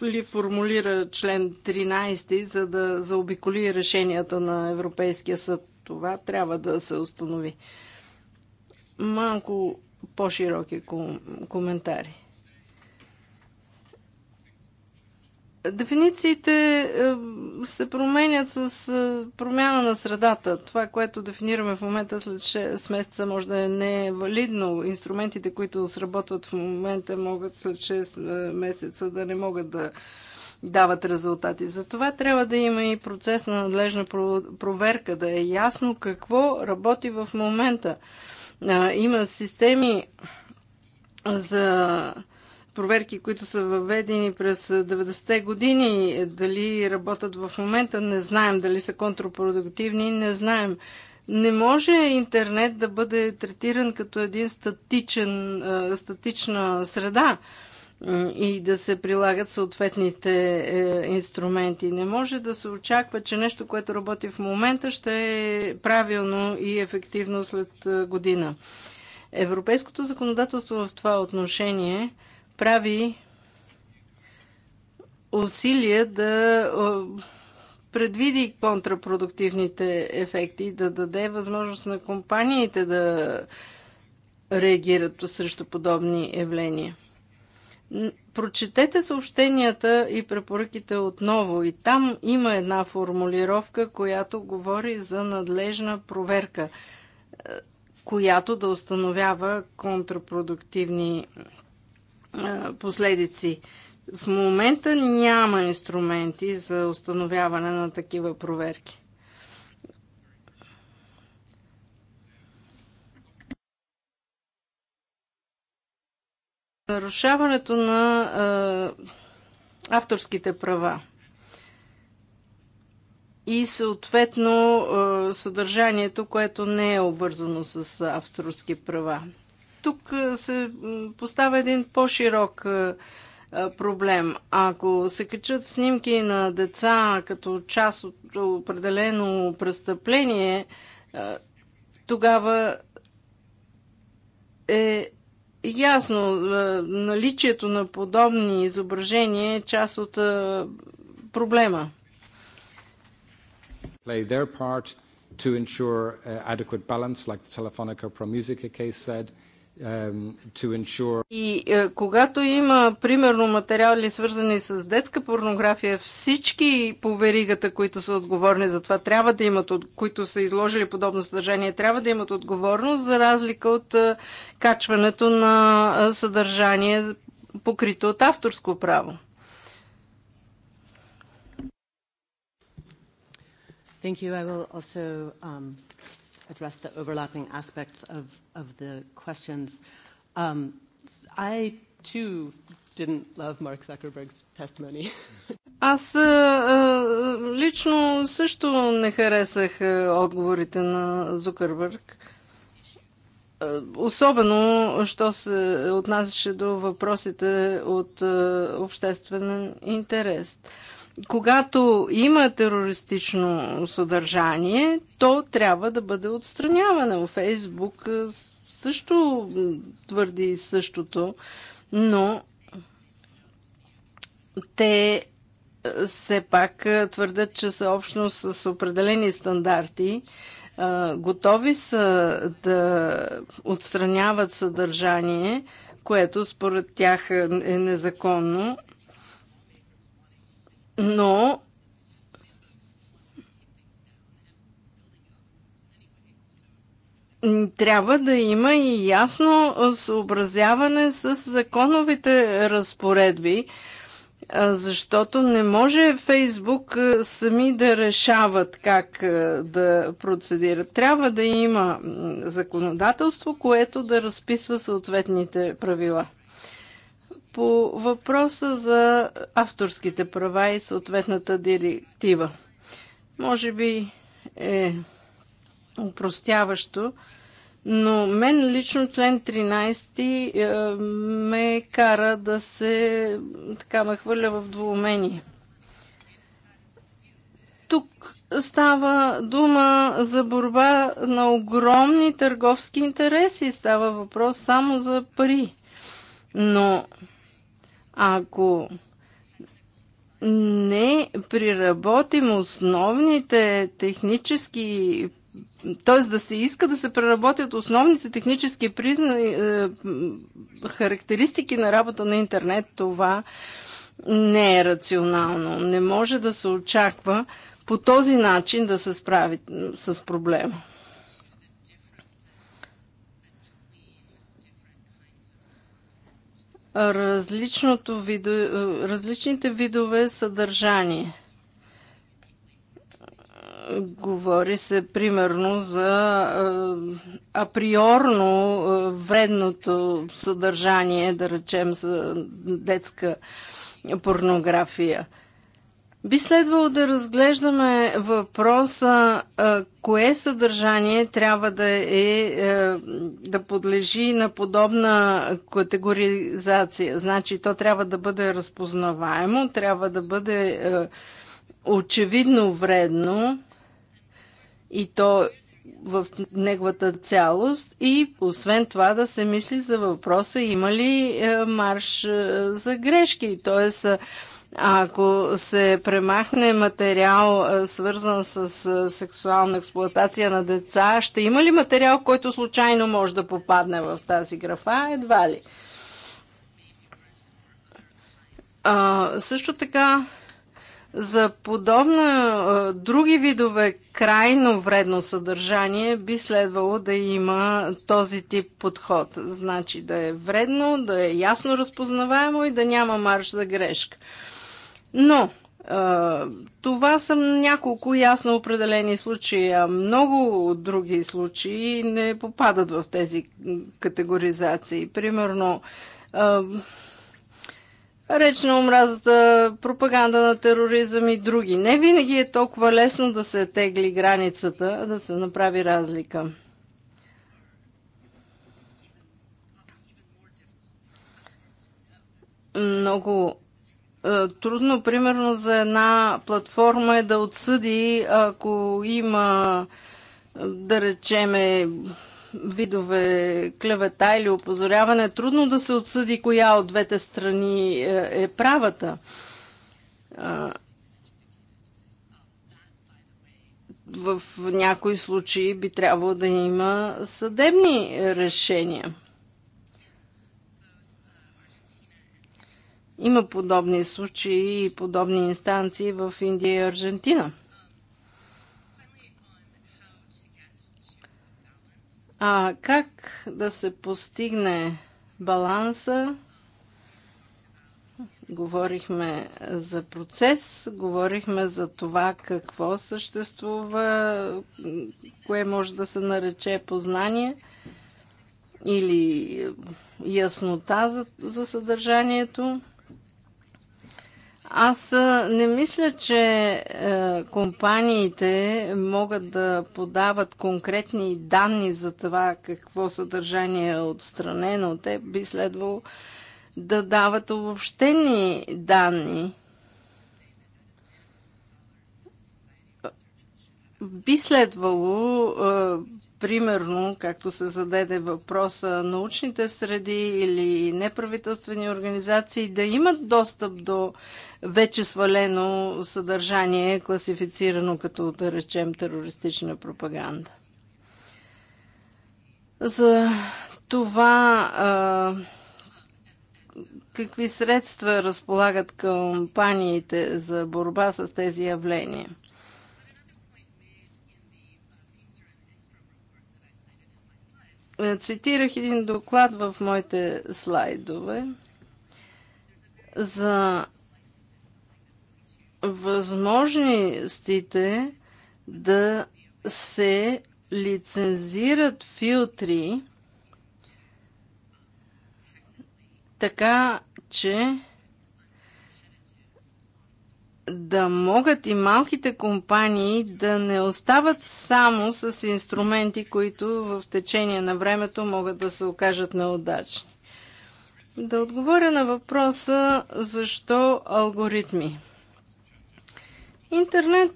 ли формулира член 13, за да заобиколи решенията на Европейския съд това трябва да се установи. Малко по-широки ком коментари. Дефинициите е, се променят с е, промяна на средата. Това, което дефинираме в момента след 6 месеца, може да не е валидно. Инструментите, които сработват в момента, могат след 6 е, месеца да не могат да дават резултати. Затова трябва да има и процес на надлежна проверка, да е ясно какво работи в момента. Има системи за проверки, които са въведени през 90-те години, дали работят в момента, не знаем, дали са контрпродуктивни, не знаем. Не може интернет да бъде третиран като един статичен, статична среда и да се прилагат съответните е, инструменти. Не може да се очаква, че нещо, което работи в момента, ще е правилно и ефективно след е, година. Европейското законодателство в това отношение прави усилия да предвиди контрапродуктивните ефекти, да даде възможност на компаниите да реагират срещу подобни явления. Прочетете съобщенията и препоръките отново и там има една формулировка, която говори за надлежна проверка, е, която да установява контрапродуктивни е, последици. В момента няма инструменти за установяване на такива проверки. нарушаването на а, авторските права и съответно а, съдържанието, което не е обвързано с авторски права. Тук се поставя един по-широк проблем. Ако се качат снимки на деца като част от определено престъпление, а, тогава е Ясно, наличието на подобни изображения е част от проблема. Play their part to ensure adequate balance, like the Telefonica Pro Musica case said, Um, И е, когато има, примерно, материали свързани с детска порнография, всички по веригата, които са отговорни за това, трябва да имат, които са изложили подобно съдържание, трябва да имат отговорност, за разлика от е, качването на е, съдържание, покрито от авторско право. Thank you. I will also um, address the overlapping aspects of, of the questions. Um, I too didn't love Mark Zuckerberg's testimony. [laughs] Аз а, е, е, лично също не харесах е, отговорите на Зукърбърг. Особено, що се отнасяше до въпросите от обществен интерес когато има терористично съдържание, то трябва да бъде отстранявано. Фейсбук също твърди същото, но те все пак твърдят, че са общност с определени стандарти. Готови са да отстраняват съдържание, което според тях е, е незаконно, но трябва да има и ясно съобразяване с законовите разпоредби, защото не може Фейсбук сами да решават как да процедират. Трябва да има законодателство, което да разписва съответните правила по въпроса за авторските права и съответната директива. Може би е упростяващо, но мен лично член 13 е, ме кара да се така ме хвърля в двоумение. Тук става дума за борба на огромни търговски интереси. Става въпрос само за пари. Но ако не приработим основните технически т.е. да се иска да се преработят основните технически призна... Е, характеристики на работа на интернет, това не е рационално. Не може да се очаква по този начин да се справи с проблема. различното видо, е, различните видове съдържание. Говори се примерно за е, априорно е, вредното съдържание, да речем за детска порнография. Би следвало да разглеждаме въпроса кое съдържание трябва да е, е да подлежи на подобна категоризация. Значи то трябва да бъде разпознаваемо, трябва да бъде е, очевидно вредно и то в неговата цялост и освен това да се мисли за въпроса има ли е, марш за грешки, т.е. Ако се премахне материал, свързан с сексуална експлуатация на деца, ще има ли материал, който случайно може да попадне в тази графа? Едва ли. А, също така, за подобно други видове крайно вредно съдържание би следвало да има този тип подход. Значи да е вредно, да е ясно разпознаваемо и да няма марш за грешка. Но това са няколко ясно определени случаи, а много други случаи не попадат в тези категоризации. Примерно, реч на омразата, пропаганда на тероризъм и други. Не винаги е толкова лесно да се тегли границата, да се направи разлика. Много е, трудно, примерно, за една платформа е да отсъди, ако има, да речеме, видове клевета или опозоряване. Трудно да се отсъди коя от двете страни е, е правата. Е, в някои случаи би трябвало да има съдебни решения. Има подобни случаи и подобни инстанции в Индия и Аржентина. А как да се постигне баланса? Говорихме за процес, говорихме за това какво съществува, кое може да се нарече познание или яснота за, за съдържанието. Аз не мисля, че е, компаниите могат да подават конкретни данни за това какво съдържание е отстранено. Те би следвало да дават обобщени данни. Би следвало е, примерно, както се зададе въпроса, научните среди или неправителствени организации да имат достъп до вече свалено съдържание, класифицирано като, да речем, терористична пропаганда. За това а, какви средства разполагат кампаниите за борба с тези явления – Е, цитирах един доклад в моите слайдове за възможностите да се лицензират филтри, така че да могат и малките компании да не остават само с инструменти, които в течение на времето могат да се окажат неудачни. Да отговоря на въпроса защо алгоритми. Интернет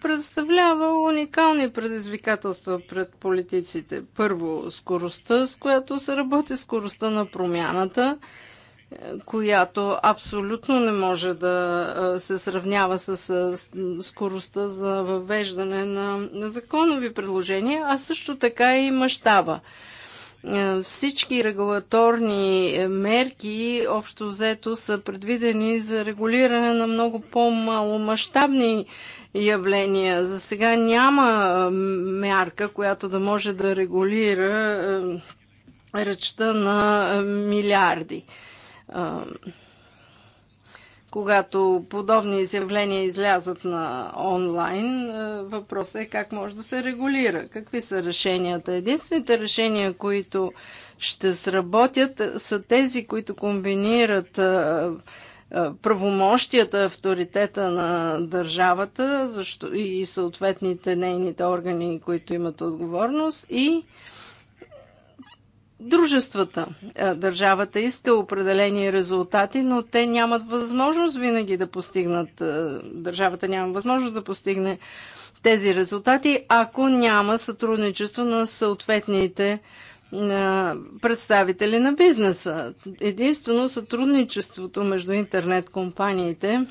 представлява уникални предизвикателства пред политиците. Първо, скоростта, с която се работи, скоростта на промяната – която абсолютно не може да се сравнява с скоростта за въвеждане на законови предложения, а също така и мащаба. Всички регулаторни е, мерки общо взето са предвидени за регулиране на много по-маломащабни явления. За сега няма мярка, която да може да регулира речта на милиарди когато подобни изявления излязат на онлайн, е, въпросът е как може да се регулира, какви са решенията. Единствените решения, които ще сработят, е, са тези, които комбинират е, правомощията, авторитета на държавата и съответните нейните органи, които имат отговорност и дружествата. Е, държавата иска определени резултати, но те нямат възможност винаги да постигнат, е, държавата няма възможност да постигне тези резултати, ако няма сътрудничество на съответните е, представители на бизнеса. Единствено сътрудничеството между интернет компаниите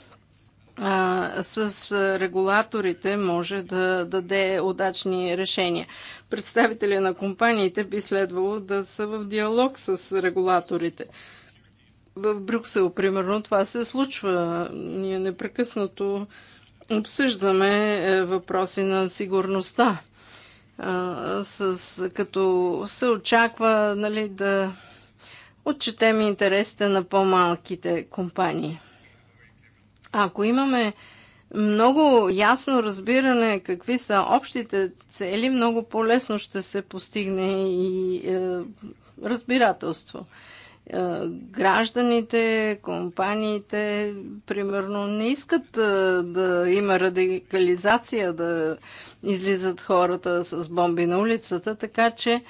с регулаторите може да даде удачни решения. Представителя на компаниите би следвало да са в диалог с регулаторите. В Брюксел, примерно, това се случва. Ние непрекъснато обсъждаме е, въпроси на сигурността, с, като се очаква нали, да отчетем интересите на по-малките компании. Ако имаме много ясно разбиране какви са общите цели, много по-лесно ще се постигне и е, разбирателство. Е, гражданите, компаниите, примерно, не искат е, да има радикализация, да излизат хората с бомби на улицата, така че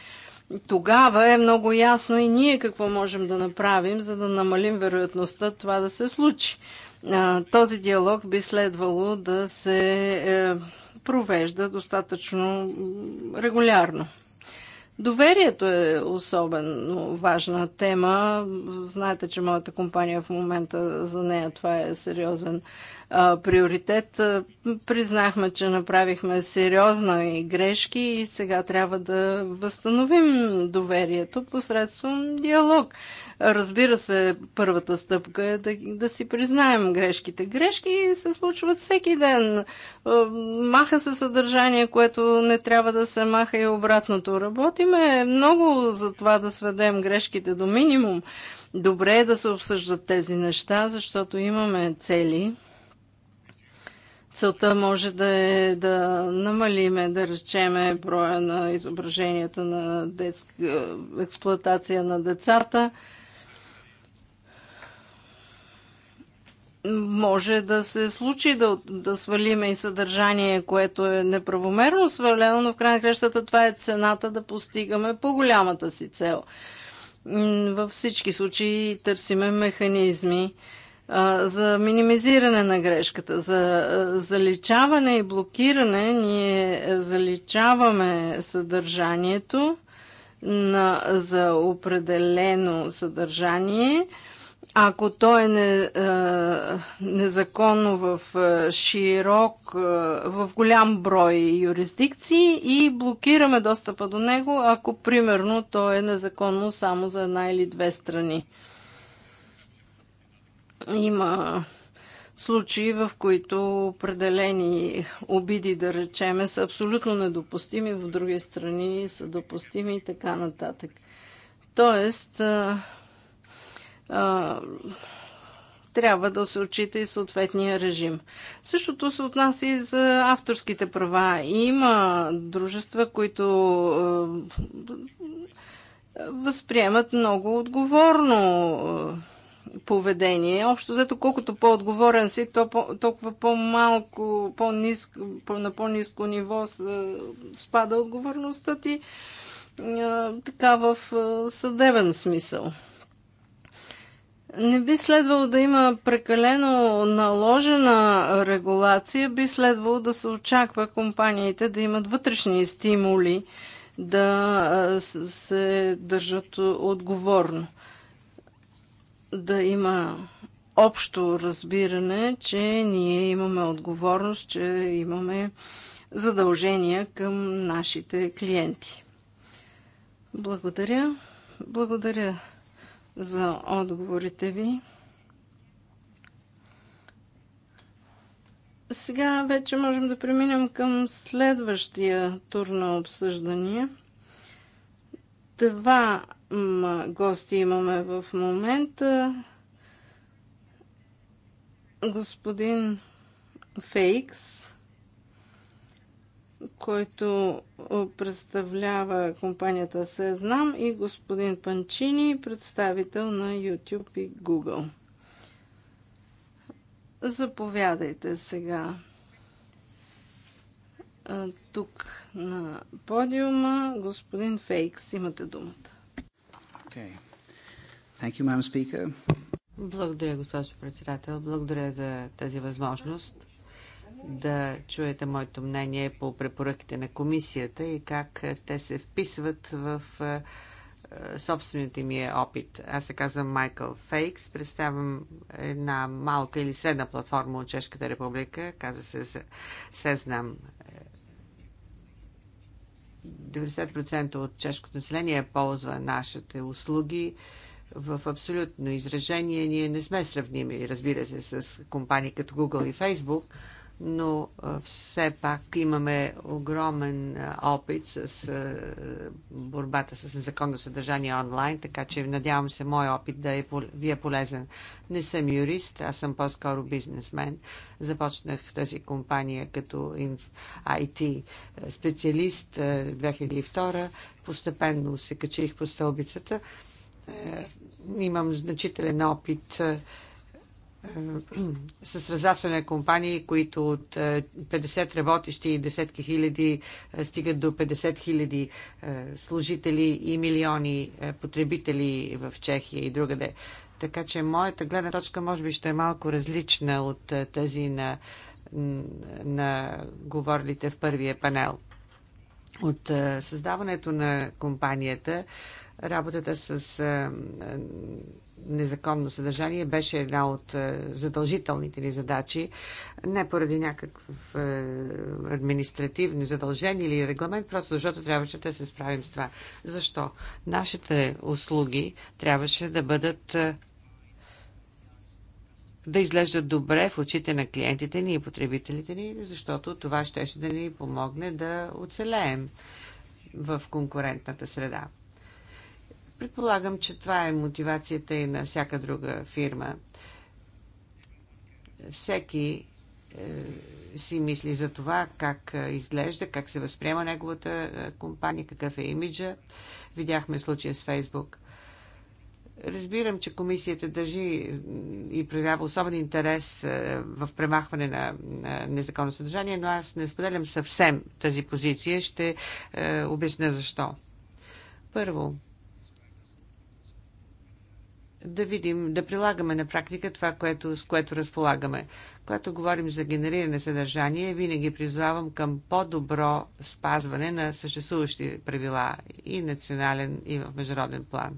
тогава е много ясно и ние какво можем да направим, за да намалим вероятността това да се случи. Този диалог би следвало да се е, провежда достатъчно регулярно. Доверието е особено важна тема. Знаете, че моята компания в момента за нея това е сериозен приоритет. Признахме, че направихме сериозна и грешки и сега трябва да възстановим доверието посредством диалог. Разбира се, първата стъпка е да, да си признаем грешките. Грешки се случват всеки ден. Маха се съдържание, което не трябва да се маха и обратното. Работиме много за това да сведем грешките до минимум. Добре е да се обсъждат тези неща, защото имаме цели Целта може да е да намалиме, да речеме броя на изображенията на детска е, експлуатация на децата. може да се случи да, да свалиме и съдържание, което е неправомерно свалено, но в край на крещата това е цената да постигаме по-голямата си цел. Във всички случаи търсиме механизми за минимизиране на грешката, за заличаване и блокиране, ние заличаваме съдържанието на, за определено съдържание, ако то е не, а, незаконно в широк, а, в голям брой юрисдикции и блокираме достъпа до него, ако примерно то е незаконно само за една или две страни. Има случаи, в които определени обиди, да речеме, са абсолютно недопустими, в други страни са допустими и така нататък. Тоест, а, а, трябва да се отчита и съответния режим. Същото се отнася и за авторските права. Има дружества, които а, възприемат много отговорно поведение. Общо взето, колкото по-отговорен си, то по, толкова по-малко, по-ниско, по, на по-низко ниво е, спада отговорността ти е, така в е, съдебен смисъл. Не би следвало да има прекалено наложена регулация, би следвало да се очаква компаниите да имат вътрешни стимули да се държат отговорно да има общо разбиране, че ние имаме отговорност, че имаме задължения към нашите клиенти. Благодаря. Благодаря за отговорите ви. Сега вече можем да преминем към следващия тур на обсъждания. Това гости имаме в момента. Господин Фейкс, който представлява компанията Сезнам и господин Панчини, представител на YouTube и Google. Заповядайте сега тук на подиума. Господин Фейкс, имате думата. Okay. Thank you, Speaker. Благодаря, госпожо председател. Благодаря за тази възможност да чуете моето мнение по препоръките на комисията и как те се вписват в собствените ми е опит. Аз се казвам Майкъл Фейкс, представям една малка или средна платформа от Чешката република, Казва се Сезнам 90% от чешкото население ползва нашите услуги. В абсолютно изражение ние не сме сравними, разбира се, с компании като Google и Facebook, но все пак имаме огромен опит с борбата с незаконно съдържание онлайн, така че надявам се мой опит да е, ви е полезен. Не съм юрист, аз съм по-скоро бизнесмен. Започнах тази компания като IT специалист 2002. Постепенно се качих по стълбицата. Е, имам значителен опит с разрастване компании, които от 50 е, работещи и десетки хиляди е, стигат до 50 хиляди е, служители и милиони потребители в Чехия и другаде. Така че моята гледна точка може би ще е малко различна от тези на, на говорилите в първия панел. От създаването на компанията Работата с незаконно съдържание беше една от задължителните ни задачи, не поради някакъв административни задължение или регламент, просто защото трябваше да се справим с това. Защо? Нашите услуги трябваше да бъдат да изглеждат добре в очите на клиентите ни и потребителите ни, защото това щеше да ни помогне да оцелеем в конкурентната среда. Предполагам, че това е мотивацията и на всяка друга фирма. Всеки е, си мисли за това как е, изглежда, как се възприема неговата е, компания, какъв е имиджа. Видяхме случая с Фейсбук. Разбирам, че комисията държи и проявява особен интерес е, в премахване на незаконно съдържание, но аз не споделям съвсем тази позиция. Ще обясня защо. Първо, да видим, да прилагаме на практика това, което, с което разполагаме. Когато говорим за генериране съдържание, винаги призвавам към по-добро спазване на съществуващи правила и национален, и в международен план.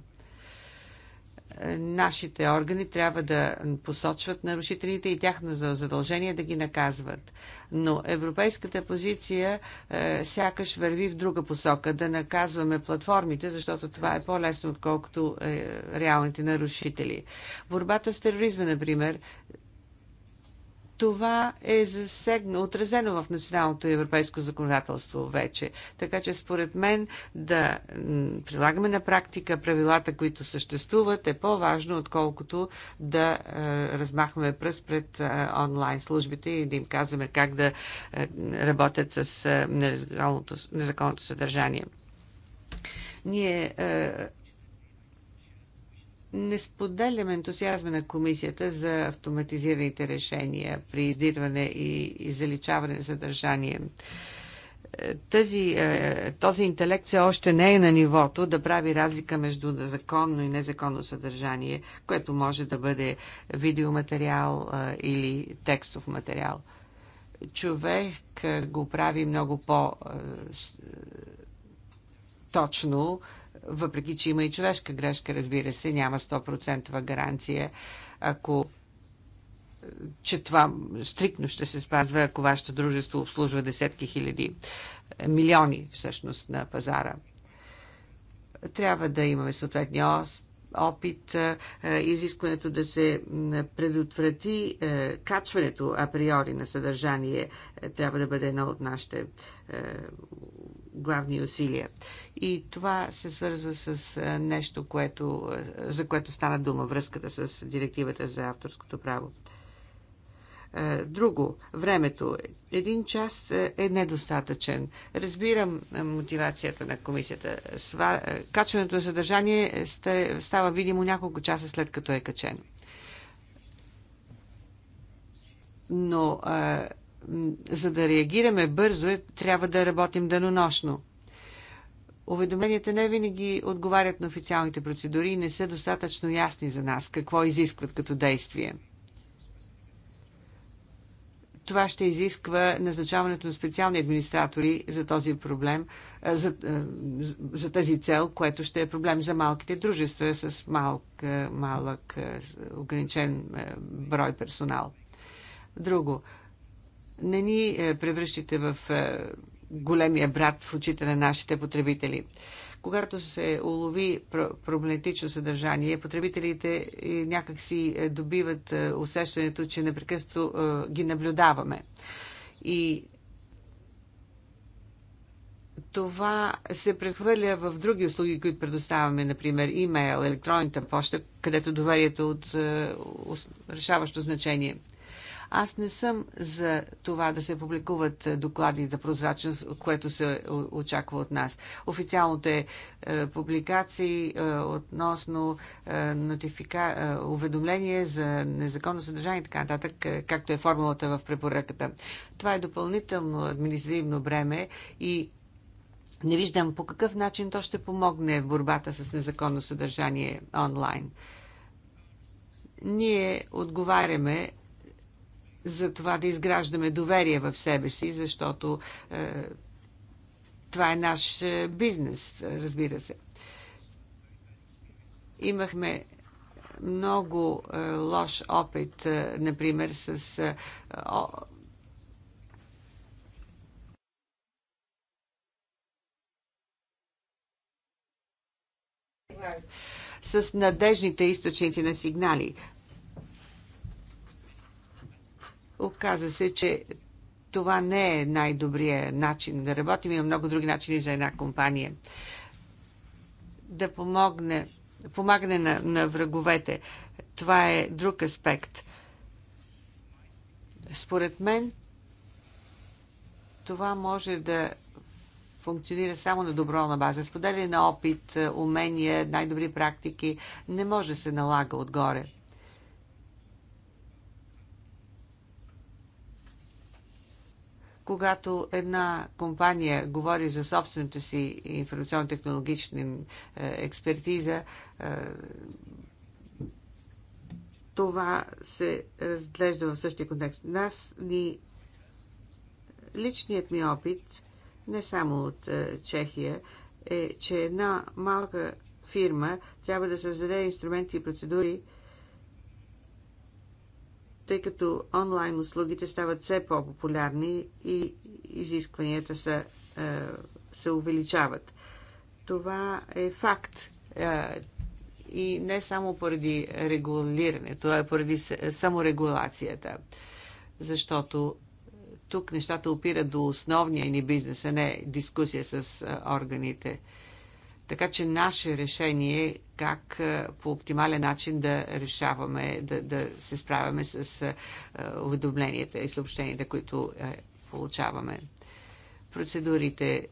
Е, нашите органи трябва да посочват нарушителите и тяхно задължение да ги наказват. Но европейската позиция е, сякаш върви в друга посока да наказваме платформите, защото това е по-лесно, отколкото е, реалните нарушители. Борбата с тероризма, например, това е засегна, отразено в националното европейско законодателство вече. Така че според мен да прилагаме на практика правилата, които съществуват, е по-важно, отколкото да е, размахваме пръст пред е, онлайн службите и да им казваме как да е, работят с е, незаконното съдържание. Ние е, не споделям ентусиазма на комисията за автоматизираните решения при издирване и заличаване на съдържание е, тази, е, този интелект все още не е на нивото да прави разлика между законно и незаконно съдържание, което може да бъде видеоматериал е, или текстов материал. Човек го прави много по- точно, въпреки че има и човешка грешка, разбира се, няма 100% гаранция, ако е, че това стрикно ще се спазва, ако вашето дружество обслужва десетки хиляди, е, милиони всъщност на пазара. Трябва да имаме съответния опит, е, изискването да се предотврати качването априори на съдържание трябва да бъде едно от нашите главни усилия. И това се свързва с нещо, което, за което стана дума връзката с директивата за авторското право. Друго, времето. Един час е недостатъчен. Разбирам мотивацията на комисията. Сва... Качването на съдържание става видимо няколко часа след като е качено. Но за да реагираме бързо, е, трябва да работим денонощно. Уведомленията не винаги отговарят на официалните процедури и не са достатъчно ясни за нас какво изискват като действие. Това ще изисква назначаването на специални администратори за този проблем, за, за тази цел, което ще е проблем за малките дружества с малък, малък ограничен брой персонал. Друго не ни е, превръщате в е, големия брат в очите на нашите потребители. Когато се улови проблематично съдържание, потребителите е, някакси добиват усещането, че непрекъснато ги наблюдаваме. И това се прехвърля в други услуги, които предоставяме, например имейл, електронната почта, където доверието от решаващо значение. Аз не съм за това да се публикуват е, доклади за прозрачност, което се е, очаква от нас. Официалните е, публикации относно нотифика... уведомление за незаконно съдържание и така нататък, както е формулата в препоръката. Това е допълнително административно бреме и не виждам по какъв начин то ще помогне в борбата с незаконно съдържание онлайн. Ние отговаряме за това да изграждаме доверие в себе си, защото е, това е наш е, бизнес, разбира се. Имахме много е, лош опит, е, например, с. Е, о, с надежните източници на сигнали. Оказа се, че това не е най-добрият начин да работим. Има много други начини за една компания. Да помогне, помагане на, на враговете. Това е друг аспект. Според мен, това може да функционира само на добро на база. Споделяне на опит, умения, най-добри практики не може да се налага отгоре. Когато една компания говори за собствената си информационно-технологична е, експертиза, е, това се разглежда в същия контекст. Нас ни личният ми опит, не само от е, Чехия, е, че една малка фирма трябва да създаде инструменти и процедури, тъй като онлайн услугите стават все по-популярни и изискванията са, е, се увеличават. Това е факт. Е, и не само поради регулирането, а е поради саморегулацията. Защото тук нещата опират до основния ни бизнес, а не дискусия с органите. Така че наше решение как е, по оптимален начин да решаваме, да, да се справяме с е, уведомленията и съобщенията, които е, получаваме. Процедурите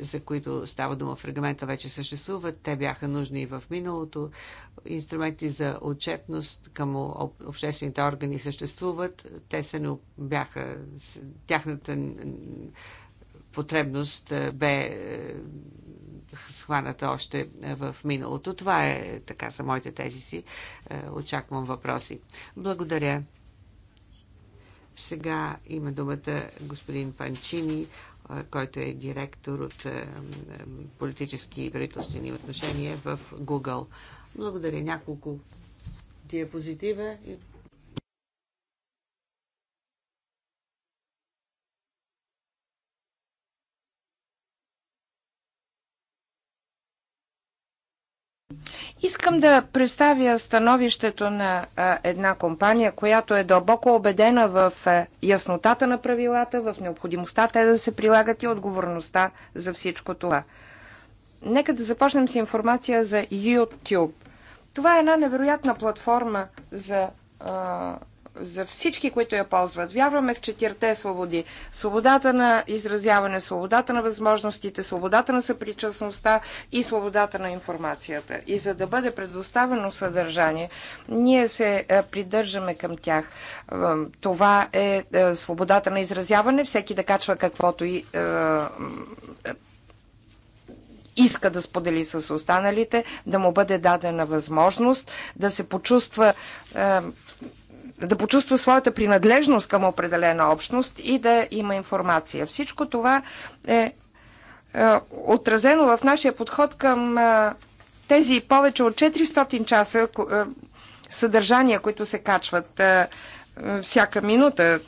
за които става дума в регламента, вече съществуват. Те бяха нужни и в миналото. Инструменти за отчетност към обществените органи съществуват. Те са не бяха, тяхната потребност е, бе е, схваната още е, в миналото. Това е така са моите тези си. Очаквам въпроси. Благодаря. Сега има думата господин Панчини, който е директор от политически и правителствени отношения в Google. Благодаря. Няколко диапозитива и Искам да представя становището на една компания, която е дълбоко убедена в яснотата на правилата, в необходимостта те да се прилагат и отговорността за всичко това. Нека да започнем с информация за YouTube. Това е една невероятна платформа за а, за всички, които я ползват. Вярваме в четирте свободи. Свободата на изразяване, свободата на възможностите, свободата на съпричастността и свободата на информацията. И за да бъде предоставено съдържание, ние се е, придържаме към тях. Това е, е свободата на изразяване, всеки да качва каквото и е, иска да сподели с останалите, да му бъде дадена възможност да се почувства да почувства своята принадлежност към определена общност и да има информация. Всичко това е, е отразено в нашия подход към е, тези повече от 400 часа е, съдържания, които се качват всяка минута.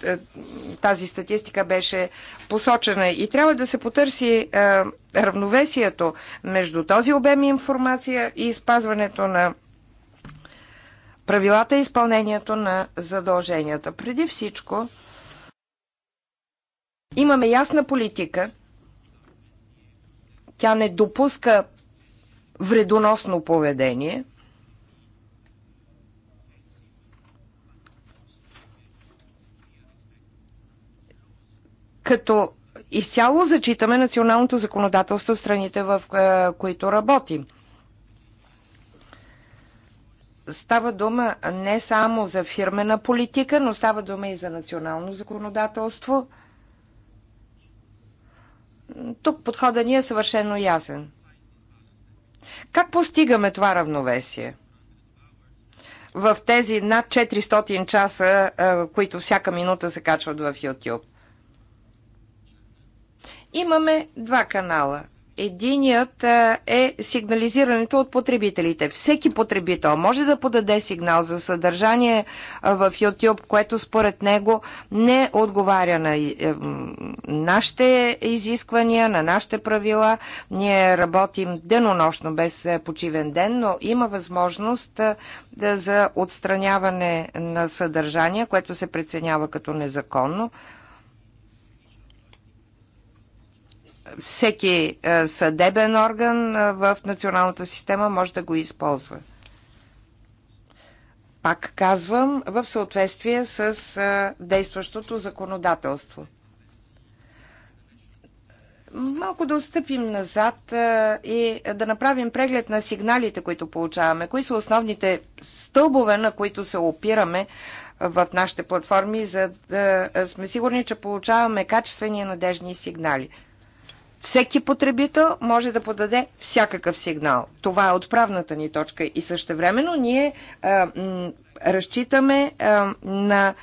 Тази статистика беше посочена и трябва да се потърси равновесието между този обем информация и спазването на правилата и изпълнението на задълженията. Преди всичко, имаме ясна политика. Тя не допуска вредоносно поведение. Като изцяло зачитаме националното законодателство в страните, в е, които работим става дума не само за фирмена политика, но става дума и за национално законодателство. Тук подхода ни е съвършено ясен. Как постигаме това равновесие? В тези над 400 часа, които всяка минута се качват в YouTube. Имаме два канала. Единият е сигнализирането от потребителите. Всеки потребител може да подаде сигнал за съдържание в YouTube, което според него не отговаря на нашите изисквания, на нашите правила. Ние работим денонощно, без е, почивен ден, но има възможност за отстраняване на съдържание, което се преценява като незаконно всеки е, съдебен орган е, в националната система може да го използва. Пак казвам, в съответствие с е, действащото законодателство. Малко да отстъпим назад и да направим преглед на сигналите, които получаваме. Кои са основните стълбове, на които се опираме в нашите платформи, за да сме сигурни, че получаваме качествени и надежни сигнали – всеки потребител може да подаде всякакъв сигнал. Това е отправната ни точка и същевременно ние а, е, м, разчитаме а, е, на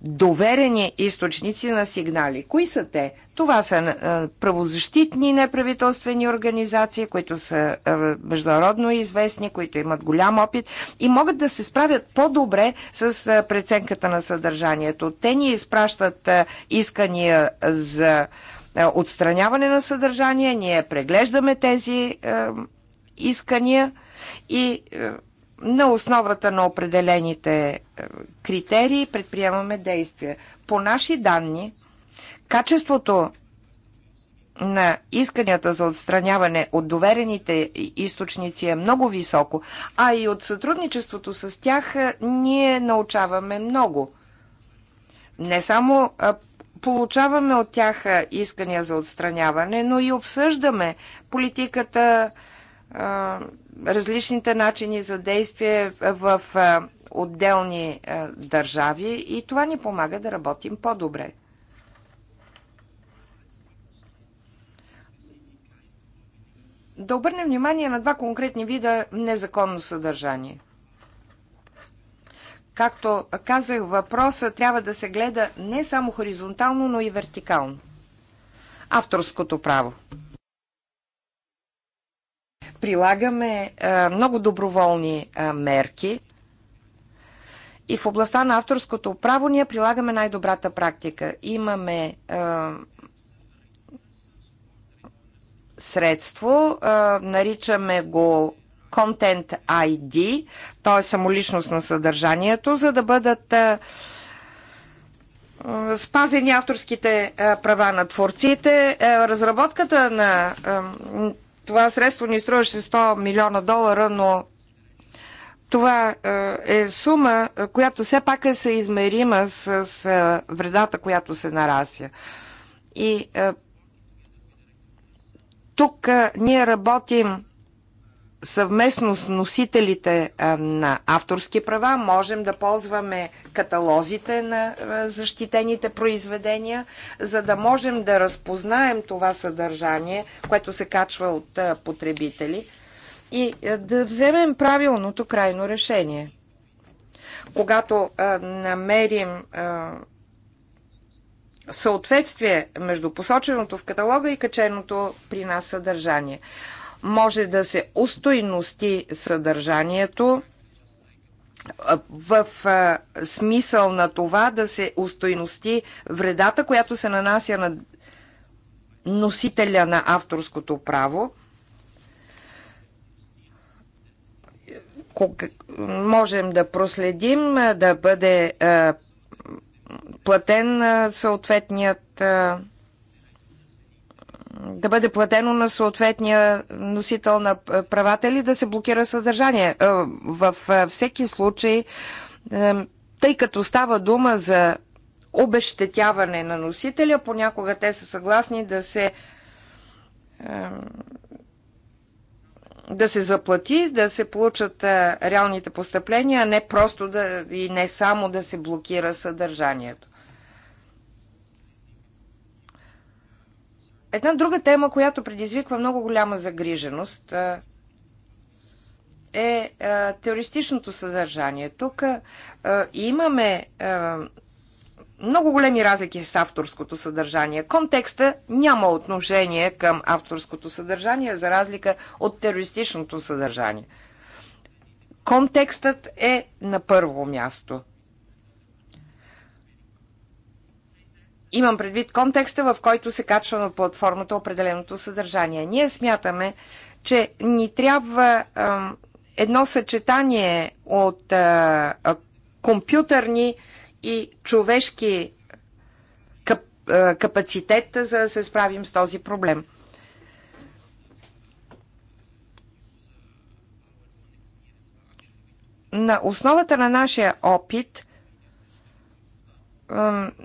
доверени източници на сигнали. Кои са те? Това са а, е, правозащитни неправителствени организации, които са а, международно известни, които имат голям опит и могат да се справят по-добре с а, преценката на съдържанието. Те ни изпращат а, искания за а, е, отстраняване на съдържание, ние преглеждаме тези е, искания и е, на основата на определените критерии предприемаме действия. По наши данни, качеството на исканията за отстраняване от доверените източници е много високо, а и от сътрудничеството с тях ние научаваме много. Не само получаваме от тях искания за отстраняване, но и обсъждаме политиката, различните начини за действие в отделни държави и това ни помага да работим по-добре. Да обърнем внимание на два конкретни вида незаконно съдържание – Както казах, въпроса трябва да се гледа не само хоризонтално, но и вертикално. Авторското право. Прилагаме а, е, много доброволни а, е, мерки и в областта на авторското право ние прилагаме най-добрата практика. Имаме а, е, средство, наричаме го Content ID, т.е. самоличност на съдържанието, за да бъдат спазени авторските права на творците. Разработката на това средство ни струваше 100 милиона долара, но това е сума, която все пак е съизмерима с вредата, която се нарася. И тук ние работим съвместно с носителите на авторски права можем да ползваме каталозите на защитените произведения, за да можем да разпознаем това съдържание, което се качва от потребители и да вземем правилното крайно решение. Когато намерим съответствие между посоченото в каталога и каченото при нас съдържание може да се устойности съдържанието в смисъл на това да се устойности вредата, която се нанася на носителя на авторското право. Можем да проследим да бъде платен съответният да бъде платено на съответния носител на правата или да се блокира съдържание. Във е, е, всеки случай, е, тъй като става дума за обещетяване на носителя, понякога те са съгласни да се да се заплати, да се получат реалните постъпления, а не просто да, и не само да се блокира съдържанието. Една друга тема, която предизвиква много голяма загриженост е теористичното съдържание. Тук имаме много големи разлики с авторското съдържание. Контекста няма отношение към авторското съдържание, за разлика от терористичното съдържание. Контекстът е на първо място – Имам предвид контекста, в който се качва на платформата определеното съдържание. Ние смятаме, че ни трябва едно съчетание от компютърни и човешки кап, капацитет, за да се справим с този проблем. На основата на нашия опит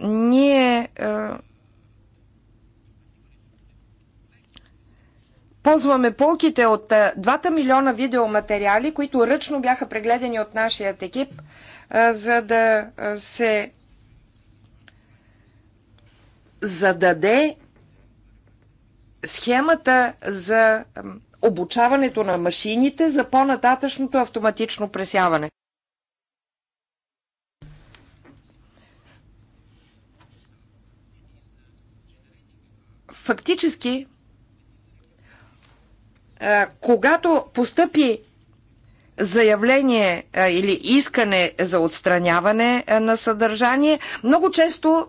ние ползваме полките от 2 милиона видеоматериали, които ръчно бяха прегледани от нашия екип, за да се зададе схемата за обучаването на машините за по-нататъчното автоматично пресяване. Фактически, когато постъпи заявление или искане за отстраняване на съдържание. Много често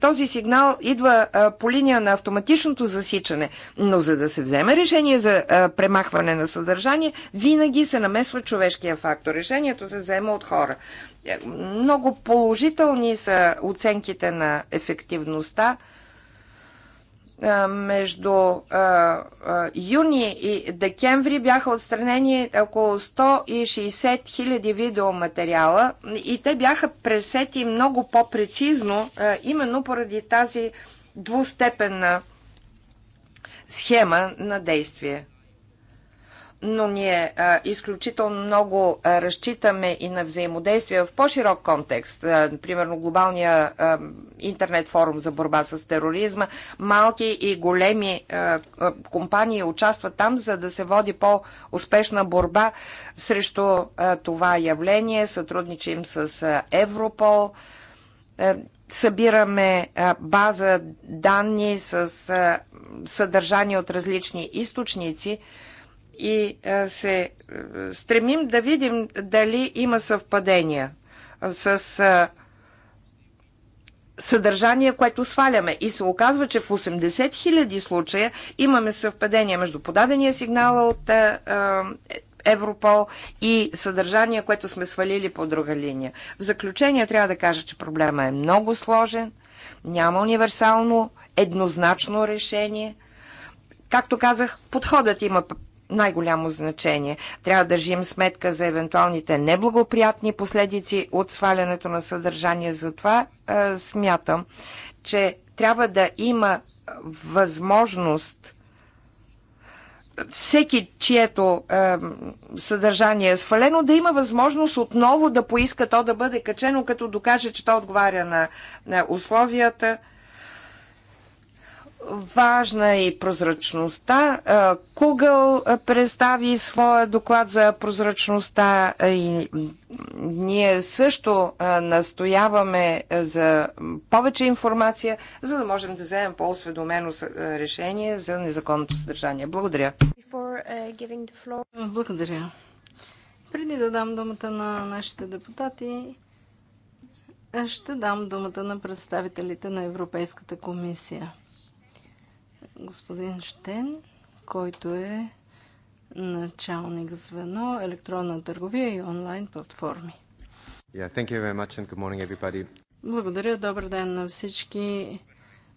този сигнал идва по линия на автоматичното засичане, но за да се вземе решение за премахване на съдържание, винаги се намесва човешкия фактор. Решението се взема от хора. Е, много положителни са оценките на ефективността между юни и декември бяха отстранени около 160 хиляди видеоматериала и те бяха пресети много по-прецизно, именно поради тази двустепенна схема на действие но ние а, изключително много а, разчитаме и на взаимодействие в по-широк контекст, а, примерно глобалния а, интернет форум за борба с тероризма. Малки и големи а, а, компании участват там, за да се води по-успешна борба срещу а, това явление. Сътрудничим с а, Европол. Е, събираме база данни с съдържание от различни източници и е, се е, стремим да видим дали има съвпадения е, с съдържание, което сваляме. И се оказва, че в 80 000 случая имаме съвпадение между подадения сигнал от Европол и съдържание, което сме свалили по друга линия. В заключение трябва да кажа, че проблема е много сложен, няма универсално, еднозначно решение. Както казах, подходът има най-голямо значение. Трябва да държим сметка за евентуалните неблагоприятни последици от свалянето на съдържание. Затова е, смятам, че трябва да има възможност всеки, чието е, съдържание е свалено, да има възможност отново да поиска то да бъде качено, като докаже, че то отговаря на, на условията. Важна е и прозрачността. Кугъл представи своя доклад за прозрачността и ние също настояваме за повече информация, за да можем да вземем по-осведомено решение за незаконното съдържание. Благодаря. Uh, Благодаря. Преди да дам думата на нашите депутати, ще дам думата на представителите на Европейската комисия господин Штен, който е началник звено електронна търговия и онлайн платформи. Yeah, thank you very much and good morning everybody. Благодаря, добър ден на всички.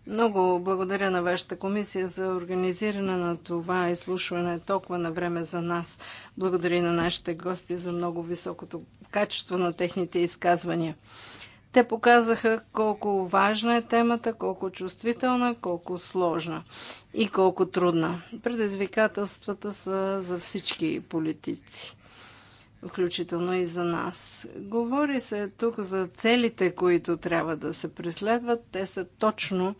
Много благодаря на вашата комисия за организиране на това изслушване толкова на време за нас. Благодаря на нашите гости за много високото качество на техните изказвания. Те показаха колко важна е темата, колко чувствителна, колко сложна и колко трудна. Предизвикателствата са за всички политици, включително и за нас. Говори се тук за целите, които трябва да се преследват. Те са точно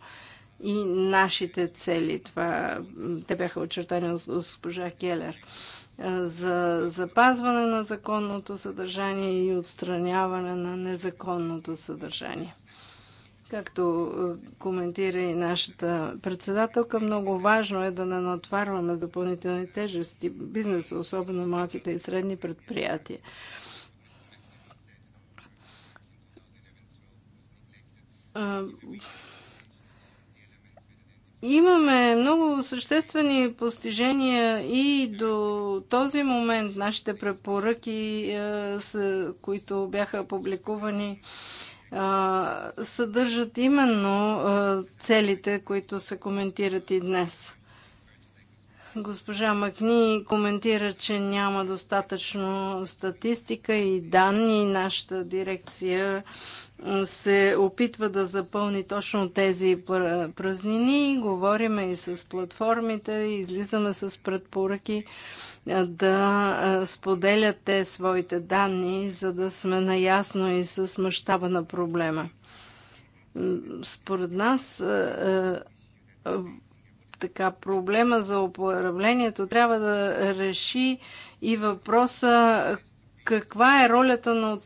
и нашите цели. Това, те бяха очертани от госпожа Келер за запазване на законното съдържание и отстраняване на незаконното съдържание. Както коментира и нашата председателка, много важно е да не натварваме с допълнителни тежести бизнеса, особено малките и средни предприятия. Имаме много съществени постижения и до този момент нашите препоръки, е, които бяха публикувани, е, съдържат именно е, целите, които се коментират и днес. Госпожа Макни коментира, че няма достатъчно статистика и данни. Нашата дирекция се опитва да запълни точно тези празнини. Говориме и с платформите, излизаме с предпоръки да споделят те своите данни, за да сме наясно и с мащаба на проблема. Според нас така проблема за управлението трябва да реши и въпроса каква е ролята на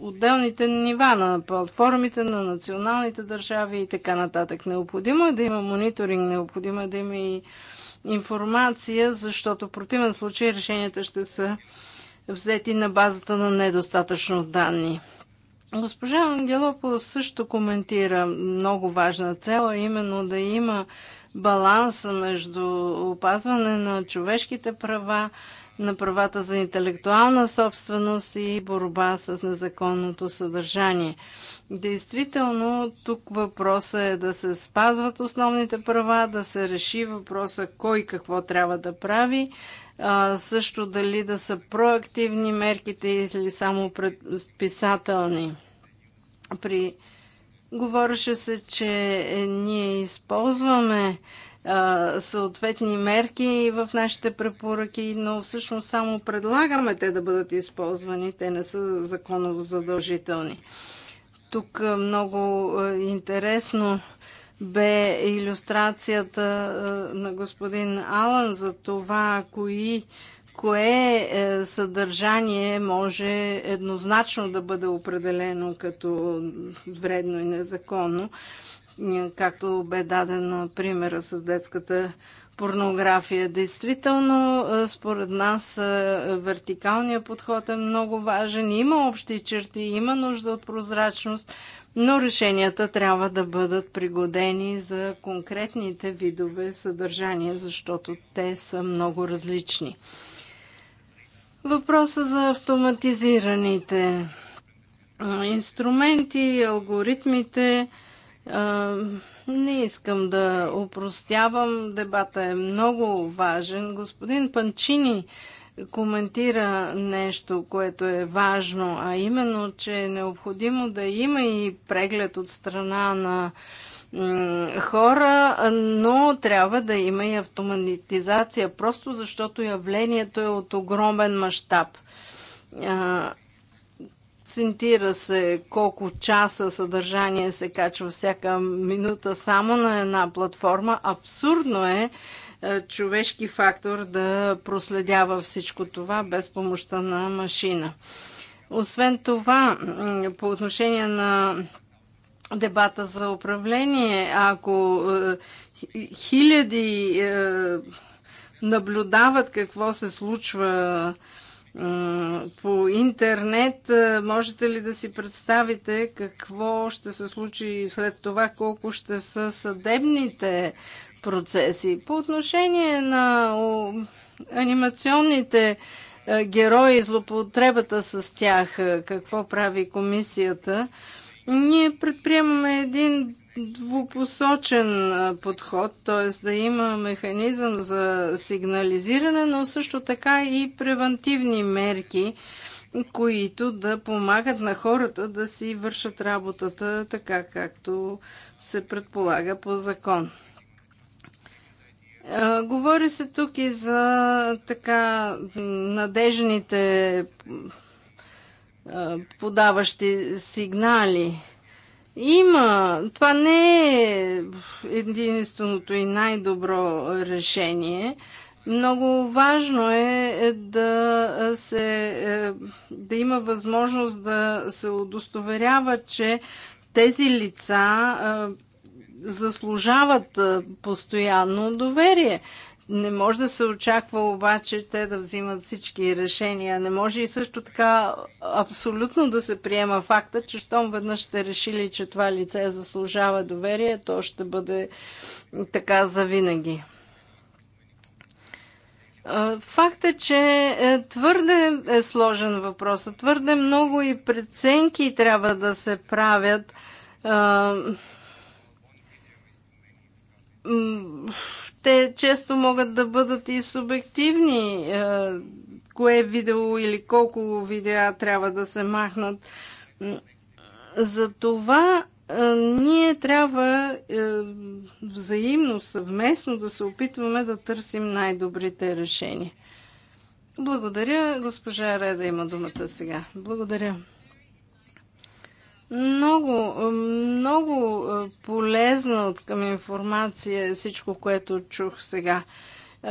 отделните нива, на платформите, на националните държави и така нататък. Необходимо е да има мониторинг, необходимо е да има и информация, защото в противен случай решенията ще са взети на базата на недостатъчно данни. Госпожа Ангелопо също коментира много важна цел, именно да има баланс между опазване на човешките права на правата за интелектуална собственост и борба с незаконното съдържание. Действително, тук въпросът е да се спазват основните права, да се реши въпроса кой какво трябва да прави, а, също дали да са проактивни мерките или само предписателни. При... Говореше се, че е, ние използваме съответни мерки в нашите препоръки, но всъщност само предлагаме те да бъдат използвани, те не са законово задължителни. Тук много интересно бе иллюстрацията на господин Алан за това, кои кое е, съдържание може еднозначно да бъде определено като вредно и незаконно както бе даден примера с детската порнография. Действително, според нас, вертикалният подход е много важен. Има общи черти, има нужда от прозрачност, но решенията трябва да бъдат пригодени за конкретните видове съдържания, защото те са много различни. Въпроса за автоматизираните инструменти, алгоритмите – не искам да опростявам. Дебата е много важен. Господин Панчини коментира нещо, което е важно, а именно, че е необходимо да има и преглед от страна на хора, но трябва да има и автоматизация, просто защото явлението е от огромен мащаб акцентира се колко часа съдържание се качва всяка минута само на една платформа. Абсурдно е, е човешки фактор да проследява всичко това без помощта на машина. Освен това, по отношение на дебата за управление, ако е, хиляди е, наблюдават какво се случва по интернет. Можете ли да си представите какво ще се случи след това, колко ще са съдебните процеси? По отношение на анимационните герои, злопотребата с тях, какво прави комисията, ние предприемаме един двупосочен подход, т.е. да има механизъм за сигнализиране, но също така и превентивни мерки, които да помагат на хората да си вършат работата така, както се предполага по закон. Говори се тук и за така надежните подаващи сигнали – има. Това не е единственото и най-добро решение. Много важно е, е да, се, е, да има възможност да се удостоверява, че тези лица е, заслужават постоянно доверие. Не може да се очаква обаче те да взимат всички решения. Не може и също така абсолютно да се приема факта, че щом веднъж сте решили, че това лице заслужава доверие, то ще бъде така завинаги. Факт е, че е, твърде е сложен въпрос. Твърде много и преценки трябва да се правят те често могат да бъдат и субективни, е, кое видео или колко видеа трябва да се махнат. За това е, ние трябва е, взаимно, съвместно да се опитваме да търсим най-добрите решения. Благодаря. Госпожа Реда има думата сега. Благодаря. Много, много е, полезна от към информация всичко, което чух сега.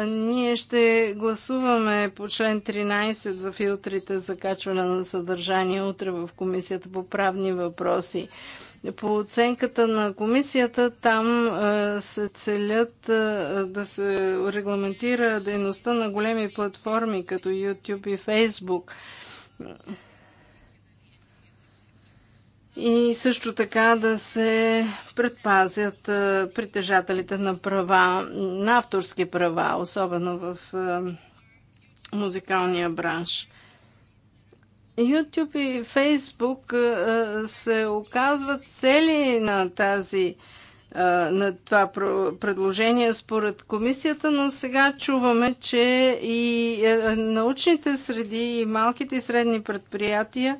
Ние ще гласуваме по член 13 за филтрите за качване на съдържание утре в Комисията по правни въпроси. По оценката на комисията там е, се целят е, да се регламентира дейността на големи платформи като YouTube и Facebook и също така да се предпазят притежателите на права, на авторски права, особено в музикалния бранш. YouTube и Facebook се оказват цели на тази на това предложение според комисията, но сега чуваме, че и научните среди, и малките и средни предприятия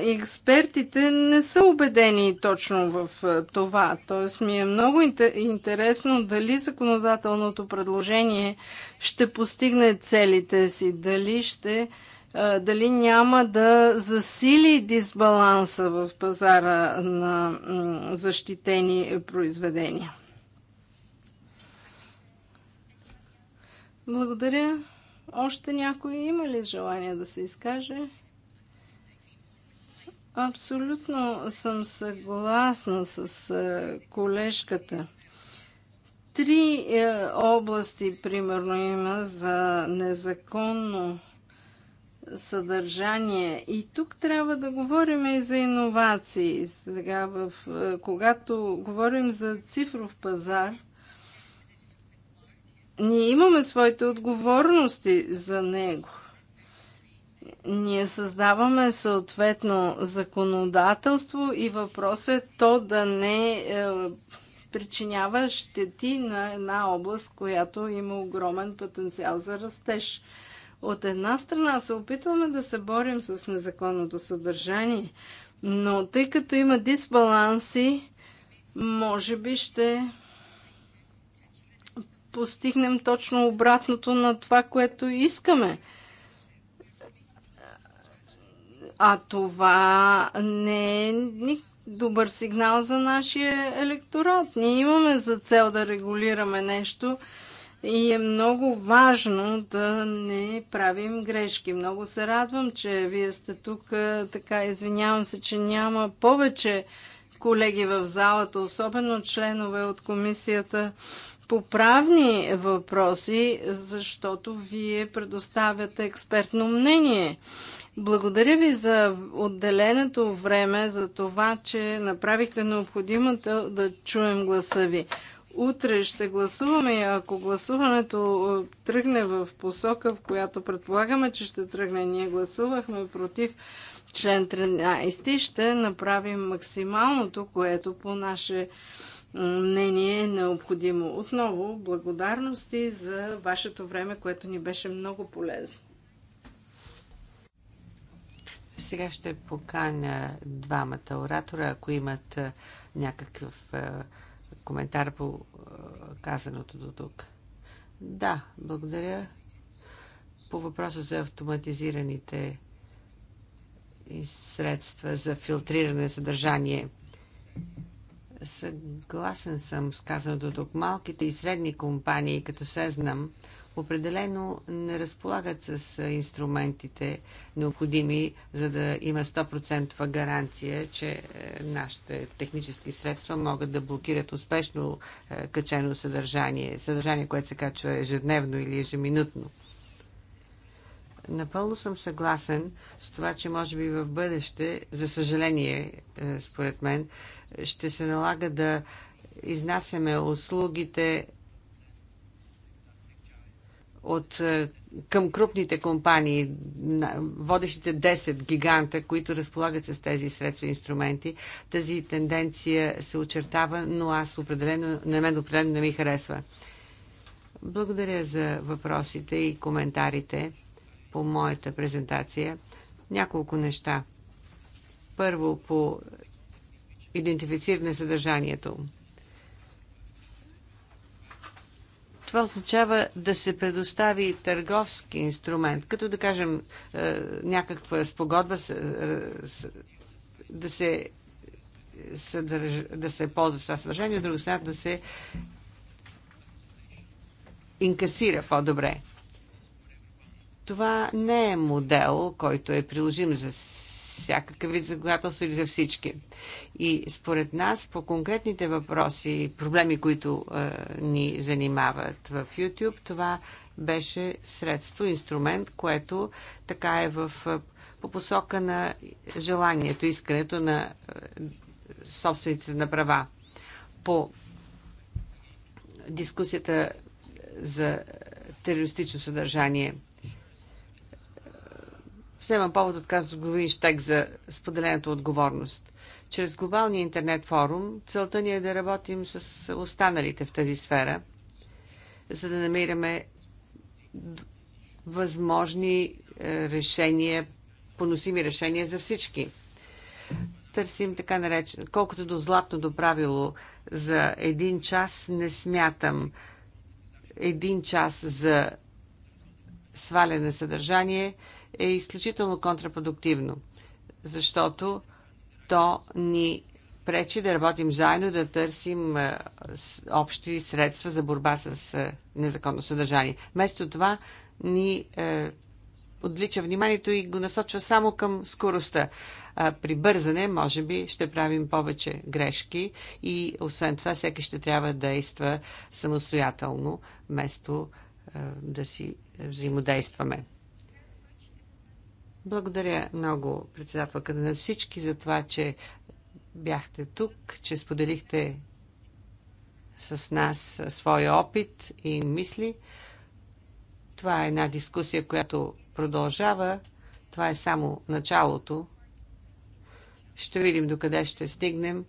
експертите не са убедени точно в това. Тоест ми е много интересно дали законодателното предложение ще постигне целите си, дали ще дали няма да засили дисбаланса в пазара на защитени произведения. Благодаря. Още някой има ли желание да се изкаже? Абсолютно съм съгласна с е, колежката. Три е, области, примерно, има за незаконно съдържание. И тук трябва да говорим и за иновации. Сега, в, е, когато говорим за цифров пазар, ние имаме своите отговорности за него ние създаваме съответно законодателство и въпросът е то да не е, причинява щети на една област, която има огромен потенциал за растеж. От една страна се опитваме да се борим с незаконното съдържание, но тъй като има дисбаланси, може би ще постигнем точно обратното на това, което искаме – а това не е ни добър сигнал за нашия електорат. Ние имаме за цел да регулираме нещо и е много важно да не правим грешки. Много се радвам, че вие сте тук. Така, извинявам се, че няма повече колеги в залата, особено членове от комисията по правни въпроси, защото вие предоставяте експертно мнение благодаря ви за отделеното време, за това, че направихте необходимото да чуем гласа ви. Утре ще гласуваме и ако гласуването е, тръгне в посока, в която предполагаме, че ще тръгне, ние гласувахме против член 13, ще направим максималното, което по наше мнение е необходимо. Отново, благодарности за вашето време, което ни беше много полезно. Сега ще поканя двамата оратора, ако имат някакъв коментар по казаното до тук. Да, благодаря. По въпроса за автоматизираните средства за филтриране на съдържание. Съгласен съм с казаното тук. Малките и средни компании, като се знам, определено не разполагат с инструментите необходими, за да има 100% гаранция, че е, нашите технически средства могат да блокират успешно е, качено съдържание, съдържание, което се качва ежедневно или ежеминутно. Напълно съм съгласен с това, че може би в бъдеще, за съжаление, е, според мен, ще се налага да изнасяме услугите от, е, към крупните компании, водещите 10 гиганта, които разполагат с тези средства и инструменти, тази тенденция се очертава, но аз определено, на мен определено не ми харесва. Благодаря за въпросите и коментарите по моята презентация. Няколко неща. Първо по идентифициране съдържанието. това означава да се предостави търговски инструмент, като да кажем е, някаква спогодба е, да се съдърж... да се ползва в това съдържание, от друга страна да се инкасира по-добре. Това не е модел, който е приложим за всякакви законодателства или за всички. И според нас по конкретните въпроси и проблеми, които е, ни занимават в YouTube, това беше средство, инструмент, което така е в, е, по посока на желанието, искането на е, собствените на права. По дискусията за терористично съдържание – Вземам повод от господин Штек за споделената отговорност. Чрез глобалния интернет форум целта ни е да работим с останалите в тази сфера, за да намираме възможни е, решения, поносими решения за всички. Търсим така наречено, колкото до златното правило за един час, не смятам един час за сваляне съдържание – е изключително контрапродуктивно, защото то ни пречи да работим заедно, да търсим общи средства за борба с незаконно съдържание. Вместо това ни е, отвлича вниманието и го насочва само към скоростта. при бързане, може би, ще правим повече грешки и освен това всеки ще трябва да действа самостоятелно, вместо е, да си взаимодействаме. Благодаря много, председателка, на всички за това, че бяхте тук, че споделихте с нас своя опит и мисли. Това е една дискусия, която продължава. Това е само началото. Ще видим докъде ще стигнем.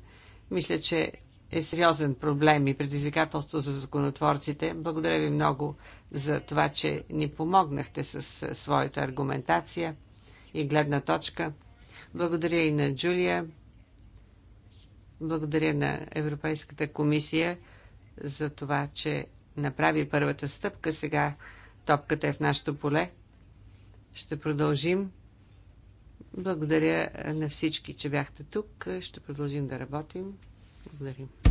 Мисля, че е сериозен проблем и предизвикателство за законотворците. Благодаря ви много за това, че ни помогнахте с своята аргументация и гледна точка. Благодаря и на Джулия. Благодаря на Европейската комисия за това, че направи първата стъпка. Сега топката е в нашето поле. Ще продължим. Благодаря на всички, че бяхте тук. Ще продължим да работим. Благодарим.